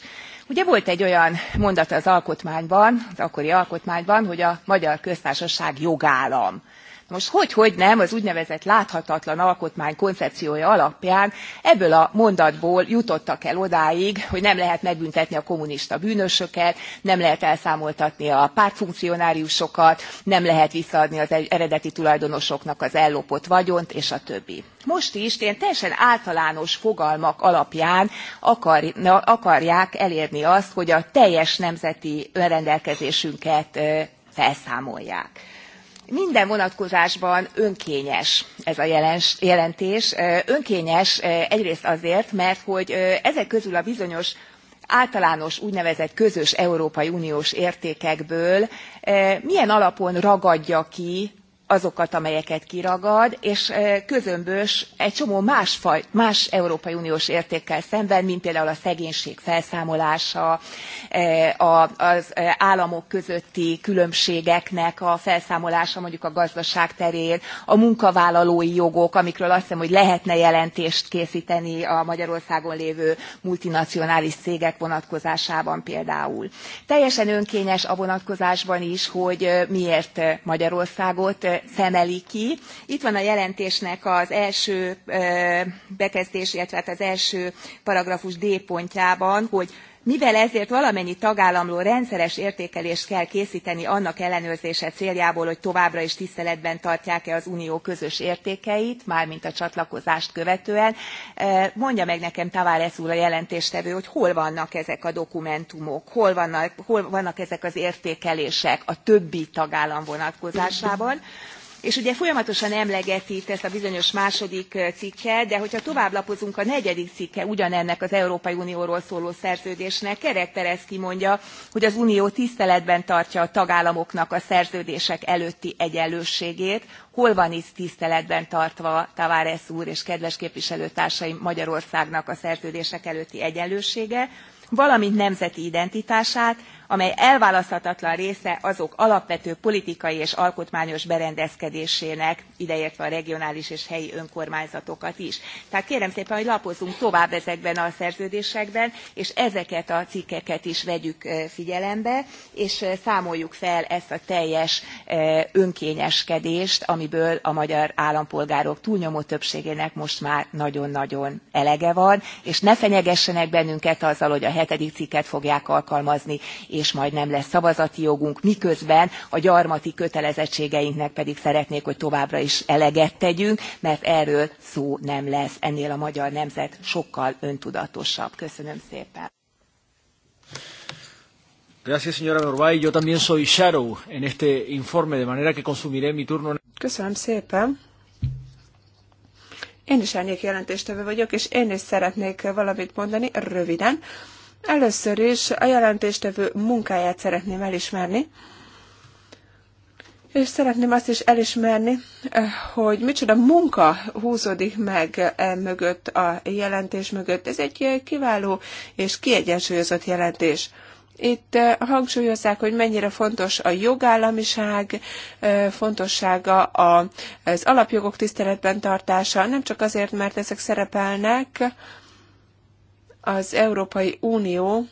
Ugye volt egy olyan mondat az alkotmányban, az akkori alkotmányban, hogy a magyar köztársaság jogállam most hogy hogy nem az úgynevezett láthatatlan alkotmány koncepciója alapján ebből a mondatból jutottak el odáig hogy nem lehet megbüntetni a kommunista bűnösöket nem lehet elszámoltatni a pártfunkcionáriusokat nem lehet visszaadni az e- eredeti tulajdonosoknak az ellopott vagyont és a többi. most is ilyen teljesen általános fogalmak alapján akar, akarják elérni azt hogy a teljes nemzeti rendelkezésünket felszámolják minden vonatkozásban önkényes ez a jelentés önkényes egyrészt azért mert hogy ezek közül a bizonyos általános úgynevezett közös európai uniós értékekből milyen alapon ragadja ki azokat amelyeket kiragad és közömbös egy csomó más, más európai uniós értékkel szemben mint például a szegénység felszámolása az államok közötti különbségeknek a felszámolása mondjuk a gazdaság terén a munkavállalói jogok amikről azt hiszem hogy lehetne jelentést készteni a magyarországon lévő multinacionális cégek vonatkozásában például. teljesen önkényes a vonatkozásban is hogy miért magyarországot szemeli ki. Itt van a jelentésnek az első bekezdés, illetve hát az első paragrafus D pontjában, hogy mivel ezért valamennyi tagállamról rendszeres értékelést kell készíteni annak ellenőrzése céljából hogy továbbra is tiszteletben tartják e az unió közös értékeit mármint a csatlakozást követően mondja meg nekem tavares úr a jelentéstevő hogy hol vannak ezek a dokumentumok hol vannak, hol vannak ezek az értékelések a többi tagállam vonatkozásában és ugye folyamatosan emlegeti itt ezt a bizonyos második cikket de hogyha továbblapozunk a negyedik cikke ugyanennek az európai unióról szóló szerződésnek kerek perez kimondja hogy az unió tiszteletben tartja a tagállamoknak a szerződések előtti egyenlőségét hol van itt tiszteletben tartva tavares úr és kedves képviselőtársaim magyarországnak a szerződések előtti egyenlősége valamint nemzeti identitását amely elválaszthatatlan része azok alapvető politikai és alkotmányos berendezkedésének ideértve a regionális és helyi önkormányzatokat is. tehát kérem szépen hogy lapozzunk tovább ezekben a szerződésekben és ezeket a cikkeket is vegyük figyelembe és számoljuk fel ezt a teljes önkényeskedést amiből a magyar állampolgárok túlnyomó többségének most már nagyon nagyon elege van és ne fenyegessenek bennünket azzal hogy a hetedik cikket fogják alkalmazni és és majd nem lesz szavazati jogunk miközben a gyarmati kötelezettségeinknek pedig szeretnék hogy továbbra is eleget tegyünk mert erről szó nem lesz ennél a magyar nemzet sokkal öntudatosabb. köszönöm szépen. Gracias, señora Norbay. Yo también soy Shadow en este informe, de manera que consumiré mi turno. Köszönöm szépen. Én is elnék jelentéstevő vagyok, és én is szeretnék valamit mondani röviden. Először is a jelentéstevő munkáját szeretném elismerni, és szeretném azt is elismerni, eh, hogy micsoda munka húzódik meg e mögött a jelentés mögött. Ez egy kiváló és kiegyensúlyozott jelentés. Itt eh, hangsúlyozzák, hogy mennyire fontos a jogállamiság eh, fontossága, az alapjogok tiszteletben tartása, nem csak azért, mert ezek szerepelnek, az Európai Unió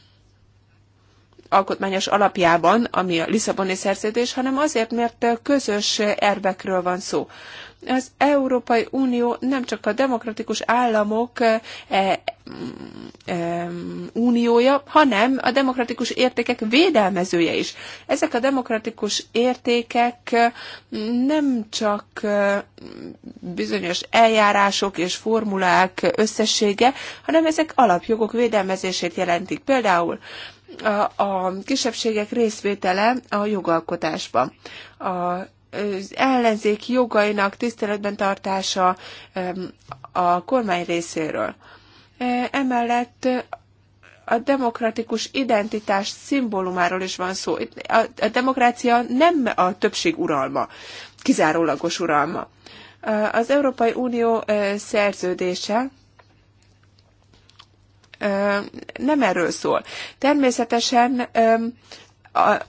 alkotmányos alapjában, ami a Lisszaboni szerződés, hanem azért, mert közös erbekről van szó. Az Európai Unió nem csak a demokratikus államok e, e, uniója, hanem a demokratikus értékek védelmezője is. Ezek a demokratikus értékek mm, nem csak bizonyos eljárások és formulák összessége, hanem ezek alapjogok védelmezését jelentik. Például a kisebbségek részvétele a jogalkotásban. A az ellenzék jogainak tiszteletben tartása a kormány részéről. E, emellett a demokratikus identitás szimbólumáról is van szó. A, a demokrácia nem a többség uralma, kizárólagos uralma. E, az Európai Unió e, szerződése nem erről szól. Természetesen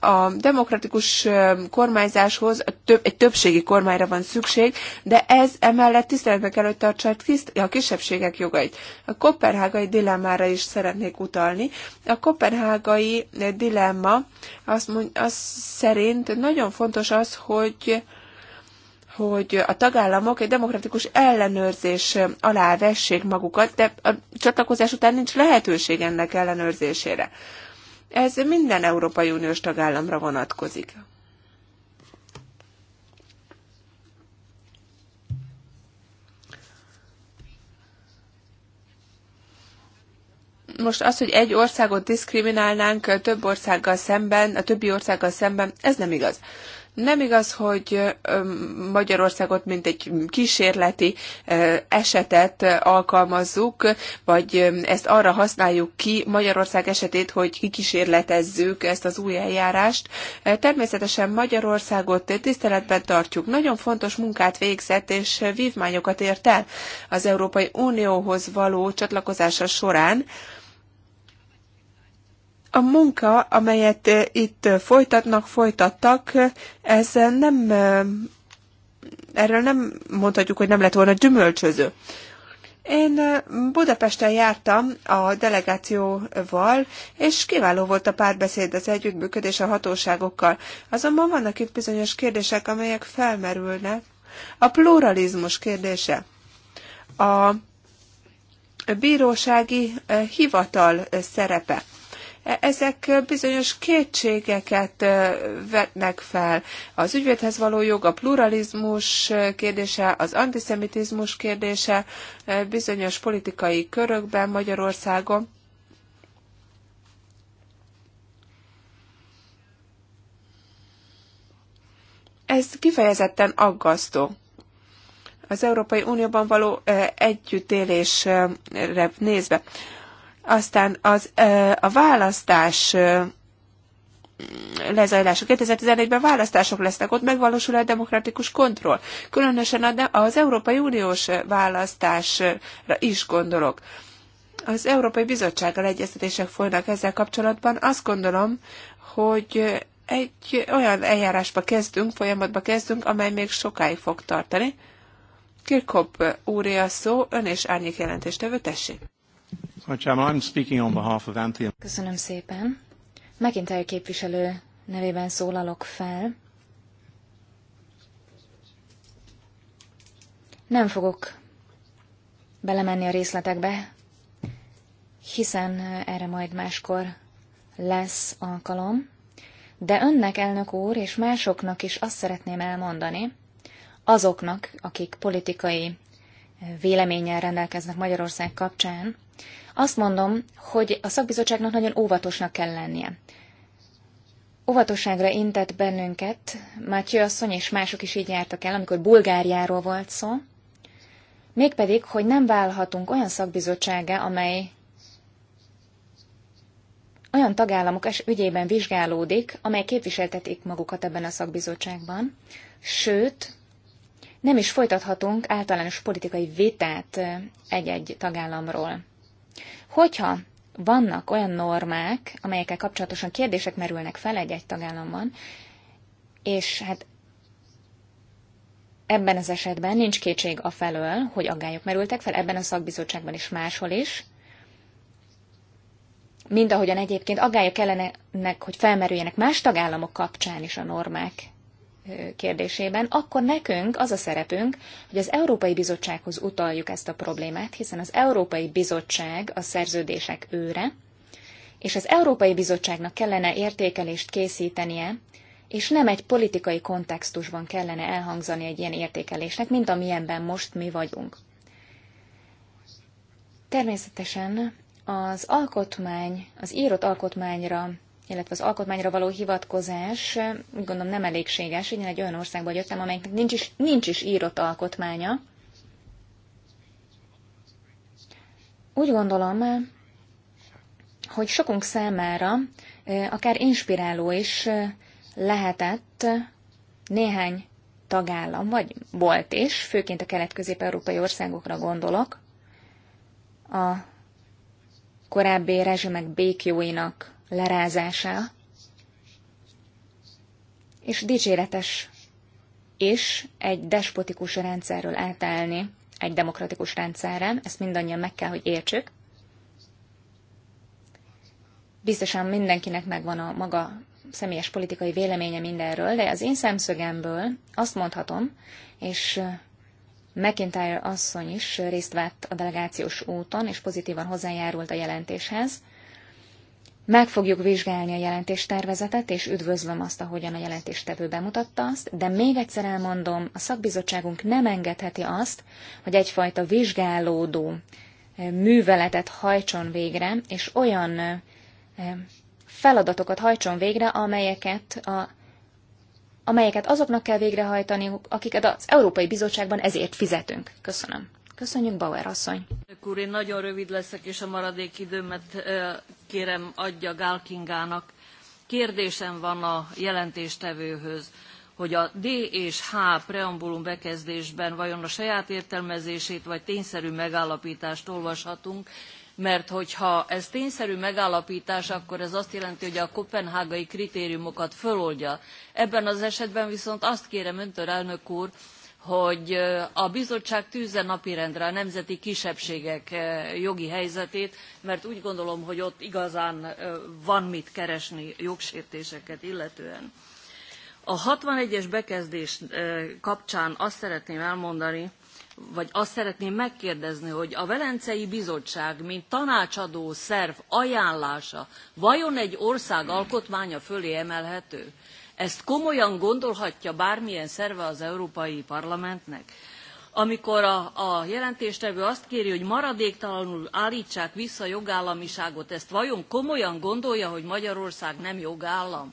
a, demokratikus kormányzáshoz egy többségi kormányra van szükség, de ez emellett tiszteletbe kell, hogy tartsa a kisebbségek jogait. A kopenhágai dilemmára is szeretnék utalni. A kopenhágai dilemma azt, mond, azt szerint nagyon fontos az, hogy hogy a tagállamok egy demokratikus ellenőrzés alá vessék magukat, de a csatlakozás után nincs lehetőség ennek ellenőrzésére. Ez minden Európai Uniós tagállamra vonatkozik. most az, hogy egy országot diszkriminálnánk több országgal szemben, a többi országgal szemben, ez nem igaz. Nem igaz, hogy Magyarországot mint egy kísérleti esetet alkalmazzuk, vagy ezt arra használjuk ki Magyarország esetét, hogy kikísérletezzük ezt az új eljárást. Természetesen Magyarországot tiszteletben tartjuk. Nagyon fontos munkát végzett, és vívmányokat ért el az Európai Unióhoz való csatlakozása során. A munka, amelyet eh, itt eh, folytatnak, folytattak, eh, ez nem, erről nem mondhatjuk, hogy nem lett volna gyümölcsöző. Én Budapesten jártam a delegációval, és kiváló volt a párbeszéd, az együttműködés a hatóságokkal. Azonban vannak itt bizonyos kérdések, amelyek felmerülnek. A pluralizmus kérdése. A bírósági hivatal szerepe. E-, ezek bizonyos kétségeket vetnek fel. Az ügyvédhez való jog, a pluralizmus kérdése, az antiszemitizmus kérdése bizonyos politikai körökben Magyarországon. Ez kifejezetten aggasztó az Európai Unióban való együttélésre nézve. Aztán az, a választás lezajlása. 2011-ben választások lesznek, ott megvalósul a demokratikus kontroll. Különösen az Európai Uniós választásra is gondolok. Az Európai Bizottsággal egyeztetések folynak ezzel kapcsolatban. Azt gondolom, hogy egy olyan eljárásba kezdünk, folyamatba kezdünk, amely még sokáig fog tartani. Kirkop úré a szó, ön és árnyék tevő, tessék. Köszönöm szépen. Megint elképviselő nevében szólalok fel. Nem fogok belemenni a részletekbe, hiszen erre majd máskor lesz alkalom. De önnek, elnök úr, és másoknak is azt szeretném elmondani, azoknak, akik politikai véleménnyel rendelkeznek Magyarország kapcsán, azt mondom, hogy a szakbizottságnak nagyon óvatosnak kell lennie. Óvatosságra intett bennünket, Mátyő asszony és mások is így jártak el, amikor Bulgáriáról volt szó, mégpedig, hogy nem válhatunk olyan szakbizottsága, amely olyan tagállamok és ügyében vizsgálódik, amely képviseltetik magukat ebben a szakbizottságban, sőt, nem is folytathatunk általános politikai vitát egy-egy tagállamról. Hogyha vannak olyan normák, amelyekkel kapcsolatosan kérdések merülnek fel egy-egy tagállamban, és hát ebben az esetben nincs kétség a felől, hogy aggályok merültek fel, ebben a szakbizottságban is máshol is, mint ahogyan egyébként aggályok kellene, hogy felmerüljenek más tagállamok kapcsán is a normák kérdésében, akkor nekünk az a szerepünk, hogy az Európai Bizottsághoz utaljuk ezt a problémát, hiszen az Európai Bizottság a szerződések őre, és az Európai Bizottságnak kellene értékelést készítenie, és nem egy politikai kontextusban kellene elhangzani egy ilyen értékelésnek, mint amilyenben most mi vagyunk. Természetesen az alkotmány, az írott alkotmányra illetve az alkotmányra való hivatkozás, úgy gondolom nem elégséges, így én egy olyan országból jöttem, amelynek nincs is, nincs is írott alkotmánya. Úgy gondolom, hogy sokunk számára akár inspiráló is lehetett néhány tagállam, vagy volt is, főként a kelet-közép-európai országokra gondolok, a korábbi rezsimek békjóinak lerázása, és dicséretes és egy despotikus rendszerről átállni egy demokratikus rendszerre, ezt mindannyian meg kell, hogy értsük. Biztosan mindenkinek megvan a maga személyes politikai véleménye mindenről, de az én szemszögemből azt mondhatom, és McIntyre asszony is részt vett a delegációs úton, és pozitívan hozzájárult a jelentéshez. Meg fogjuk vizsgálni a jelentéstervezetet, és üdvözlöm azt, ahogyan a jelentéstevő bemutatta azt, de még egyszer elmondom, a szakbizottságunk nem engedheti azt, hogy egyfajta vizsgálódó eh, műveletet hajtson végre, és olyan eh, feladatokat hajtson végre, amelyeket, a, amelyeket azoknak kell végrehajtani, akiket az Európai Bizottságban ezért fizetünk. Köszönöm. Köszönjük, Bauer asszony. Úr, én nagyon rövid leszek, és a maradék időmet kérem adja Gálkingának. Kérdésem van a jelentéstevőhöz hogy a D és H preambulum bekezdésben vajon a saját értelmezését vagy tényszerű megállapítást olvashatunk, mert hogyha ez tényszerű megállapítás, akkor ez azt jelenti, hogy a kopenhágai kritériumokat föloldja. Ebben az esetben viszont azt kérem öntől, elnök úr, hogy a bizottság tűzze napirendre a nemzeti kisebbségek jogi helyzetét, mert úgy gondolom, hogy ott igazán van mit keresni jogsértéseket illetően. A 61-es bekezdés kapcsán azt szeretném elmondani, vagy azt szeretném megkérdezni, hogy a Velencei Bizottság, mint tanácsadó szerv ajánlása vajon egy ország alkotmánya fölé emelhető? Ezt komolyan gondolhatja bármilyen szerve az Európai Parlamentnek? Amikor a, a jelentéstevő azt kéri, hogy maradéktalanul állítsák vissza a jogállamiságot, ezt vajon komolyan gondolja, hogy Magyarország nem jogállam?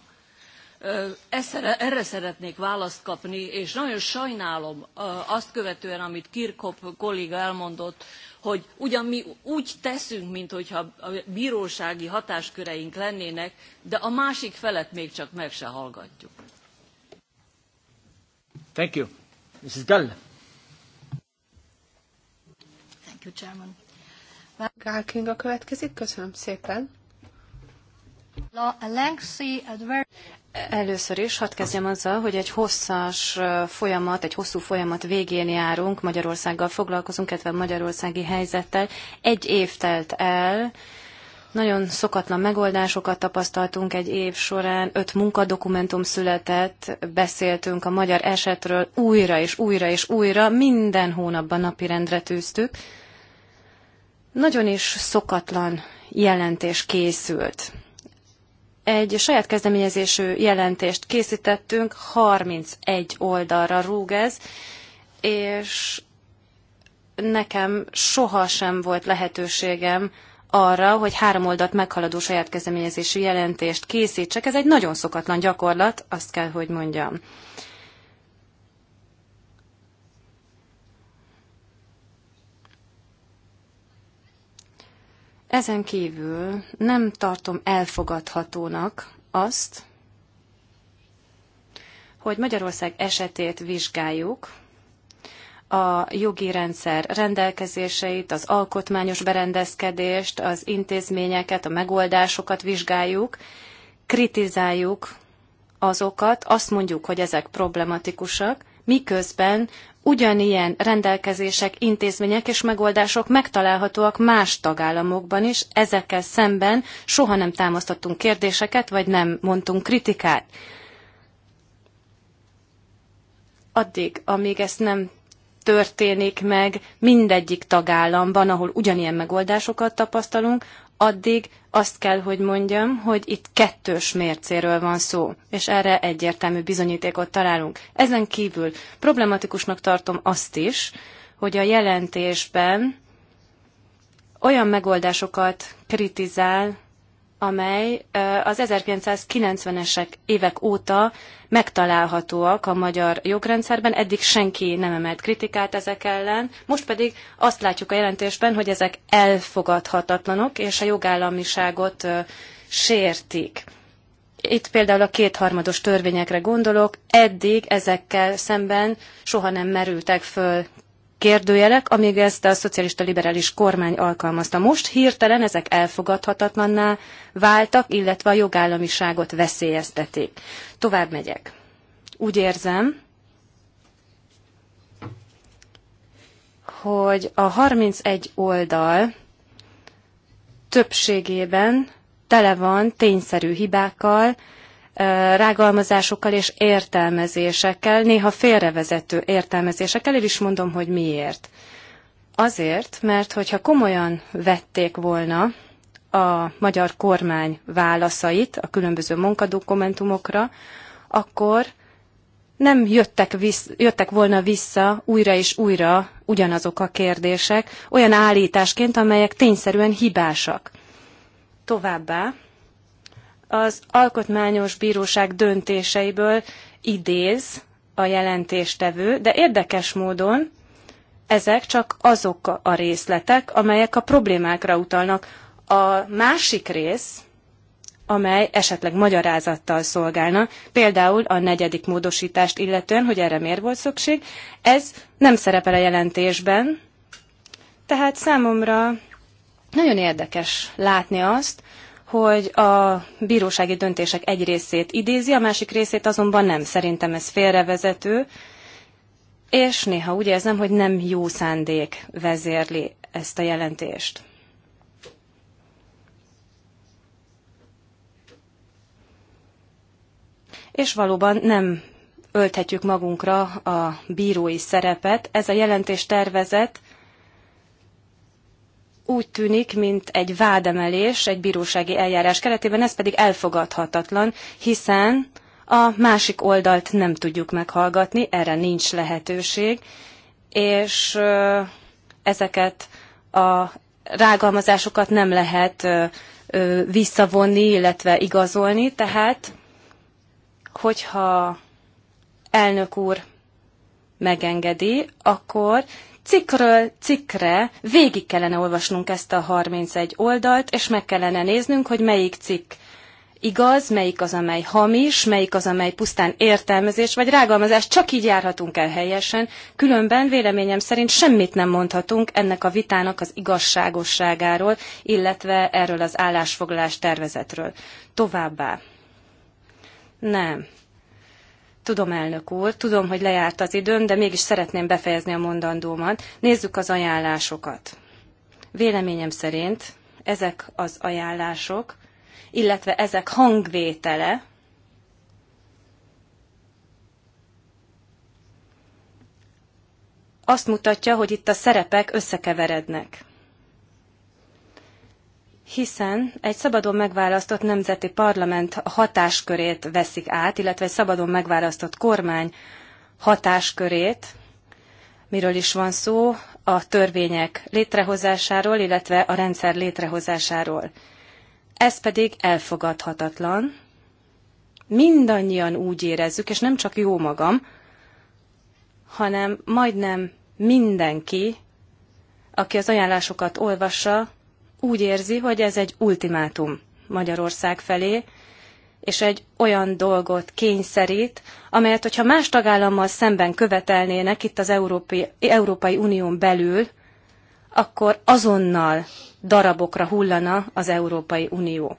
Erre szeretnék választ kapni, és nagyon sajnálom azt követően, amit Kirkop kolléga elmondott, hogy ugyan mi úgy teszünk, mintha a bírósági hatásköreink lennének, de a másik felet még csak meg se hallgatjuk. Thank you. Mrs. Dell. Thank you, Chairman. Gál Kinga következik, köszönöm szépen. Először is hadd kezdjem azzal, hogy egy hosszas folyamat, egy hosszú folyamat végén járunk, Magyarországgal foglalkozunk, illetve magyarországi helyzettel. Egy év telt el, nagyon szokatlan megoldásokat tapasztaltunk egy év során, öt munkadokumentum született, beszéltünk a magyar esetről újra és újra és újra, minden hónapban napirendre tűztük. Nagyon is szokatlan jelentés készült. Egy saját kezdeményezésű jelentést készítettünk, 31 oldalra rúg ez, és nekem sohasem volt lehetőségem arra, hogy három oldalt meghaladó saját kezdeményezésű jelentést készítsek. Ez egy nagyon szokatlan gyakorlat, azt kell, hogy mondjam. Ezen kívül nem tartom elfogadhatónak azt, hogy Magyarország esetét vizsgáljuk, a jogi rendszer rendelkezéseit, az alkotmányos berendezkedést, az intézményeket, a megoldásokat vizsgáljuk, kritizáljuk azokat, azt mondjuk, hogy ezek problematikusak, miközben ugyanilyen rendelkezések, intézmények és megoldások megtalálhatóak más tagállamokban is, ezekkel szemben soha nem támasztottunk kérdéseket, vagy nem mondtunk kritikát. Addig, amíg ezt nem történik meg mindegyik tagállamban, ahol ugyanilyen megoldásokat tapasztalunk, addig azt kell, hogy mondjam, hogy itt kettős mércéről van szó, és erre egyértelmű bizonyítékot találunk. Ezen kívül problematikusnak tartom azt is, hogy a jelentésben olyan megoldásokat kritizál, amely az 1990-esek évek óta megtalálhatóak a magyar jogrendszerben, eddig senki nem emelt kritikát ezek ellen, most pedig azt látjuk a jelentésben, hogy ezek elfogadhatatlanok, és a jogállamiságot sértik. Itt például a kétharmados törvényekre gondolok, eddig ezekkel szemben soha nem merültek föl kérdőjelek, amíg ezt a szocialista liberális kormány alkalmazta. Most hirtelen ezek elfogadhatatlanná váltak, illetve a jogállamiságot veszélyeztetik. Tovább megyek. Úgy érzem, hogy a 31 oldal többségében tele van tényszerű hibákkal, rágalmazásokkal és értelmezésekkel, néha félrevezető értelmezésekkel, és is mondom, hogy miért. Azért, mert hogyha komolyan vették volna a magyar kormány válaszait a különböző munkadokumentumokra, akkor nem jöttek, visz, jöttek volna vissza újra és újra ugyanazok a kérdések, olyan állításként, amelyek tényszerűen hibásak. Továbbá az alkotmányos bíróság döntéseiből idéz a jelentéstevő, de érdekes módon ezek csak azok a részletek, amelyek a problémákra utalnak. A másik rész, amely esetleg magyarázattal szolgálna, például a negyedik módosítást illetően, hogy erre miért volt szükség, ez nem szerepel a jelentésben, tehát számomra nagyon érdekes látni azt, hogy a bírósági döntések egy részét idézi, a másik részét azonban nem. Szerintem ez félrevezető, és néha úgy érzem, hogy nem jó szándék vezérli ezt a jelentést. És valóban nem ölthetjük magunkra a bírói szerepet. Ez a jelentés tervezet úgy tűnik, mint egy vádemelés egy bírósági eljárás keretében, ez pedig elfogadhatatlan, hiszen a másik oldalt nem tudjuk meghallgatni, erre nincs lehetőség, és ezeket a rágalmazásokat nem lehet visszavonni, illetve igazolni, tehát hogyha elnök úr megengedi, akkor cikkről cikkre végig kellene olvasnunk ezt a 31 oldalt, és meg kellene néznünk, hogy melyik cikk igaz, melyik az, amely hamis, melyik az, amely pusztán értelmezés vagy rágalmazás, csak így járhatunk el helyesen, különben véleményem szerint semmit nem mondhatunk ennek a vitának az igazságosságáról, illetve erről az állásfoglalás tervezetről. Továbbá. Nem. Tudom, elnök úr, tudom, hogy lejárt az időm, de mégis szeretném befejezni a mondandómat. Nézzük az ajánlásokat. Véleményem szerint ezek az ajánlások, illetve ezek hangvétele, azt mutatja, hogy itt a szerepek összekeverednek hiszen egy szabadon megválasztott nemzeti parlament hatáskörét veszik át, illetve egy szabadon megválasztott kormány hatáskörét, miről is van szó, a törvények létrehozásáról, illetve a rendszer létrehozásáról. Ez pedig elfogadhatatlan. Mindannyian úgy érezzük, és nem csak jó magam, hanem majdnem mindenki, aki az ajánlásokat olvassa, úgy érzi, hogy ez egy ultimátum Magyarország felé, és egy olyan dolgot kényszerít, amelyet, hogyha más tagállammal szemben követelnének itt az Európai, Európai Unión belül, akkor azonnal darabokra hullana az Európai Unió.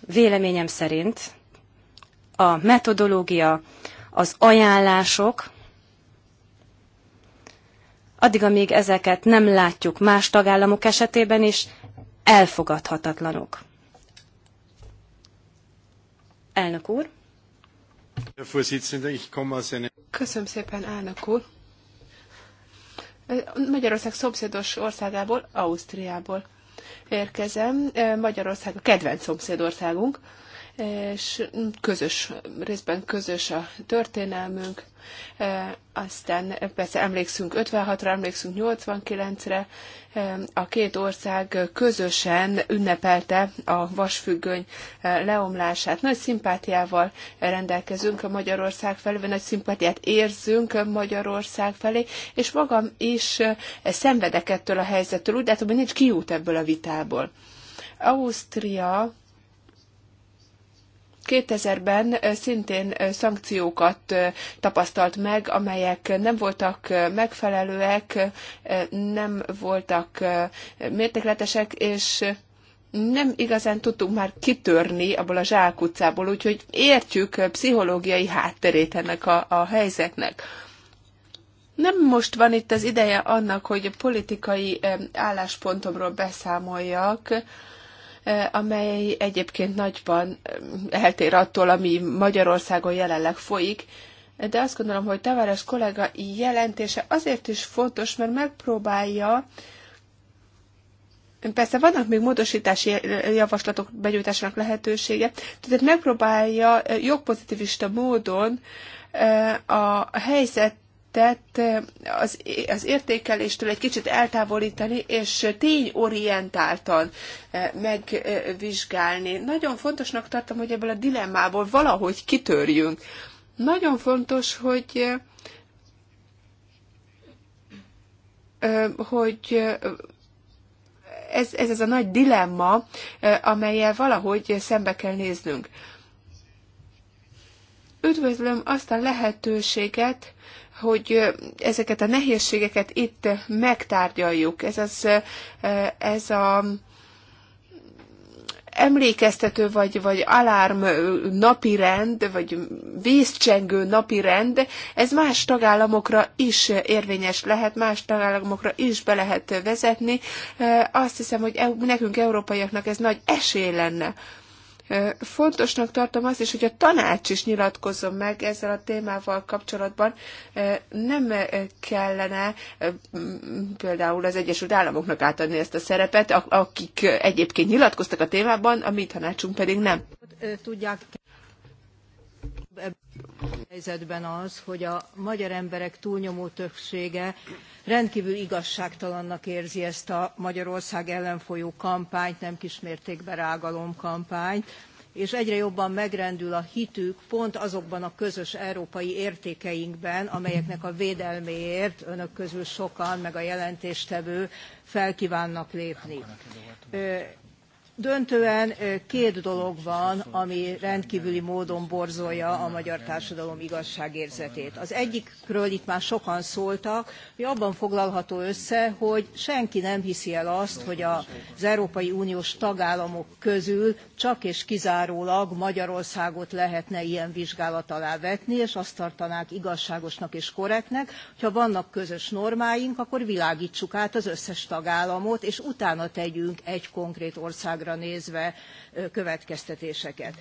Véleményem szerint a metodológia, az ajánlások, addig, amíg ezeket nem látjuk más tagállamok esetében is, elfogadhatatlanok. Elnök úr. Köszönöm szépen, elnök úr. Magyarország szomszédos országából, Ausztriából érkezem. Magyarország a kedvenc szomszédországunk és közös, részben közös a történelmünk, e, aztán persze emlékszünk 56-ra, emlékszünk 89-re, e, a két ország közösen ünnepelte a vasfüggöny e, leomlását. Nagy szimpátiával rendelkezünk a Magyarország felé, vagy nagy szimpátiát érzünk Magyarország felé, és magam is szenvedek ettől a helyzettől, úgy látom, hogy nincs kiút ebből a vitából. Ausztria 2000-ben szintén szankciókat tapasztalt meg, amelyek nem voltak megfelelőek, nem voltak mértékletesek, és nem igazán tudtunk már kitörni abból a zsákutcából, úgyhogy értjük pszichológiai hátterét ennek a, a helyzetnek. Nem most van itt az ideje annak, hogy a politikai álláspontomról beszámoljak, amely egyébként nagyban eltér attól, ami Magyarországon jelenleg folyik, de azt gondolom, hogy Tavares kollega jelentése azért is fontos, mert megpróbálja Persze vannak még módosítási javaslatok begyújtásának lehetősége, tehát megpróbálja jogpozitivista módon a helyzet területet az, az értékeléstől egy kicsit eltávolítani, és tényorientáltan eh, megvizsgálni. Nagyon fontosnak tartom, hogy ebből a dilemmából valahogy kitörjünk. Nagyon fontos, hogy eh, hogy eh, ez, ez az a nagy dilemma, amelyel valahogy szembe kell néznünk. Üdvözlöm azt a lehetőséget, hogy ezeket a nehézségeket itt megtárgyaljuk. Ez, az, ez a emlékeztető, vagy, vagy alarm rend, vagy vízcsengő napi rend. ez más tagállamokra is érvényes lehet, más tagállamokra is be lehet vezetni. Azt hiszem, hogy nekünk, európaiaknak ez nagy esély lenne. Fontosnak tartom azt is, hogy a tanács is nyilatkozzon meg ezzel a témával kapcsolatban. Nem kellene például az Egyesült Államoknak átadni ezt a szerepet, akik egyébként nyilatkoztak a témában, a mi tanácsunk pedig nem. Tudják helyzetben az, hogy a magyar emberek túlnyomó többsége rendkívül igazságtalannak érzi ezt a Magyarország ellen folyó kampányt, nem kismértékben rágalom kampányt, és egyre jobban megrendül a hitük pont azokban a közös európai értékeinkben, amelyeknek a védelméért önök közül sokan, meg a jelentéstevő felkívánnak lépni döntően két dolog van, ami rendkívüli módon borzolja a magyar társadalom igazságérzetét. Az egyikről itt már sokan szóltak, hogy abban foglalható össze, hogy senki nem hiszi el azt, hogy az Európai Uniós tagállamok közül csak és kizárólag Magyarországot lehetne ilyen vizsgálat alá vetni, és azt tartanák igazságosnak és korrektnek, hogyha vannak közös normáink, akkor világítsuk át az összes tagállamot, és utána tegyünk egy konkrét országra továbbra nézve következtetéseket.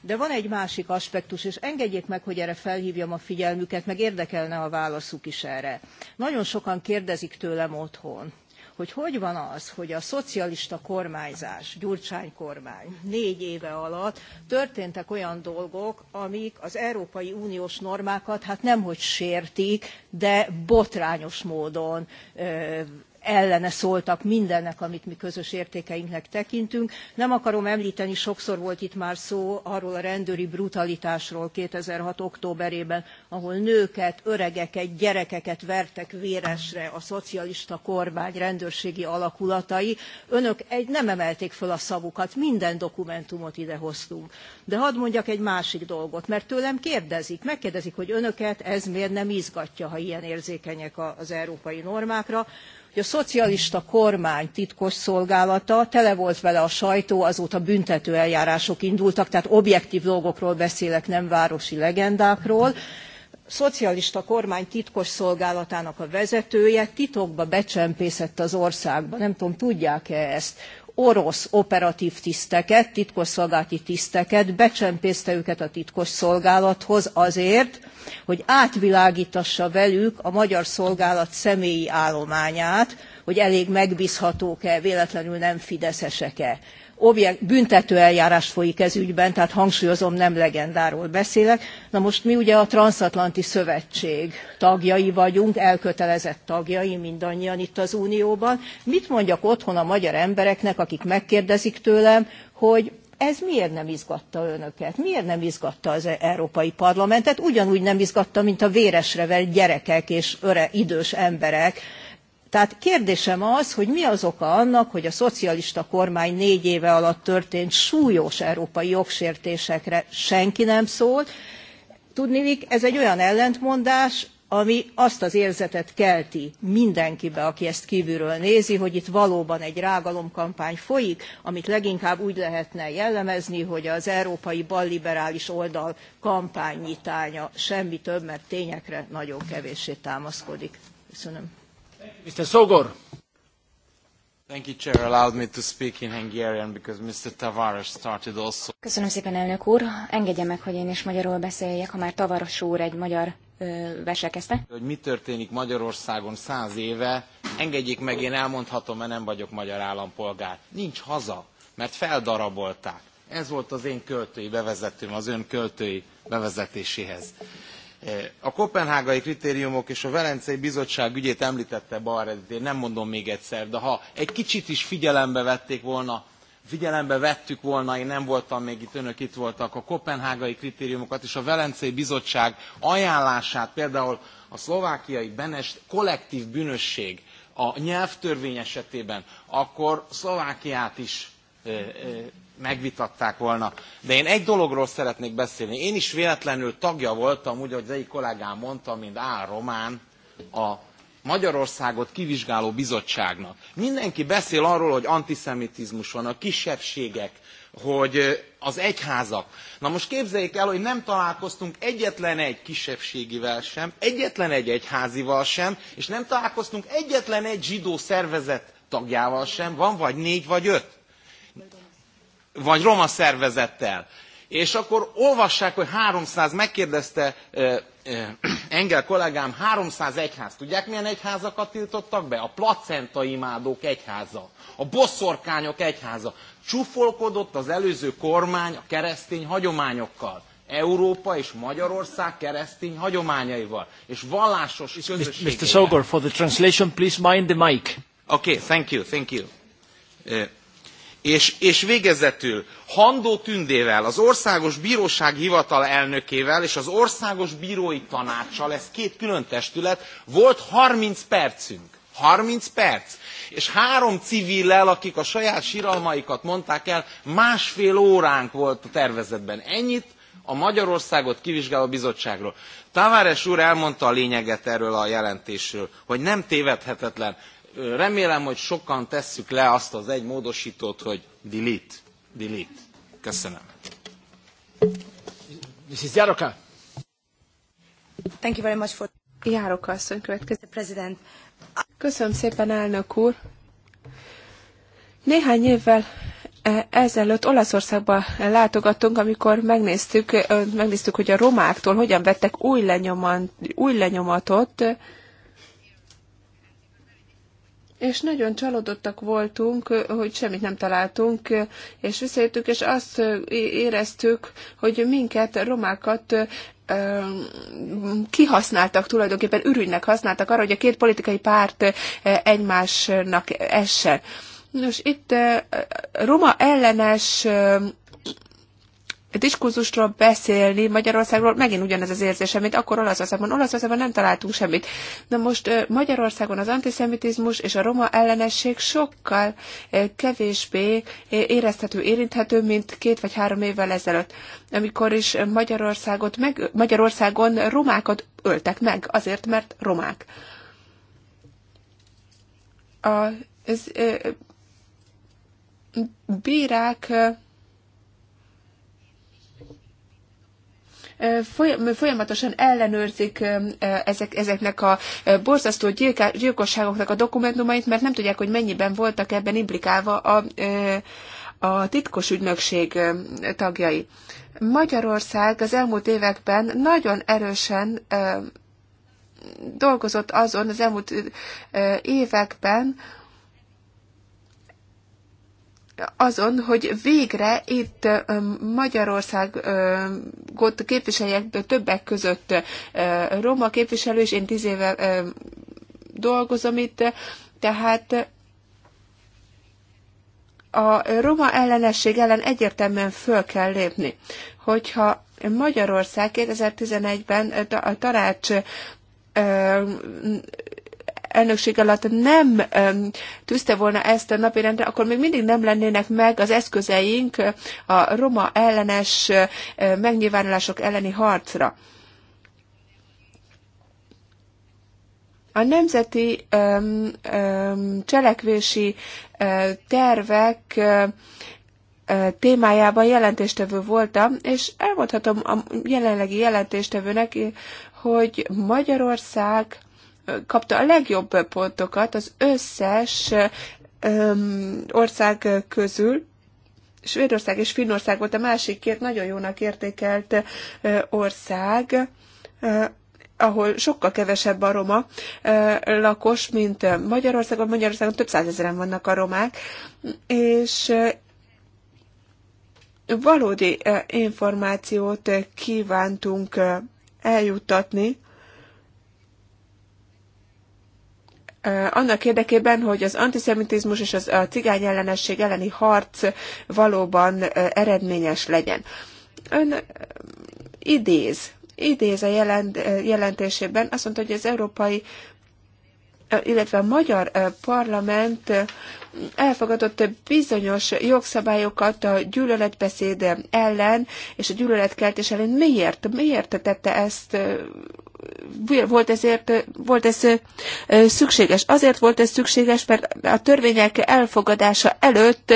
De van egy másik aspektus, és engedjék meg, hogy erre felhívjam a figyelmüket, meg érdekelne a válaszuk is erre. Nagyon sokan kérdezik tőlem otthon, hogy hogy van az, hogy a szocialista kormányzás, Gyurcsány kormány négy éve alatt történtek olyan dolgok, amik az Európai Uniós normákat hát nemhogy sértik, de botrányos módon ö, ellene szóltak mindennek, amit mi közös értékeinknek tekintünk. Nem akarom említeni, sokszor volt itt már szó arról a rendőri brutalitásról 2006. októberében, ahol nőket, öregeket, gyerekeket vertek véresre a szocialista kormány rendőrségi alakulatai. Önök egy, nem emelték föl a szavukat, minden dokumentumot idehoztunk. De hadd mondjak egy másik dolgot, mert tőlem kérdezik, megkérdezik, hogy önöket ez miért nem izgatja, ha ilyen érzékenyek az európai normákra hogy a szocialista kormány titkosszolgálata tele volt vele a sajtó, azóta büntető eljárások indultak, tehát objektív dolgokról beszélek, nem városi legendákról szocialista kormány titkosszolgálatának a vezetője titokba becsempészett az országba. Nem tudom, tudják-e ezt? orosz operatív tiszteket, titkosszolgálati tiszteket, becsempészte őket a titkos szolgálathoz azért, hogy átvilágítassa velük a magyar szolgálat személyi állományát, hogy elég megbízhatók-e, véletlenül nem fideszesek-e objekt, büntetőeljárás folyik ez ügyben, tehát hangsúlyozom, nem legendáról beszélek. Na most mi ugye a Transatlanti Szövetség tagjai vagyunk, elkötelezett tagjai mindannyian itt az Unióban. Mit mondjak otthon a magyar embereknek, akik megkérdezik tőlem, hogy ez miért nem izgatta önöket? Miért nem izgatta az e- Európai Parlamentet? Ugyanúgy nem izgatta, mint a véresre vett gyerekek és öre, idős emberek tehát kérdésem az, hogy mi az oka annak, hogy a szocialista kormány négy éve alatt történt súlyos európai jogsértésekre senki nem szólt. Tudnilik, ez egy olyan ellentmondás, ami azt az érzetet kelti mindenkibe, aki ezt kívülről nézi, hogy itt valóban egy rágalomkampány folyik, amit leginkább úgy lehetne jellemezni, hogy az európai balliberális oldal kampánynyitánya semmi több, mert tényekre nagyon kevéssé támaszkodik. Köszönöm. Köszönöm szépen, elnök úr. Engedje meg, hogy én is magyarul beszéljek, ha már Tavares úr egy magyar versekezte. Hogy mi történik Magyarországon száz éve, engedjék meg, én elmondhatom, mert nem vagyok magyar állampolgár. Nincs haza, mert feldarabolták. Ez volt az én költői bevezetőm, az ön költői bevezetéséhez. Eh, a koppenhágai kritériumok és a Velencei Bizottság ügyét említette Balredit, én nem mondom még egyszer, de ha egy kicsit is figyelembe vették volna, figyelembe vettük volna, én nem voltam még itt, önök itt voltak, a koppenhágai kritériumokat és a Velencei Bizottság ajánlását, például a szlovákiai bene kollektív bűnösség a nyelvtörvény esetében, akkor Szlovákiát is eh, eh, megvitatták volna. De én egy dologról szeretnék beszélni. Én is véletlenül tagja voltam, úgy, ahogy az egyik kollégám mondta, mint Á Román, a Magyarországot kivizsgáló bizottságnak. Mindenki beszél arról, hogy antiszemitizmus van, a kisebbségek, hogy az egyházak. Na most képzeljék el, hogy nem találkoztunk egyetlen egy kisebbségivel sem, egyetlen egy egyházival sem, és nem találkoztunk egyetlen egy zsidó szervezet tagjával sem, van vagy négy vagy öt vagy roma szervezettel. És akkor olvassák, hogy 300, megkérdezte Engel kollégám, 300 egyház. Tudják, milyen egyházakat tiltottak be? A placenta imádók egyháza, a bosszorkányok egyháza. Csúfolkodott az előző kormány a keresztény hagyományokkal. Európa és Magyarország keresztény hagyományaival és vallásos közösségeivel. Mr. Sogor, for the translation, please mind the mic. Okay, thank you, thank you. Uh, és, és végezetül Handó Tündével, az Országos Bíróság Hivatal elnökével és az Országos Bírói Tanácssal, ez két külön testület, volt 30 percünk. 30 perc. És három civillel, akik a saját síralmaikat mondták el, másfél óránk volt a tervezetben. Ennyit a Magyarországot kivizsgáló bizottságról. Tavares úr elmondta a lényeget erről a jelentésről, hogy nem tévedhetetlen remélem, hogy sokan tesszük le azt az egy módosítót, hogy delete, delete. Köszönöm. Mrs. Jaroka. Thank you very much for... Jaroka asszony következő. President. Köszönöm szépen, elnök úr. Néhány évvel e- ezelőtt Olaszországba látogattunk, amikor megnéztük, megnéztük, hogy a romáktól hogyan vettek új, lenyomat, új lenyomatot, és nagyon csalódottak voltunk, hogy semmit nem találtunk, és visszajöttük, és azt éreztük, hogy minket, romákat kihasználtak tulajdonképpen, ürügynek használtak arra, hogy a két politikai párt egymásnak esse. Nos, itt roma ellenes diskurzusról beszélni Magyarországról, megint ugyanez az érzésem, mint akkor Olaszországban. Olaszországban nem találtunk semmit. Na most Magyarországon az antiszemitizmus és a roma ellenesség sokkal kevésbé érezhető, érinthető, mint két vagy három évvel ezelőtt, amikor is Magyarországot meg, Magyarországon romákat öltek meg, azért, mert romák. A, ez, bírák folyamatosan ellenőrzik ezek, ezeknek a borzasztó gyilkosságoknak a dokumentumait, mert nem tudják, hogy mennyiben voltak ebben implikálva a, a titkos ügynökség tagjai. Magyarország az elmúlt években nagyon erősen dolgozott azon az elmúlt években, azon, hogy végre itt Magyarországot képviseljek többek között roma képviselő, és én tíz éve dolgozom itt, tehát a roma ellenesség ellen egyértelműen föl kell lépni. Hogyha Magyarország 2011-ben a tanács elnökség alatt nem tűzte volna ezt a napirendre, akkor még mindig nem lennének meg az eszközeink a roma ellenes megnyilvánulások elleni harcra. A nemzeti öm, öm, cselekvési e, tervek e, e, témájában jelentéstevő voltam, és elmondhatom a jelenlegi jelentéstevőnek, hogy Magyarország kapta a legjobb pontokat az összes ország közül, Svédország és Finnország volt a másik két nagyon jónak értékelt ország, ahol sokkal kevesebb a roma lakos, mint Magyarországon. Magyarországon több százezeren vannak a romák, és valódi információt kívántunk eljuttatni annak érdekében, hogy az antiszemitizmus és az, a cigány ellenesség elleni harc valóban eredményes legyen. Ön idéz, idéz a jelent, jelentésében, azt mondta, hogy az európai illetve a magyar parlament elfogadott bizonyos jogszabályokat a gyűlöletbeszéd ellen és a gyűlöletkeltés ellen. Miért? Miért tette ezt volt, ezért, volt ez szükséges. Azért volt ez szükséges, mert a törvények elfogadása előtt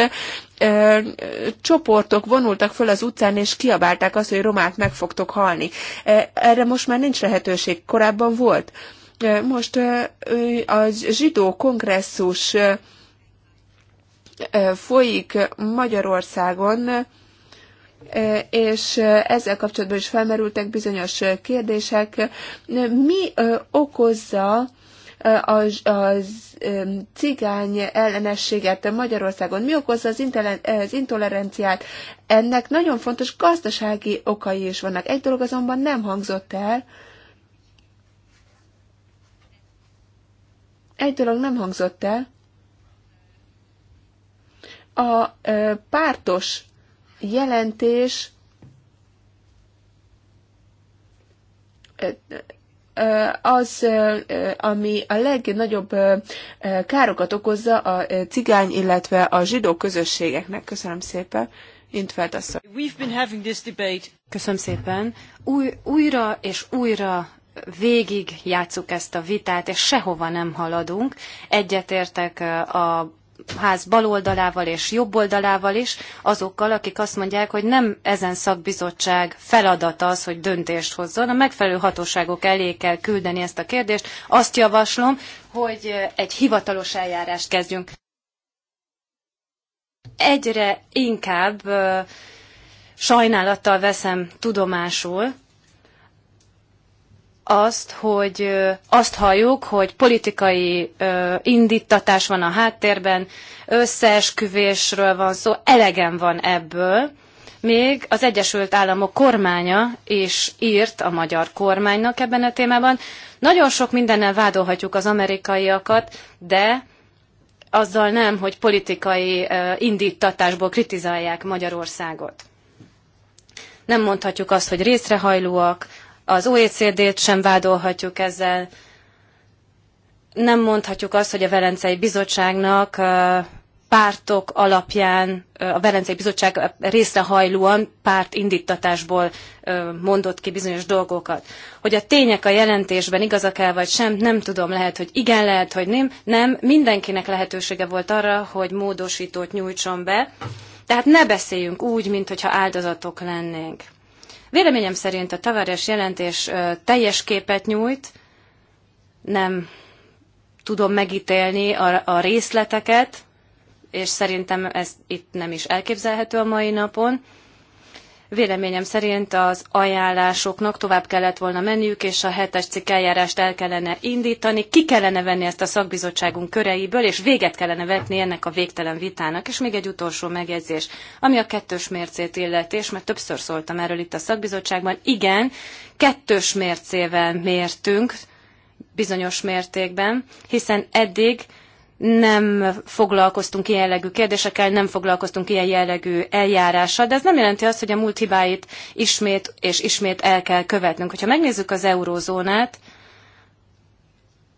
csoportok vonultak föl az utcán, és kiabálták azt, hogy romák meg fogtok halni. Erre most már nincs lehetőség, korábban volt. Most a zsidó kongresszus folyik Magyarországon, és ezzel kapcsolatban is felmerültek bizonyos kérdések. Mi okozza az, a cigány ellenességet Magyarországon? Mi okozza az, az intoleranciát? Ennek nagyon fontos gazdasági okai is vannak. Egy dolog azonban nem hangzott el. Egy dolog nem hangzott el. A pártos jelentés az, ami a legnagyobb károkat okozza a cigány, illetve a zsidó közösségeknek. Köszönöm szépen. Intfeld asszony. Köszönöm szépen. Új, újra és újra végig játsszuk ezt a vitát, és sehova nem haladunk. Egyetértek a ház bal oldalával és jobb oldalával is, azokkal, akik azt mondják, hogy nem ezen szakbizottság feladata az, hogy döntést hozzon. A megfelelő hatóságok elé kell küldeni ezt a kérdést. Azt javaslom, hogy egy hivatalos eljárást kezdjünk. Egyre inkább sajnálattal veszem tudomásul, azt, hogy azt halljuk, hogy politikai indítatás van a háttérben, összeesküvésről van szó, elegem van ebből. Még az Egyesült Államok kormánya is írt a magyar kormánynak ebben a témában. Nagyon sok mindennel vádolhatjuk az amerikaiakat, de azzal nem, hogy politikai indítatásból kritizálják Magyarországot. Nem mondhatjuk azt, hogy részrehajlóak, az OECD-t sem vádolhatjuk ezzel. Nem mondhatjuk azt, hogy a Velencei Bizottságnak pártok alapján, a Velencei Bizottság részrehajlóan párt indítatásból mondott ki bizonyos dolgokat. Hogy a tények a jelentésben igazak el vagy sem, nem tudom, lehet, hogy igen, lehet, hogy nem. Nem, mindenkinek lehetősége volt arra, hogy módosítót nyújtson be. Tehát ne beszéljünk úgy, mintha áldozatok lennénk. Véleményem szerint a tavares jelentés teljes képet nyújt, nem tudom megítélni a, a részleteket, és szerintem ez itt nem is elképzelhető a mai napon. Véleményem szerint az ajánlásoknak tovább kellett volna menniük, és a hetes cikk eljárást el kellene indítani, ki kellene venni ezt a szakbizottságunk köreiből, és véget kellene vetni ennek a végtelen vitának. És még egy utolsó megjegyzés, ami a kettős mércét illeti, és mert többször szóltam erről itt a szakbizottságban, igen, kettős mércével mértünk, bizonyos mértékben, hiszen eddig nem foglalkoztunk ilyen jellegű kérdésekkel, nem foglalkoztunk ilyen jellegű eljárással, de ez nem jelenti azt, hogy a múlt hibáit ismét és ismét el kell követnünk. Hogyha megnézzük az eurózónát,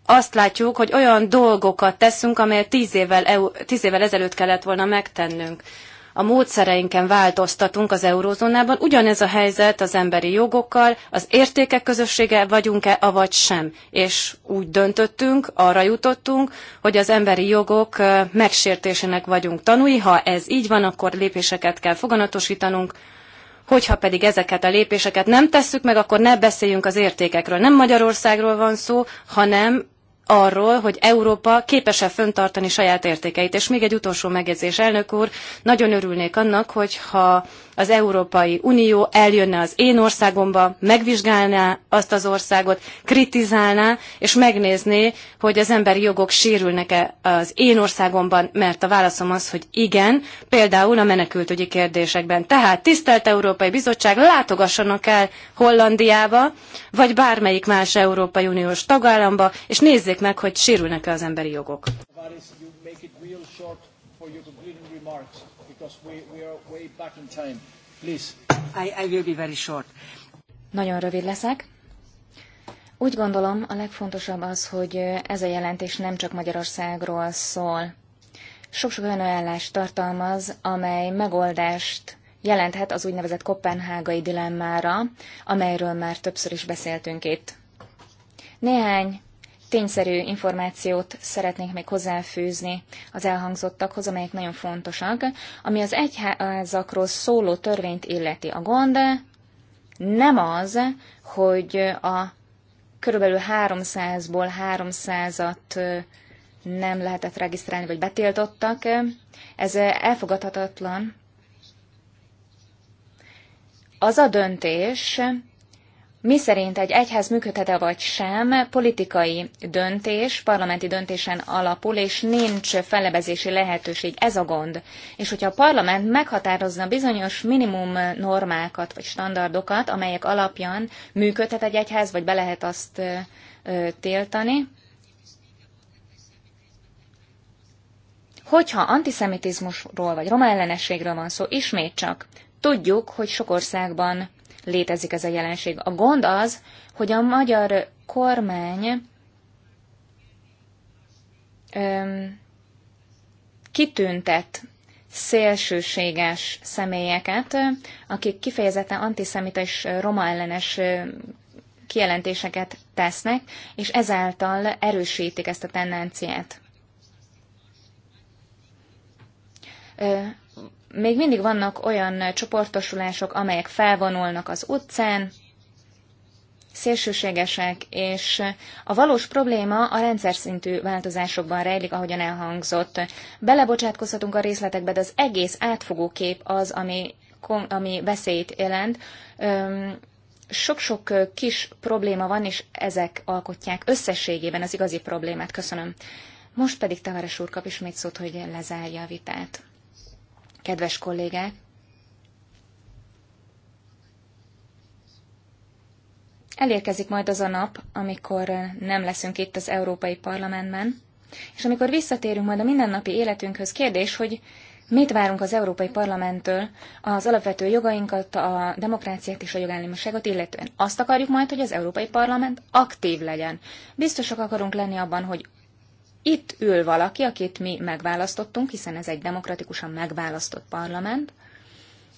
azt látjuk, hogy olyan dolgokat teszünk, amelyet tíz évvel, tíz évvel ezelőtt kellett volna megtennünk a módszereinken változtatunk az eurózónában. Ugyanez a helyzet az emberi jogokkal, az értékek közössége vagyunk-e, avagy sem. És úgy döntöttünk, arra jutottunk, hogy az emberi jogok megsértésének vagyunk tanúi. Ha ez így van, akkor lépéseket kell foganatosítanunk, Hogyha pedig ezeket a lépéseket nem tesszük meg, akkor ne beszéljünk az értékekről. Nem Magyarországról van szó, hanem arról, hogy Európa képes-e föntartani saját értékeit. És még egy utolsó megjegyzés, elnök úr, nagyon örülnék annak, hogyha az Európai Unió eljönne az én országomba, megvizsgálná azt az országot, kritizálná, és megnézné, hogy az emberi jogok sérülnek-e az én országomban, mert a válaszom az, hogy igen, például a menekültügyi kérdésekben. Tehát tisztelt Európai Bizottság, látogassanak el Hollandiába, vagy bármelyik más Európai Uniós tagállamba, és nézzék meg, hogy sérülnek-e az emberi jogok because we, we are way back in time. Please. I, I will be very short. Nagyon rövid leszek. Úgy gondolom, a legfontosabb az, hogy ez a jelentés nem csak Magyarországról szól. Sok-sok olyan ajánlást tartalmaz, amely megoldást jelenthet az úgynevezett kopenhágai dilemmára, amelyről már többször is beszéltünk itt. Néhány tényszerű információt szeretnék még hozzáfűzni az elhangzottakhoz, amelyek nagyon fontosak. Ami az egyházakról szóló törvényt illeti a gond, nem az, hogy a körülbelül 300-ból 300-at nem lehetett regisztrálni, vagy betiltottak. Ez elfogadhatatlan. Az a döntés, mi szerint egy egyház működhet-e vagy sem, politikai döntés, parlamenti döntésen alapul, és nincs felebezési lehetőség. Ez a gond. És hogyha a parlament meghatározna bizonyos minimum normákat vagy standardokat, amelyek alapján működhet egy egyház, vagy be lehet azt tiltani, Hogyha antiszemitizmusról vagy roma ellenességről van szó, ismét csak tudjuk, hogy sok országban létezik ez a jelenség. A gond az, hogy a magyar kormány öm, kitüntet szélsőséges személyeket, akik kifejezetten antiszemita és roma ellenes kijelentéseket tesznek, és ezáltal erősítik ezt a tendenciát még mindig vannak olyan csoportosulások, amelyek felvonulnak az utcán, szélsőségesek, és a valós probléma a rendszer szintű változásokban rejlik, ahogyan elhangzott. Belebocsátkozhatunk a részletekbe, de az egész átfogó kép az, ami, ami veszélyt jelent. Sok-sok kis probléma van, és ezek alkotják összességében az igazi problémát. Köszönöm. Most pedig Tavares úr kap ismét szót, hogy lezárja a vitát. Kedves kollégák! Elérkezik majd az a nap, amikor nem leszünk itt az Európai Parlamentben, és amikor visszatérünk majd a mindennapi életünkhöz, kérdés, hogy mit várunk az Európai Parlamenttől az alapvető jogainkat, a demokráciát és a jogállamiságot illetően. Azt akarjuk majd, hogy az Európai Parlament aktív legyen. Biztosak akarunk lenni abban, hogy itt ül valaki, akit mi megválasztottunk, hiszen ez egy demokratikusan megválasztott parlament,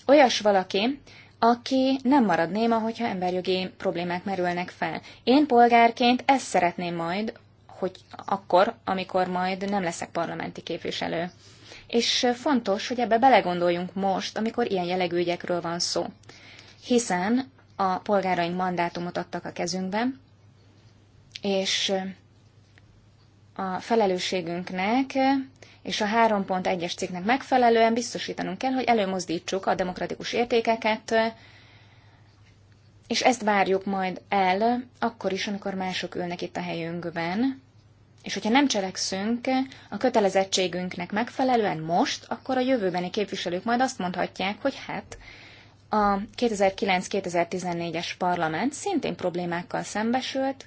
olyas valaki, aki nem marad néma, hogyha emberjogi problémák merülnek fel. Én polgárként ezt szeretném majd, hogy akkor, amikor majd nem leszek parlamenti képviselő. És fontos, hogy ebbe belegondoljunk most, amikor ilyen jellegű ügyekről van szó. Hiszen a polgáraink mandátumot adtak a kezünkbe, és a felelősségünknek és a 3.1-es cikknek megfelelően biztosítanunk kell, hogy előmozdítsuk a demokratikus értékeket, és ezt várjuk majd el, akkor is, amikor mások ülnek itt a helyünkben. És hogyha nem cselekszünk a kötelezettségünknek megfelelően most, akkor a jövőbeni képviselők majd azt mondhatják, hogy hát a 2009-2014-es parlament szintén problémákkal szembesült,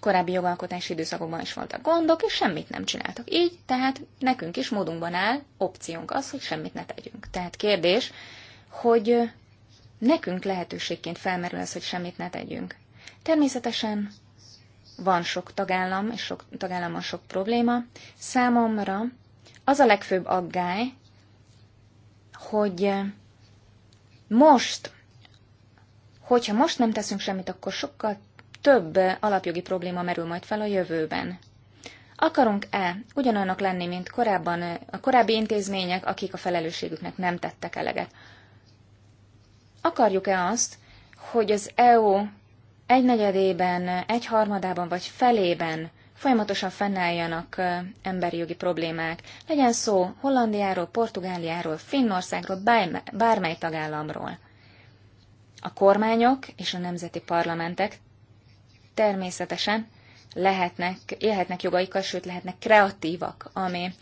korábbi jogalkotási időszakokban is voltak gondok, és semmit nem csináltak. Így, tehát nekünk is módunkban áll opciónk az, hogy semmit ne tegyünk. Tehát kérdés, hogy nekünk lehetőségként felmerül az, hogy semmit ne tegyünk. Természetesen van sok tagállam, és sok tagállamban sok probléma. Számomra az a legfőbb aggály, hogy most, hogyha most nem teszünk semmit, akkor sokkal több alapjogi probléma merül majd fel a jövőben. Akarunk-e ugyanolyanok lenni, mint korábban a korábbi intézmények, akik a felelősségüknek nem tettek eleget? Akarjuk-e azt, hogy az EU egynegyedében, egyharmadában vagy felében folyamatosan fennálljanak emberi jogi problémák. Legyen szó Hollandiáról, Portugáliáról, Finnországról, bármely tagállamról. A kormányok és a nemzeti parlamentek természetesen lehetnek, élhetnek jogaikkal, sőt lehetnek kreatívak, ami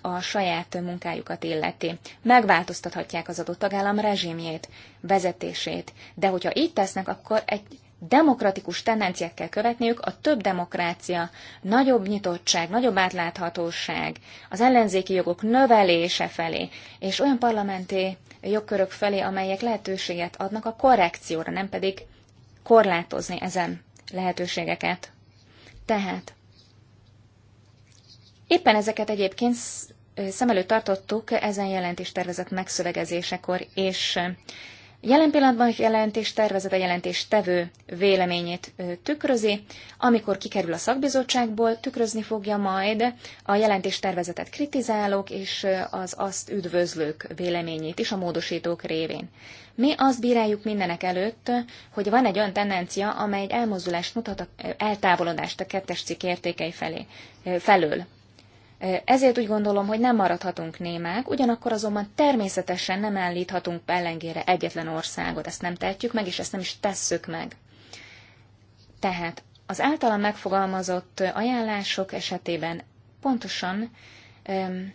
a saját munkájukat illeti. Megváltoztathatják az adott tagállam rezsimjét, vezetését, de hogyha így tesznek, akkor egy demokratikus tendenciát kell követniük, a több demokrácia, nagyobb nyitottság, nagyobb átláthatóság, az ellenzéki jogok növelése felé, és olyan parlamenti jogkörök felé, amelyek lehetőséget adnak a korrekcióra, nem pedig korlátozni ezen lehetőségeket. Tehát éppen ezeket egyébként szem előtt tartottuk ezen jelentéstervezet megszövegezésekor, és Jelen pillanatban a jelentés a jelentés tevő véleményét tükrözi, amikor kikerül a szakbizottságból, tükrözni fogja majd a jelentés tervezetet kritizálók és az azt üdvözlők véleményét is a módosítók révén. Mi azt bíráljuk mindenek előtt, hogy van egy olyan tendencia, amely egy elmozdulást mutat, a, eltávolodást a kettes cikk értékei felé, felől. Ezért úgy gondolom, hogy nem maradhatunk némák, ugyanakkor azonban természetesen nem állíthatunk pellengére egyetlen országot, ezt nem tehetjük meg, és ezt nem is tesszük meg. Tehát az általam megfogalmazott ajánlások esetében pontosan öm,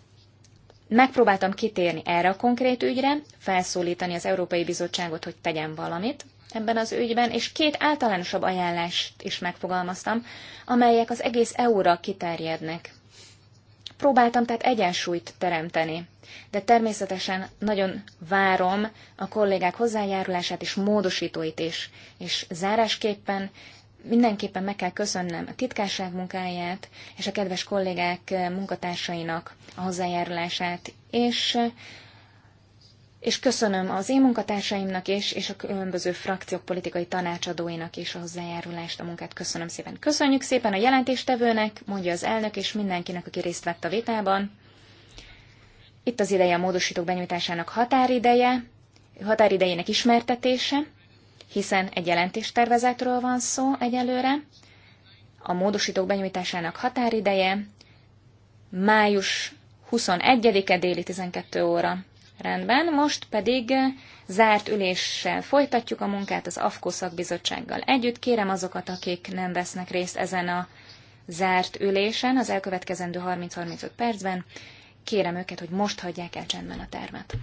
megpróbáltam kitérni erre a konkrét ügyre, felszólítani az Európai Bizottságot, hogy tegyen valamit ebben az ügyben, és két általánosabb ajánlást is megfogalmaztam, amelyek az egész EU-ra kiterjednek. Próbáltam tehát egyensúlyt teremteni, de természetesen nagyon várom a kollégák hozzájárulását és módosítóit is. És zárásképpen mindenképpen meg kell köszönnem a titkárság munkáját és a kedves kollégák munkatársainak a hozzájárulását, és és köszönöm az én munkatársaimnak is, és a különböző frakciók politikai tanácsadóinak is a hozzájárulást, a munkát köszönöm szépen. Köszönjük szépen a jelentéstevőnek, mondja az elnök, és mindenkinek, aki részt vett a vitában. Itt az ideje a módosítók benyújtásának határideje, határidejének ismertetése, hiszen egy jelentéstervezetről van szó egyelőre. A módosítók benyújtásának határideje május 21-e déli 12 óra. Rendben, most pedig eh, zárt üléssel folytatjuk a munkát az AFKO szakbizottsággal együtt. Kérem azokat, akik nem vesznek részt ezen a zárt ülésen az elkövetkezendő 30-35 percben, kérem őket, hogy most hagyják el csendben a termet.